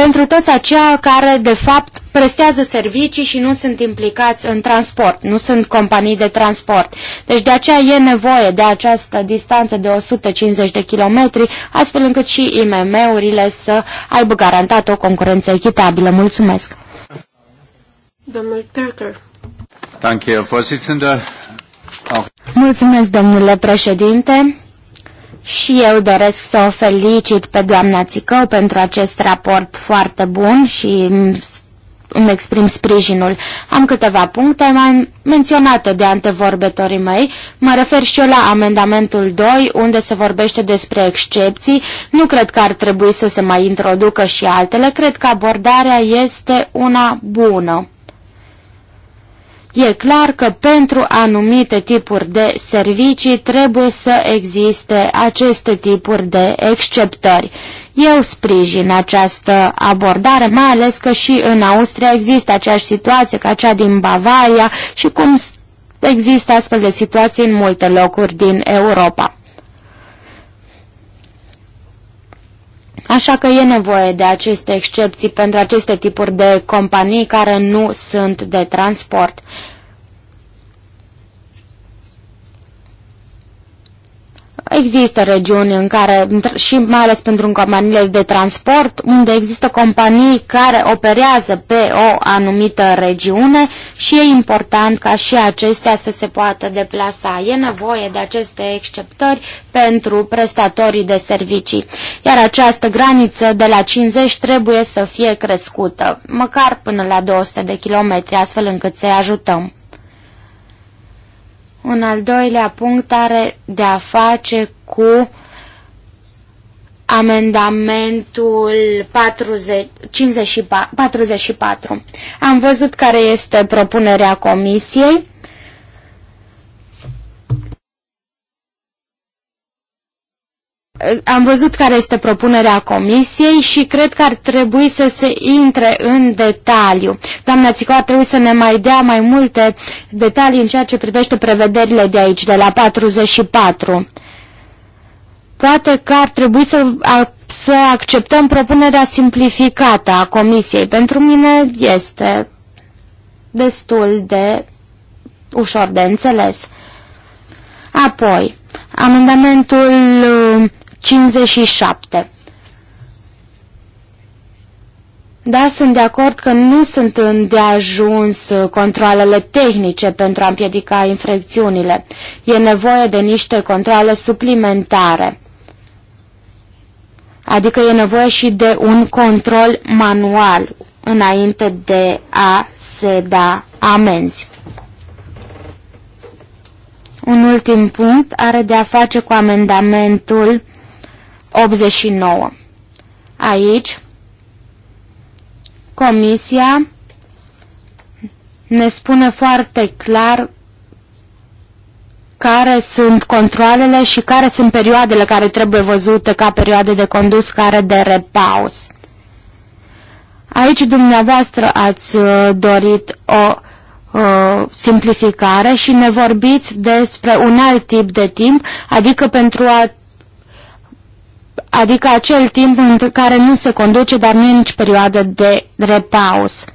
pentru toți aceia care, de fapt, prestează servicii și nu sunt implicați în transport, nu sunt companii de transport. Deci de aceea e nevoie de această distanță de 150 de kilometri, astfel încât și IMM-urile să aibă garantat o concurență echitabilă. Mulțumesc! Domnul Perker. Mulțumesc, domnule președinte. Și eu doresc să o felicit pe doamna Țicău pentru acest raport foarte bun și îmi exprim sprijinul. Am câteva puncte mai menționate de antevorbetorii mei. Mă refer și eu la amendamentul 2, unde se vorbește despre excepții. Nu cred că ar trebui să se mai introducă și altele. Cred că abordarea este una bună. E clar că pentru anumite tipuri de servicii trebuie să existe aceste tipuri de exceptări. Eu sprijin această abordare, mai ales că și în Austria există aceeași situație ca cea din Bavaria și cum există astfel de situații în multe locuri din Europa. Așa că e nevoie de aceste excepții pentru aceste tipuri de companii care nu sunt de transport. Există regiuni în care, și mai ales pentru companiile de transport, unde există companii care operează pe o anumită regiune și e important ca și acestea să se poată deplasa. E nevoie de aceste exceptări pentru prestatorii de servicii, iar această graniță de la 50 trebuie să fie crescută, măcar până la 200 de kilometri, astfel încât să-i ajutăm. Un al doilea punct are de a face cu amendamentul 40, 54. Am văzut care este propunerea comisiei Eh, am văzut care este propunerea comisiei și cred că ar trebui să se intre în detaliu. Doamna Țicu, ar trebui să ne mai dea mai multe detalii în ceea ce privește prevederile de aici, de la 44. Poate că ar trebui să, a, să acceptăm propunerea simplificată a comisiei. Pentru mine este destul de ușor de înțeles. Apoi, amendamentul uh, 57. Da, sunt de acord că nu sunt îndeajuns controlele tehnice pentru a împiedica infracțiunile. E nevoie de niște controle suplimentare. Adică e nevoie și de un control manual înainte de a se da amenzi. Un ultim punct are de a face cu amendamentul 89. Aici, Comisia ne spune foarte clar care sunt controlele și care sunt perioadele care trebuie văzute ca perioade de condus, care de repaus. Aici dumneavoastră ați uh, dorit o o uh, simplificare și ne vorbiți despre un alt tip de timp, adică pentru a adică acel timp în care nu se conduce, dar nu e nici perioadă de repaus.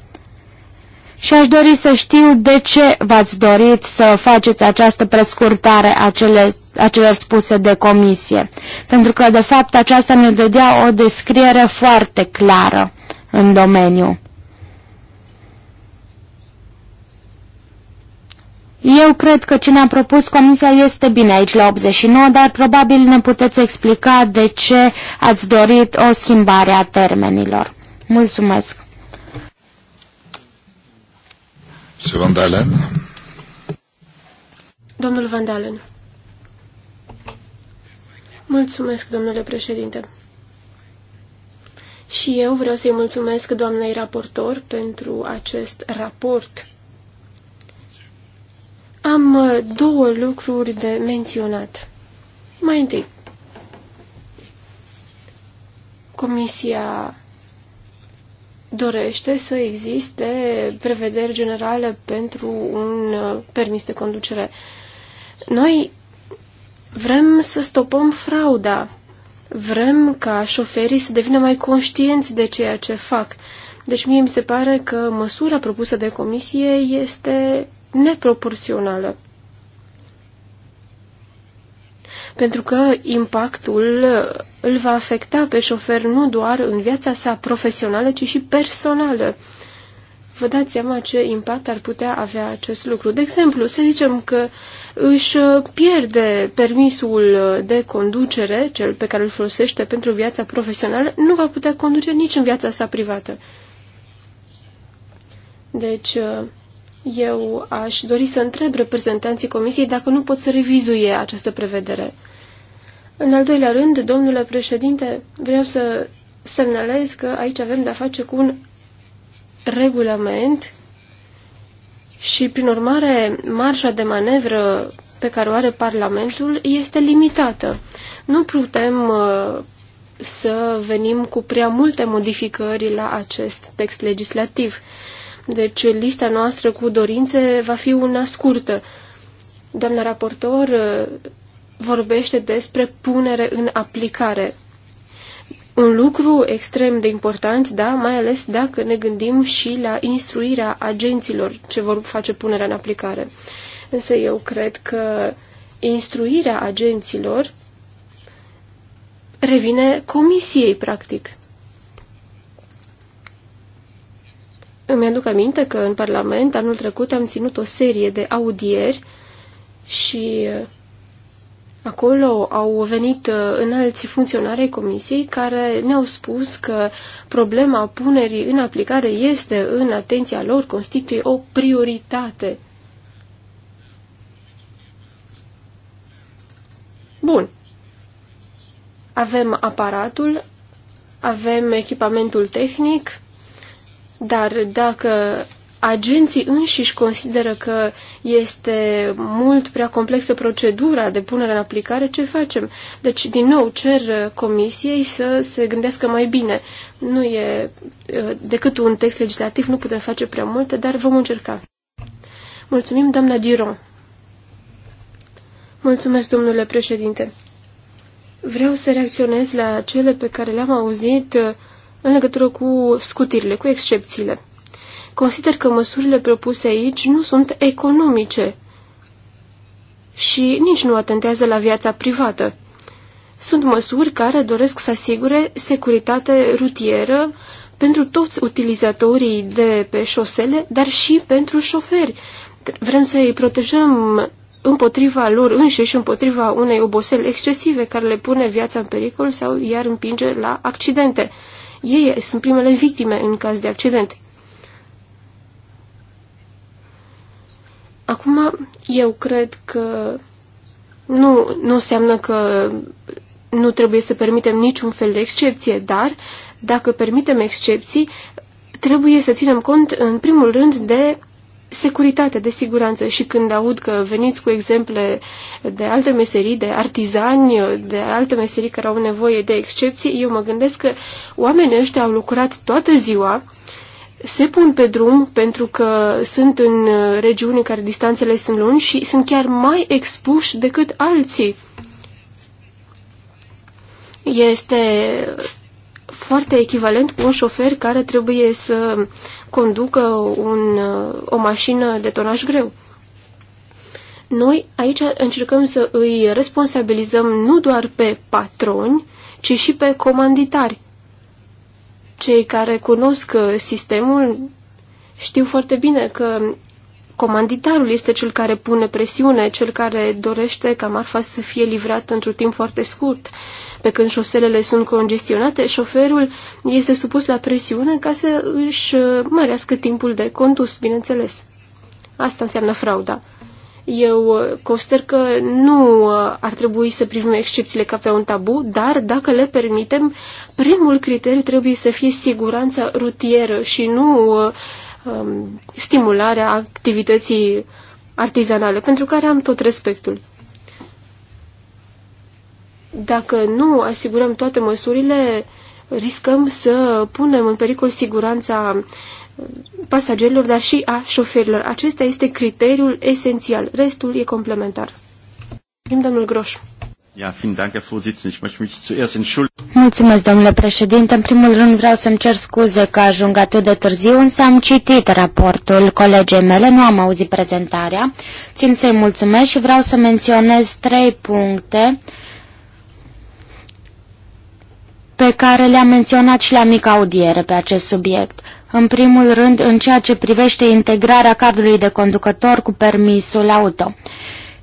Și aș dori să știu de ce v-ați dorit să faceți această prescurtare a cele, acelor spuse de comisie. Pentru că, de fapt, aceasta ne dădea o descriere foarte clară în domeniu. Eu cred că ce ne-a propus Comisia este bine aici la 89, dar probabil ne puteți explica de ce ați dorit o schimbare a termenilor. Mulțumesc! Van Dalen. Domnul Van Dalen. Mulțumesc, domnule președinte. Și eu vreau să-i mulțumesc doamnei raportor pentru acest raport am uh, două lucruri de menționat. Mai întâi, Comisia dorește să existe prevederi generale pentru un uh, permis de conducere. Noi vrem să stopăm frauda. Vrem ca șoferii să devină mai conștienți de ceea ce fac. Deci mie mi se pare că măsura propusă de comisie este neproporțională. Pentru că impactul îl va afecta pe șofer nu doar în viața sa profesională, ci și personală. Vă dați seama ce impact ar putea avea acest lucru. De exemplu, să zicem că își pierde permisul de conducere, cel pe care îl folosește pentru viața profesională, nu va putea conduce nici în viața sa privată. Deci, eu aș dori să întreb reprezentanții Comisiei dacă nu pot să revizuie această prevedere. În al doilea rând, domnule președinte, vreau să semnalez că aici avem de-a face cu un regulament și, prin urmare, marșa de manevră pe care o are Parlamentul este limitată. Nu putem uh, să venim cu prea multe modificări la acest text legislativ. Deci lista noastră cu dorințe va fi una scurtă. Doamna raportor uh, vorbește despre punere în aplicare. Un lucru extrem de important, da, mai ales dacă ne gândim și la instruirea agenților ce vor face punerea în aplicare. Însă eu cred că instruirea agenților revine comisiei, practic. Îmi aduc aminte că în Parlament anul trecut am ținut o serie de audieri și uh, acolo au venit uh, înalți funcționarii comisiei care ne-au spus că problema punerii în aplicare este în atenția lor, constituie o prioritate. Bun. Avem aparatul, avem echipamentul tehnic, dar dacă agenții înșiși consideră că este mult prea complexă procedura de punere în aplicare, ce facem? Deci, din nou, cer comisiei să se gândească mai bine. Nu e uh, decât un text legislativ, nu putem face prea multe, dar vom încerca. Mulțumim, doamna Diron. Mulțumesc, domnule președinte. Vreau să reacționez la cele pe care le-am auzit uh, în legătură cu scutirile, cu excepțiile. Consider că măsurile propuse aici nu sunt economice și nici nu atentează la viața privată. Sunt măsuri care doresc să asigure securitate rutieră pentru toți utilizatorii de pe șosele, dar și pentru șoferi. Vrem să îi protejăm împotriva lor înșiși, împotriva unei oboseli excesive care le pune viața în pericol sau iar împinge la accidente. Ei sunt primele victime în caz de accident. Acum, eu cred că nu, nu înseamnă că nu trebuie să permitem niciun fel de excepție, dar dacă permitem excepții, trebuie să ținem cont în primul rând de securitate, de siguranță și când aud că veniți cu exemple de alte meserii, de artizani, de alte meserii care au nevoie de excepții, eu mă gândesc că oamenii ăștia au lucrat toată ziua, se pun pe drum pentru că sunt în regiuni în care distanțele sunt lungi și sunt chiar mai expuși decât alții. Este foarte echivalent cu un șofer care trebuie să conducă un, o mașină de tonaj greu. Noi aici încercăm să îi responsabilizăm nu doar pe patroni, ci și pe comanditari. Cei care cunosc uh, sistemul știu foarte bine că comanditarul este cel care pune presiune, cel care dorește ca marfa să fie livrată într-un timp foarte scurt. Pe când șoselele sunt congestionate, șoferul este supus la presiune ca să își uh, mărească timpul de condus, bineînțeles. Asta înseamnă frauda. Eu uh, consider că nu uh, ar trebui să privim excepțiile ca pe un tabu, dar dacă le permitem, primul criteriu trebuie să fie siguranța rutieră și nu um, stimularea activității artizanale, pentru care am tot respectul. Dacă nu asigurăm toate măsurile, riscăm să punem în pericol siguranța uh, pasagerilor, dar și a șoferilor. Acesta este criteriul esențial. Restul e complementar. domnul Groș. Mulțumesc, domnule președinte. În primul rând vreau să-mi cer scuze că ajung atât de târziu, însă am citit raportul colegei mele, nu am auzit prezentarea. Țin să-i mulțumesc și vreau să menționez trei puncte pe care le-am menționat și la mică audiere pe acest subiect. În primul rând, în ceea ce privește integrarea cadrului de conducător cu permisul auto.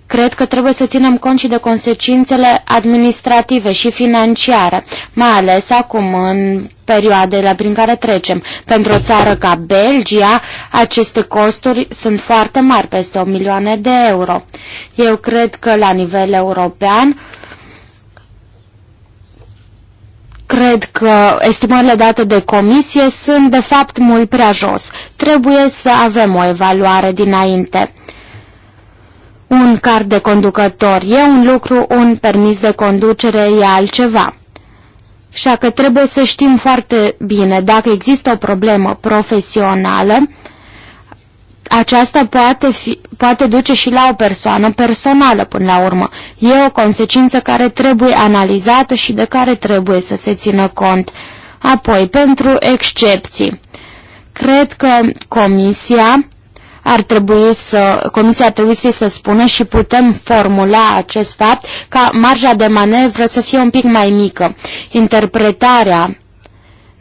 Cred că trebuie să ținem cont și de consecințele administrative și financiare, mai ales acum în perioadele prin care trecem. Pentru o țară ca Belgia, aceste costuri sunt foarte mari, peste o milioane de euro. Eu cred că la nivel european cred că estimările date de comisie sunt de fapt mult prea jos. Trebuie să avem o evaluare dinainte un card de conducător e un lucru, un permis de conducere e altceva. Așa că trebuie să știm foarte bine dacă există o problemă profesională, aceasta poate, fi, poate duce și la o persoană personală până la urmă. E o consecință care trebuie analizată și de care trebuie să se țină cont. Apoi, pentru excepții. Cred că comisia ar trebui să, Comisia ar trebui să spună și putem formula acest fapt ca marja de manevră să fie un pic mai mică. Interpretarea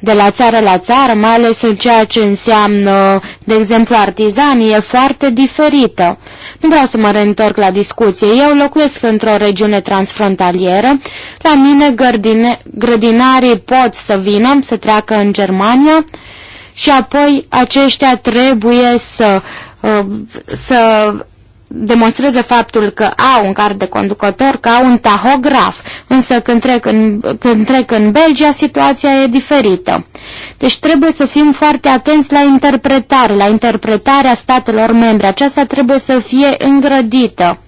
de la țară la țară, mai ales în ceea ce înseamnă, de exemplu, artizanii, e foarte diferită. Nu vreau să mă reîntorc la discuție. Eu locuiesc într-o regiune transfrontalieră. La mine gărdine, grădinarii pot să vină, să treacă în Germania și apoi aceștia trebuie să uh, Uh, să demonstreze faptul că au un card de conducător, că au un tahograf, însă când trec, în, când trec în Belgia situația e diferită. Deci trebuie să fim foarte atenți la interpretare, la interpretarea statelor membre. Aceasta trebuie să fie îngrădită.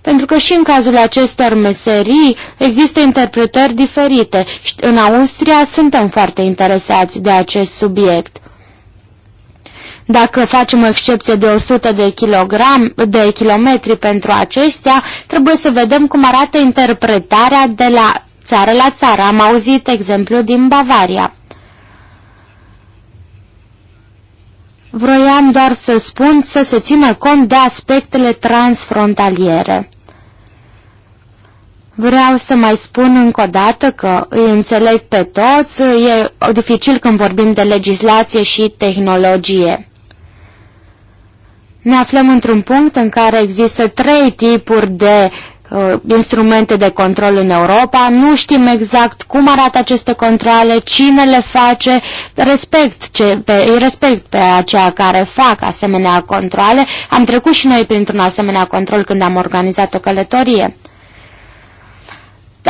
Pentru că și în cazul acestor meserii există interpretări diferite. În Austria suntem foarte interesați de acest subiect. Dacă facem o excepție de 100 de, kilogram, de kilometri pentru aceștia, trebuie să vedem cum arată interpretarea de la țară la țară. Am auzit exemplu din Bavaria. Vroiam doar să spun să se țină cont de aspectele transfrontaliere. Vreau să mai spun încă o dată că îi înțeleg pe toți, e dificil când vorbim de legislație și tehnologie. Ne aflăm într-un punct în care există trei tipuri de uh, instrumente de control în Europa. Nu știm exact cum arată aceste controle, cine le face, respect ce, pe, îi respect pe aceia care fac asemenea controle. Am trecut și noi printr-un asemenea control când am organizat o călătorie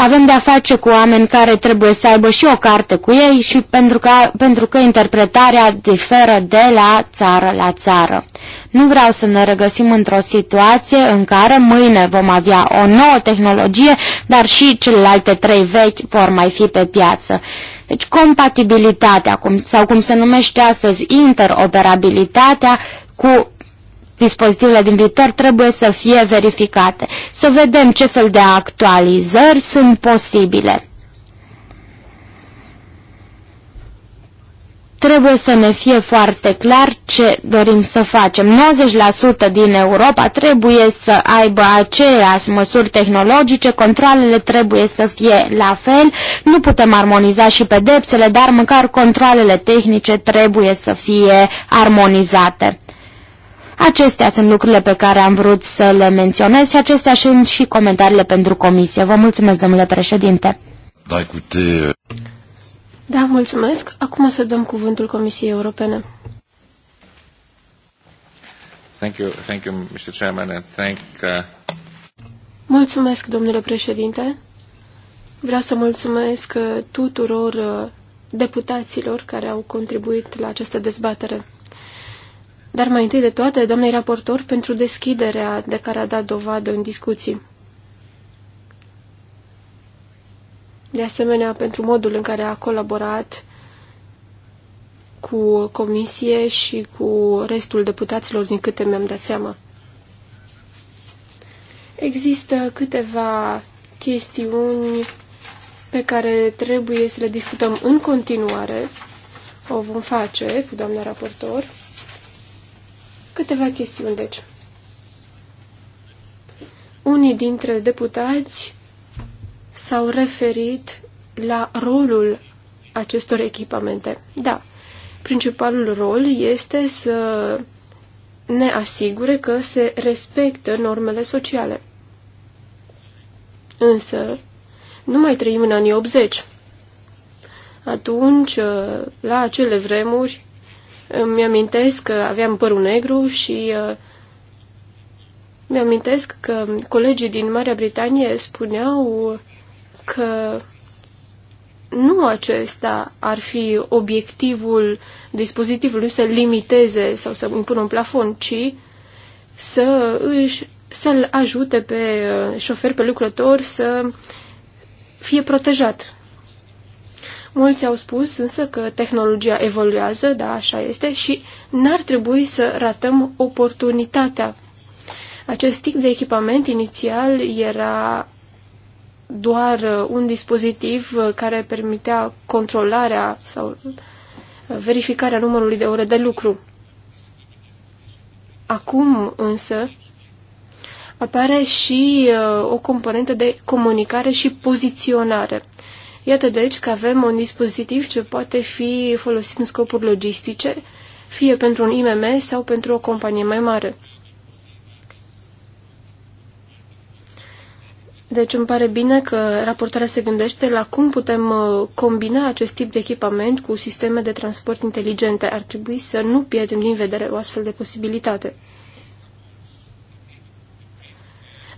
avem de-a face cu oameni care trebuie să aibă și o carte cu ei și pentru că, pentru că interpretarea diferă de la țară la țară. Nu vreau să ne regăsim într-o situație în care mâine vom avea o nouă tehnologie, dar și celelalte trei vechi vor mai fi pe piață. Deci compatibilitatea, cum, sau cum se numește astăzi interoperabilitatea, cu dispozitivele din viitor trebuie să fie verificate, să vedem ce fel de actualizări sunt posibile. Trebuie să ne fie foarte clar ce dorim să facem. 90% din Europa trebuie să aibă aceeași măsuri tehnologice, controlele trebuie să fie la fel, nu putem armoniza și pedepsele, dar măcar controlele tehnice trebuie să fie armonizate. Acestea sunt lucrurile pe care am vrut să le menționez și acestea sunt și comentariile pentru comisie. Vă mulțumesc, domnule președinte. Da, écoutez... Da, mulțumesc. Acum să dăm cuvântul Comisiei Europene. Thank you, thank you, Mr. Chairman, and thank, uh... Mulțumesc, domnule președinte. Vreau să mulțumesc uh, tuturor uh, deputaților care au contribuit la această dezbatere dar mai întâi de toate, doamnei raportor, pentru deschiderea de care a dat dovadă în discuții. De asemenea, pentru modul în care a colaborat cu comisie și cu restul deputaților, din câte mi-am dat seama. Există câteva chestiuni pe care trebuie să le discutăm în continuare. O vom face cu doamna raportor. Câteva chestiuni, deci. Unii dintre deputați s-au referit la rolul acestor echipamente. Da, principalul rol este să ne asigure că se respectă normele sociale. Însă, nu mai trăim în anii 80. Atunci, la acele vremuri, îmi amintesc că aveam părul negru și uh, mi-amintesc că colegii din Marea Britanie spuneau că nu acesta ar fi obiectivul dispozitivului să limiteze sau să impună un plafon, ci să își, să-l ajute pe uh, șofer, pe lucrător să fie protejat. Mulți au spus însă că tehnologia evoluează, da, așa este, și n-ar trebui să ratăm oportunitatea. Acest tip de echipament inițial era doar uh, un dispozitiv uh, care permitea controlarea sau uh, verificarea numărului de ore de lucru. Acum însă apare și o componentă de comunicare și poziționare. Iată deci că avem un dispozitiv ce poate fi folosit în scopuri logistice, fie pentru un IMM sau pentru o companie mai mare. Deci îmi pare bine că raportarea se gândește la cum putem uh, combina acest tip de echipament cu sisteme de transport inteligente. Ar trebui să nu pierdem din vedere o astfel de posibilitate.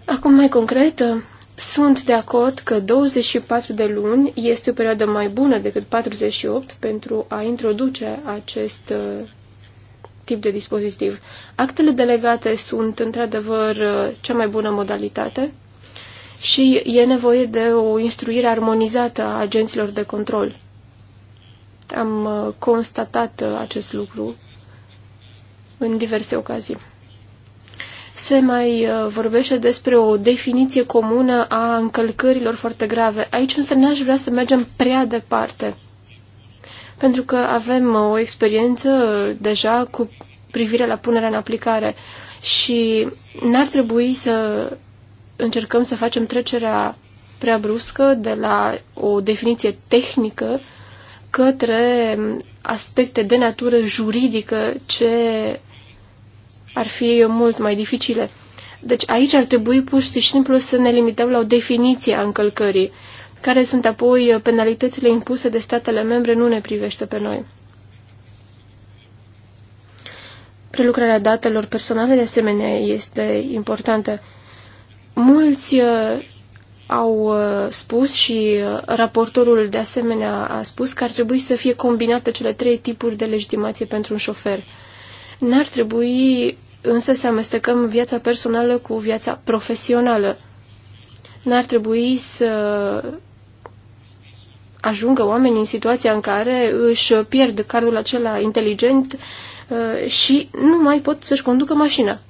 Acum mai concret, uh, sunt de acord că 24 de luni este o perioadă mai bună decât 48 pentru a introduce acest uh, tip de dispozitiv. Actele delegate sunt într-adevăr uh, cea mai bună modalitate și e nevoie de o instruire armonizată a agenților de control. Am uh, constatat acest lucru în diverse ocazii se mai uh, vorbește despre o definiție comună a încălcărilor foarte grave. Aici însă n-aș vrea să mergem prea departe, pentru că avem uh, o experiență uh, deja cu privire la punerea în aplicare și n-ar trebui să încercăm să facem trecerea prea bruscă de la o definiție tehnică către um, aspecte de natură juridică ce ar fi mult mai dificile. Deci aici ar trebui pur și simplu să ne limităm la o definiție a încălcării. Care sunt apoi penalitățile impuse de statele membre nu ne privește pe noi. Prelucrarea datelor personale de asemenea este importantă. Mulți uh, au uh, spus și uh, raportorul de asemenea a spus că ar trebui să fie combinate cele trei tipuri de legitimație pentru un șofer. N-ar trebui însă să amestecăm viața personală cu viața profesională. N-ar trebui să ajungă oamenii în situația în care își pierd cardul acela inteligent uh, și nu mai pot să-și conducă mașina.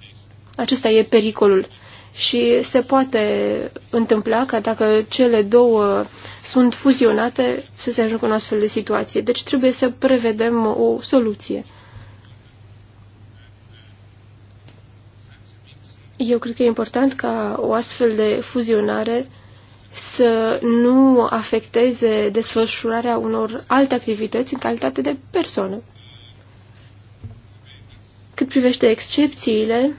Acesta e pericolul. Și se poate întâmpla ca dacă cele două sunt fuzionate să se ajungă în astfel de situație. Deci trebuie să prevedem o soluție. Eu cred că e important ca o astfel de fuzionare să nu afecteze desfășurarea unor alte activități în calitate de persoană. Cât privește excepțiile,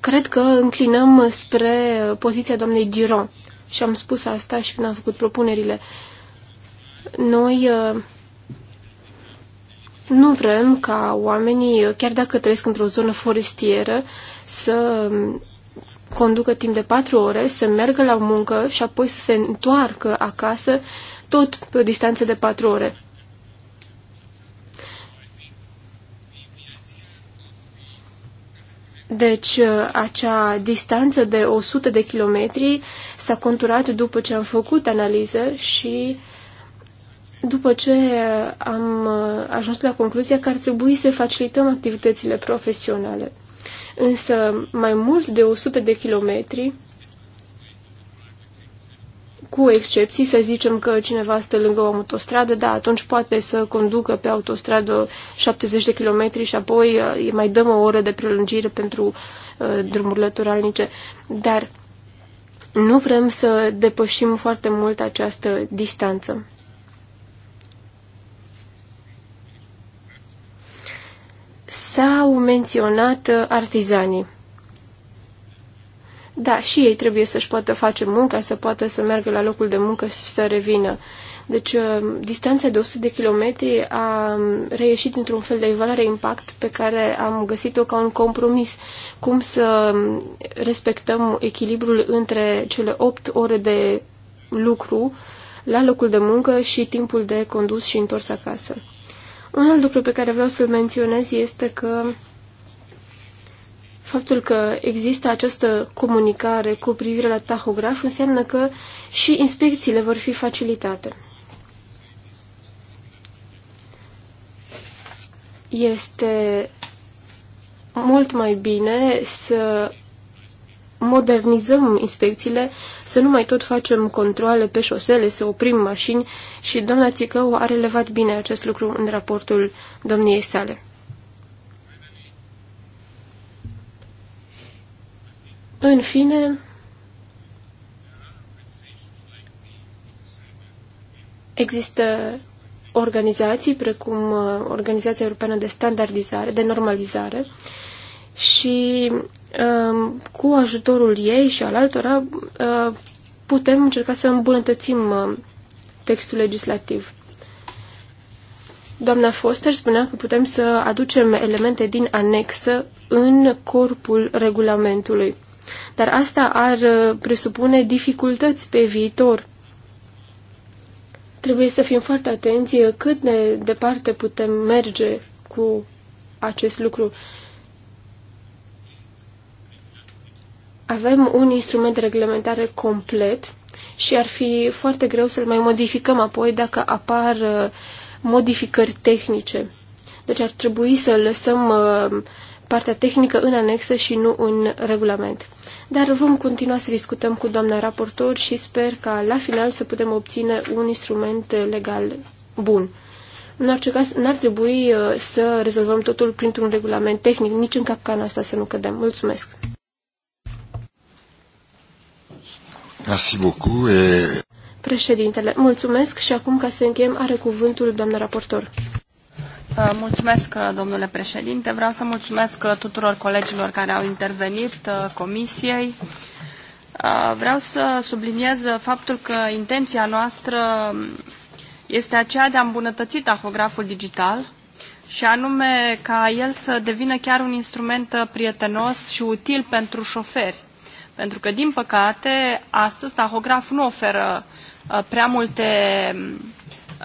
cred că înclinăm spre poziția doamnei Durand și am spus asta și când am făcut propunerile. Noi uh, nu vrem ca oamenii, chiar dacă trăiesc într-o zonă forestieră, să conducă timp de patru ore, să meargă la muncă și apoi să se întoarcă acasă, tot pe o distanță de patru ore. Deci, acea distanță de 100 de kilometri s-a conturat după ce am făcut analiză și după ce am ajuns la concluzia că ar trebui să facilităm activitățile profesionale. Însă mai mult de 100 de kilometri, cu excepții, să zicem că cineva stă lângă o autostradă, da, atunci poate să conducă pe autostradă 70 de kilometri și apoi uh, îi mai dăm o oră de prelungire pentru uh, drumurile turalnice. Dar nu vrem să depășim foarte mult această distanță. S-au menționat uh, artizanii. Da, și ei trebuie să-și poată face munca, să poată să meargă la locul de muncă și să revină. Deci, uh, distanța de 100 de kilometri a um, reieșit într-un fel de evaluare impact pe care am găsit-o ca un compromis. Cum să um, respectăm echilibrul între cele 8 ore de lucru la locul de muncă și timpul de condus și întors acasă. Un alt lucru pe care vreau să-l menționez este că faptul că există această comunicare cu privire la tahograf înseamnă că și inspecțiile vor fi facilitate. Este mult mai bine să modernizăm inspecțiile, să nu mai tot facem controle pe șosele, să oprim mașini și doamna Țicău a relevat bine acest lucru în raportul domniei sale. În fine, există organizații precum uh, Organizația Europeană de Standardizare, de Normalizare și Um, cu ajutorul ei și al altora uh, putem încerca să îmbunătățim uh, textul legislativ. Doamna Foster spunea că putem să aducem elemente din anexă în corpul regulamentului. Dar asta ar uh, presupune dificultăți pe viitor. Trebuie să fim foarte atenți cât de departe putem merge cu acest lucru. Avem un instrument de reglementare complet și ar fi foarte greu să-l mai modificăm apoi dacă apar uh, modificări tehnice. Deci ar trebui să lăsăm uh, partea tehnică în anexă și nu în regulament. Dar vom continua să discutăm cu doamna raportor și sper ca la final să putem obține un instrument legal bun. În orice caz, n-ar trebui uh, să rezolvăm totul printr-un regulament tehnic, nici în capcana asta să nu cădem. Mulțumesc! Merci beaucoup et... Președintele, mulțumesc și acum ca să încheiem are cuvântul doamna raportor. Uh, mulțumesc, uh, domnule președinte. Vreau să mulțumesc uh, tuturor colegilor care au intervenit, comisiei. Vreau să subliniez faptul că intenția noastră um, este aceea de a îmbunătăți tahograful digital și anume ca el să devină chiar un instrument prietenos și util pentru șoferi pentru că, din păcate, astăzi tahograf nu oferă uh, prea multe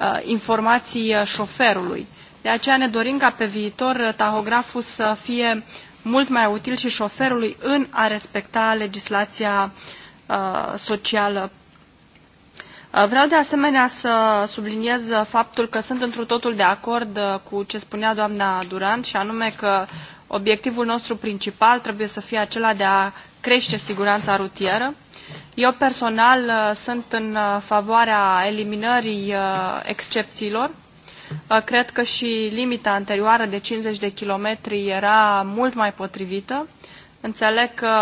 uh, informații uh, șoferului. De aceea ne dorim ca pe viitor tahograful să fie mult mai util și șoferului în a respecta legislația socială Vreau de asemenea să subliniez faptul că sunt întru totul de acord cu ce spunea doamna Durand, și anume că obiectivul nostru principal trebuie să fie acela de a crește siguranța rutieră. Eu personal uh, sunt în uh, favoarea eliminării uh, excepțiilor. Cred că și limita anterioară de 50 de kilometri era mult mai potrivită. Înțeleg că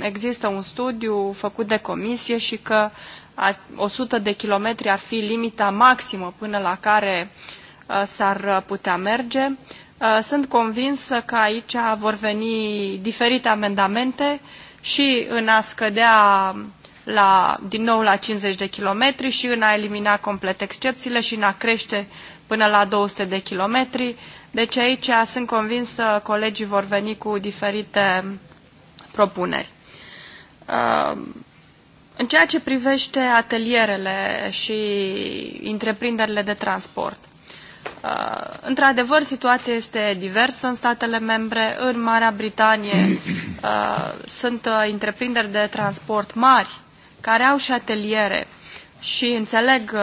există un studiu făcut de comisie și că 100 de kilometri ar fi limita maximă până la care s-ar putea merge. Sunt convinsă că aici vor veni diferite amendamente și în a scădea la, din nou la 50 de kilometri și în a elimina complet excepțiile și în a crește până la 200 de kilometri. Deci aici sunt convinsă colegii vor veni cu diferite propuneri. Uh, în ceea ce privește atelierele și întreprinderile de transport, Uh, într-adevăr, situația este diversă în statele membre. În Marea Britanie uh, sunt uh, întreprinderi de transport mari care au și ateliere și înțeleg,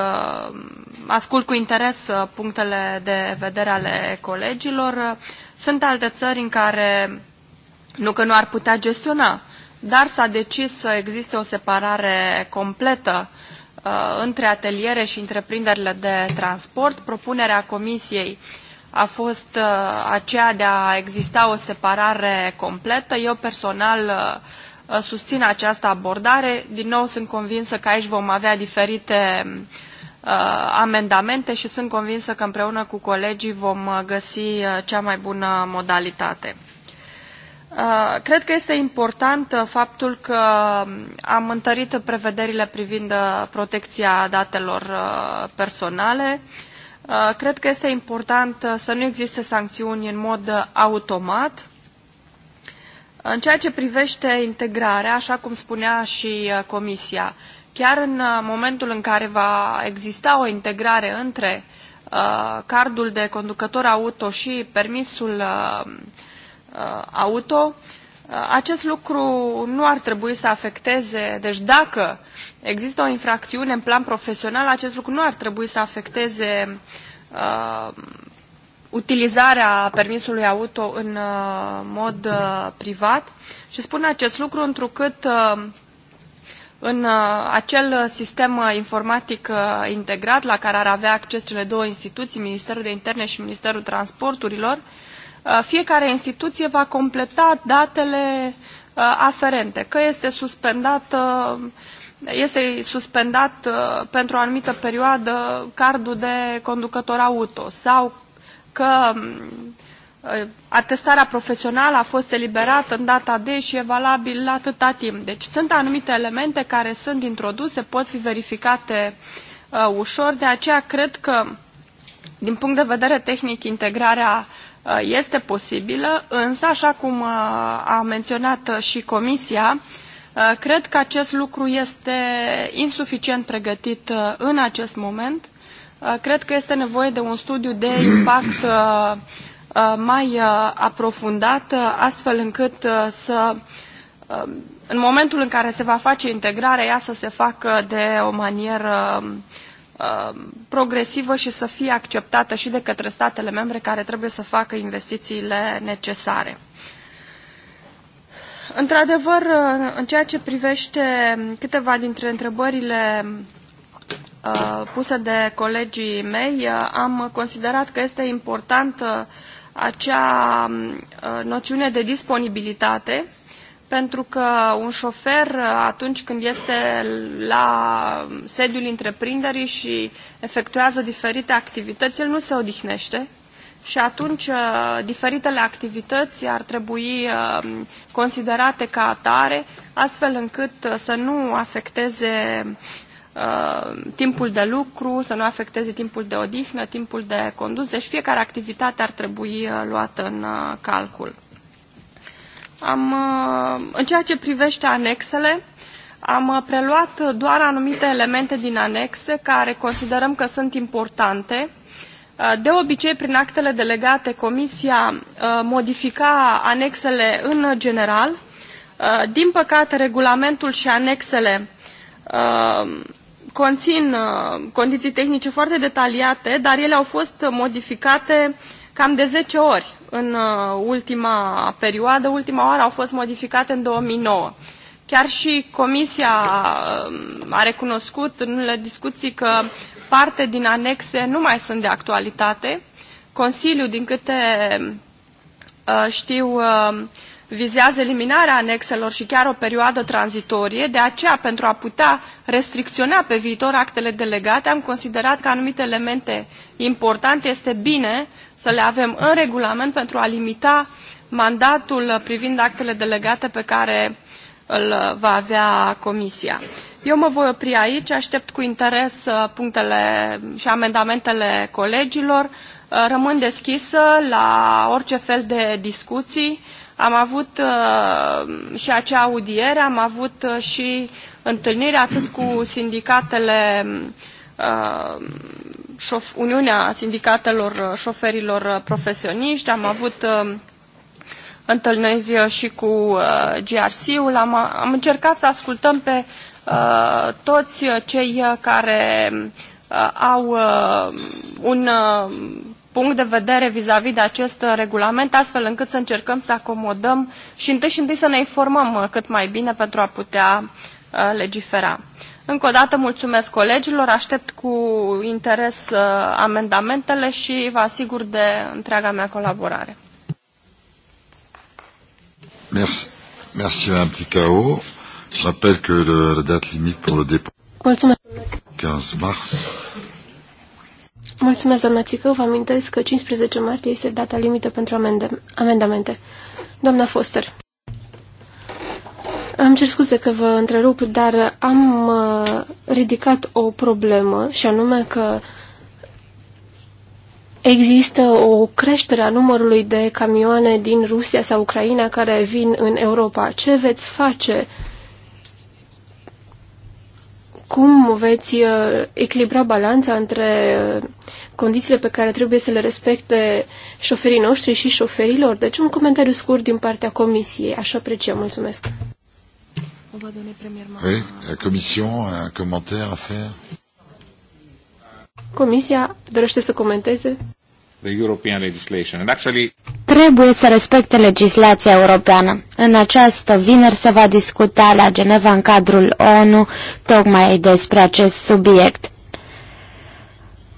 ascult cu interes punctele de vedere ale colegilor. Sunt alte țări în care nu că nu ar putea gestiona, dar s-a decis să existe o separare completă uh, Uh, între ateliere și întreprinderile de transport. Propunerea Comisiei a fost uh, aceea de a exista o separare completă. Eu personal uh, susțin această abordare. Din nou sunt convinsă că aici vom avea diferite amendamente și sunt convinsă că împreună cu colegii vom găsi cea mai bună modalitate. Uh, cred că este important uh, faptul că um, am întărit prevederile privind uh, protecția datelor personale. Cred că este important să nu existe sancțiuni în mod automat. În ceea ce privește integrarea, așa cum spunea și Comisia, chiar în momentul în care va exista o integrare între cardul de conducător auto și permisul Uh, auto. Uh, acest lucru nu ar trebui să afecteze, deci dacă există o infracțiune în plan profesional, acest lucru nu ar trebui să afecteze uh, utilizarea permisului auto în uh, mod uh, privat. Și spun acest lucru întrucât uh, în uh, acel sistem informatic integrat la care ar avea acces cele două instituții, Ministerul de Interne și Ministerul Transporturilor, uh, fiecare instituție va completa datele aferente, că este suspendată este suspendat pentru o anumită perioadă cardul de conducător auto sau că atestarea profesională a fost eliberată în data de și e valabil la atâta timp. Deci sunt anumite elemente care sunt introduse, pot fi verificate uh, ușor, de aceea cred că, din punct de vedere tehnic, integrarea uh, Uh, este posibilă, însă, așa cum uh, a menționat uh, și Comisia, cred că acest lucru este insuficient pregătit în acest moment. Cred că este nevoie de un studiu de impact mai aprofundat, astfel încât să, în momentul în care se va face integrarea, ea să se facă de o manieră um, Um, progresivă și să fie acceptată și de către statele membre care trebuie să facă investițiile necesare. Într-adevăr, în ceea ce privește câteva dintre întrebările uh, puse de colegii mei, uh, am considerat că este importantă acea um, uh, noțiune de disponibilitate pentru că un șofer, atunci când este la sediul întreprinderii și efectuează diferite activități, el nu se odihnește și atunci uh, diferitele activități ar trebui uh, considerate ca atare, astfel încât uh, să nu afecteze timpul de lucru, să nu afecteze timpul de odihnă, timpul de condus, deci fiecare activitate ar trebui luată în calcul. Am, uh, în ceea ce privește anexele, am uh, preluat uh, doar anumite elemente din anexe care considerăm că sunt importante. De obicei, prin actele delegate, Comisia modifica anexele în general. Din păcate, regulamentul și anexele conțin condiții tehnice foarte detaliate, dar ele au fost modificate cam de 10 ori în uh, ultima perioadă, ultima oară au fost modificate în 2009. Chiar și Comisia um, a recunoscut în unele discuții că parte din anexe nu mai sunt de actualitate. Consiliul, din câte uh, știu, uh, vizează eliminarea anexelor și chiar o perioadă tranzitorie, de aceea, pentru a putea restricționa pe viitor actele delegate, am considerat că anumite elemente importante este bine uh, să le avem în regulament pentru a limita mandatul privind actele delegate pe care îl va avea Comisia. Eu mă voi opri aici, aștept cu interes uh, punctele și amendamentele colegilor, uh, rămân deschisă la orice fel de discuții. Am avut uh, și acea audiere, am avut și întâlniri atât cu sindicatele șof, Uniunea Sindicatelor uh, Șoferilor uh, Profesioniști, am avut uh, întâlniri și cu GRC-ul, am, am încercat să ascultăm pe toți cei care au un punct de vedere vis-a-vis -vis de acest regulament, astfel încât să încercăm să acomodăm și întâi și întâi să ne informăm cât mai bine pentru a putea legifera. Încă o dată mulțumesc colegilor, aștept cu interes uh, amendamentele și vă asigur de întreaga mea colaborare. Merci. Merci, que le, la date limite pour le dépôt. Mulțumesc. 15 mars. Mulțumesc, doamna Țicău. Vă amintesc că 15 martie este data limită pentru amende, amendamente. Doamna Foster. Îmi cer scuze că vă întrerup, dar am uh, ridicat o problemă și anume că există o creștere a numărului de camioane din Rusia sau Ucraina care vin în Europa. Ce veți face? Cum veți uh, echilibra balanța între condițiile pe care trebuie să le respecte șoferii noștri și șoferilor? Deci un comentariu scurt din partea Comisiei. Aș aprecia. Mulțumesc! On va donner premièrement. Oui, la commission a un commentaire à faire. Comisia dorește să comenteze? The European legislation. And actually... Trebuie să respecte legislația europeană. În această vineri se va discuta la Geneva în cadrul ONU tocmai despre acest subiect.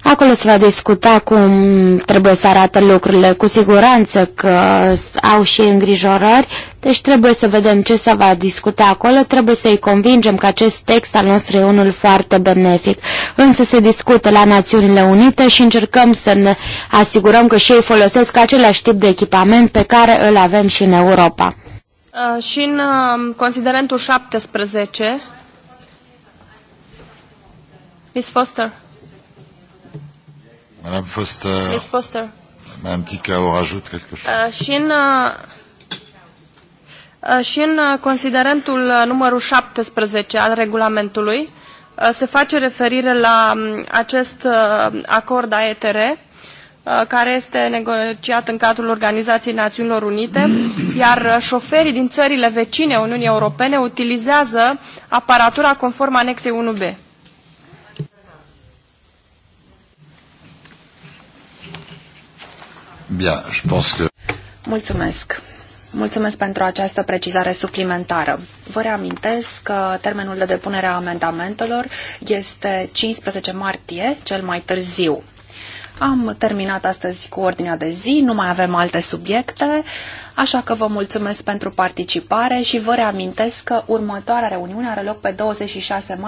Acolo se va discuta cum trebuie să arate lucrurile. Cu siguranță că au și îngrijorări, deci trebuie să vedem ce se va discuta acolo. Trebuie să-i convingem că acest text al nostru e unul foarte benefic. Însă se discută la Națiunile Unite și încercăm să ne asigurăm că și ei folosesc același tip de echipament pe care îl avem și în Europa. Uh, și în um, considerentul 17, Miss Foster. Madame Foster. Miss Foster. Madame Ticao rajoute quelque chose. Uh, și în, uh, uh și uh, considerentul uh, numărul 17 al regulamentului se face referire la um, acest acord AETR care este negociat în cadrul Organizației Națiunilor Unite, iar șoferii din țările vecine Uniunii Europene utilizează aparatura conform anexei 1B. Bien, je pense que... Mulțumesc. Mulțumesc pentru această precizare suplimentară. Vă reamintesc că termenul de depunere a amendamentelor este 15 martie, cel mai târziu. Am terminat astăzi cu ordinea de zi, nu mai avem alte subiecte, așa că vă mulțumesc pentru participare și vă reamintesc că următoarea reuniune are loc pe 26 martie.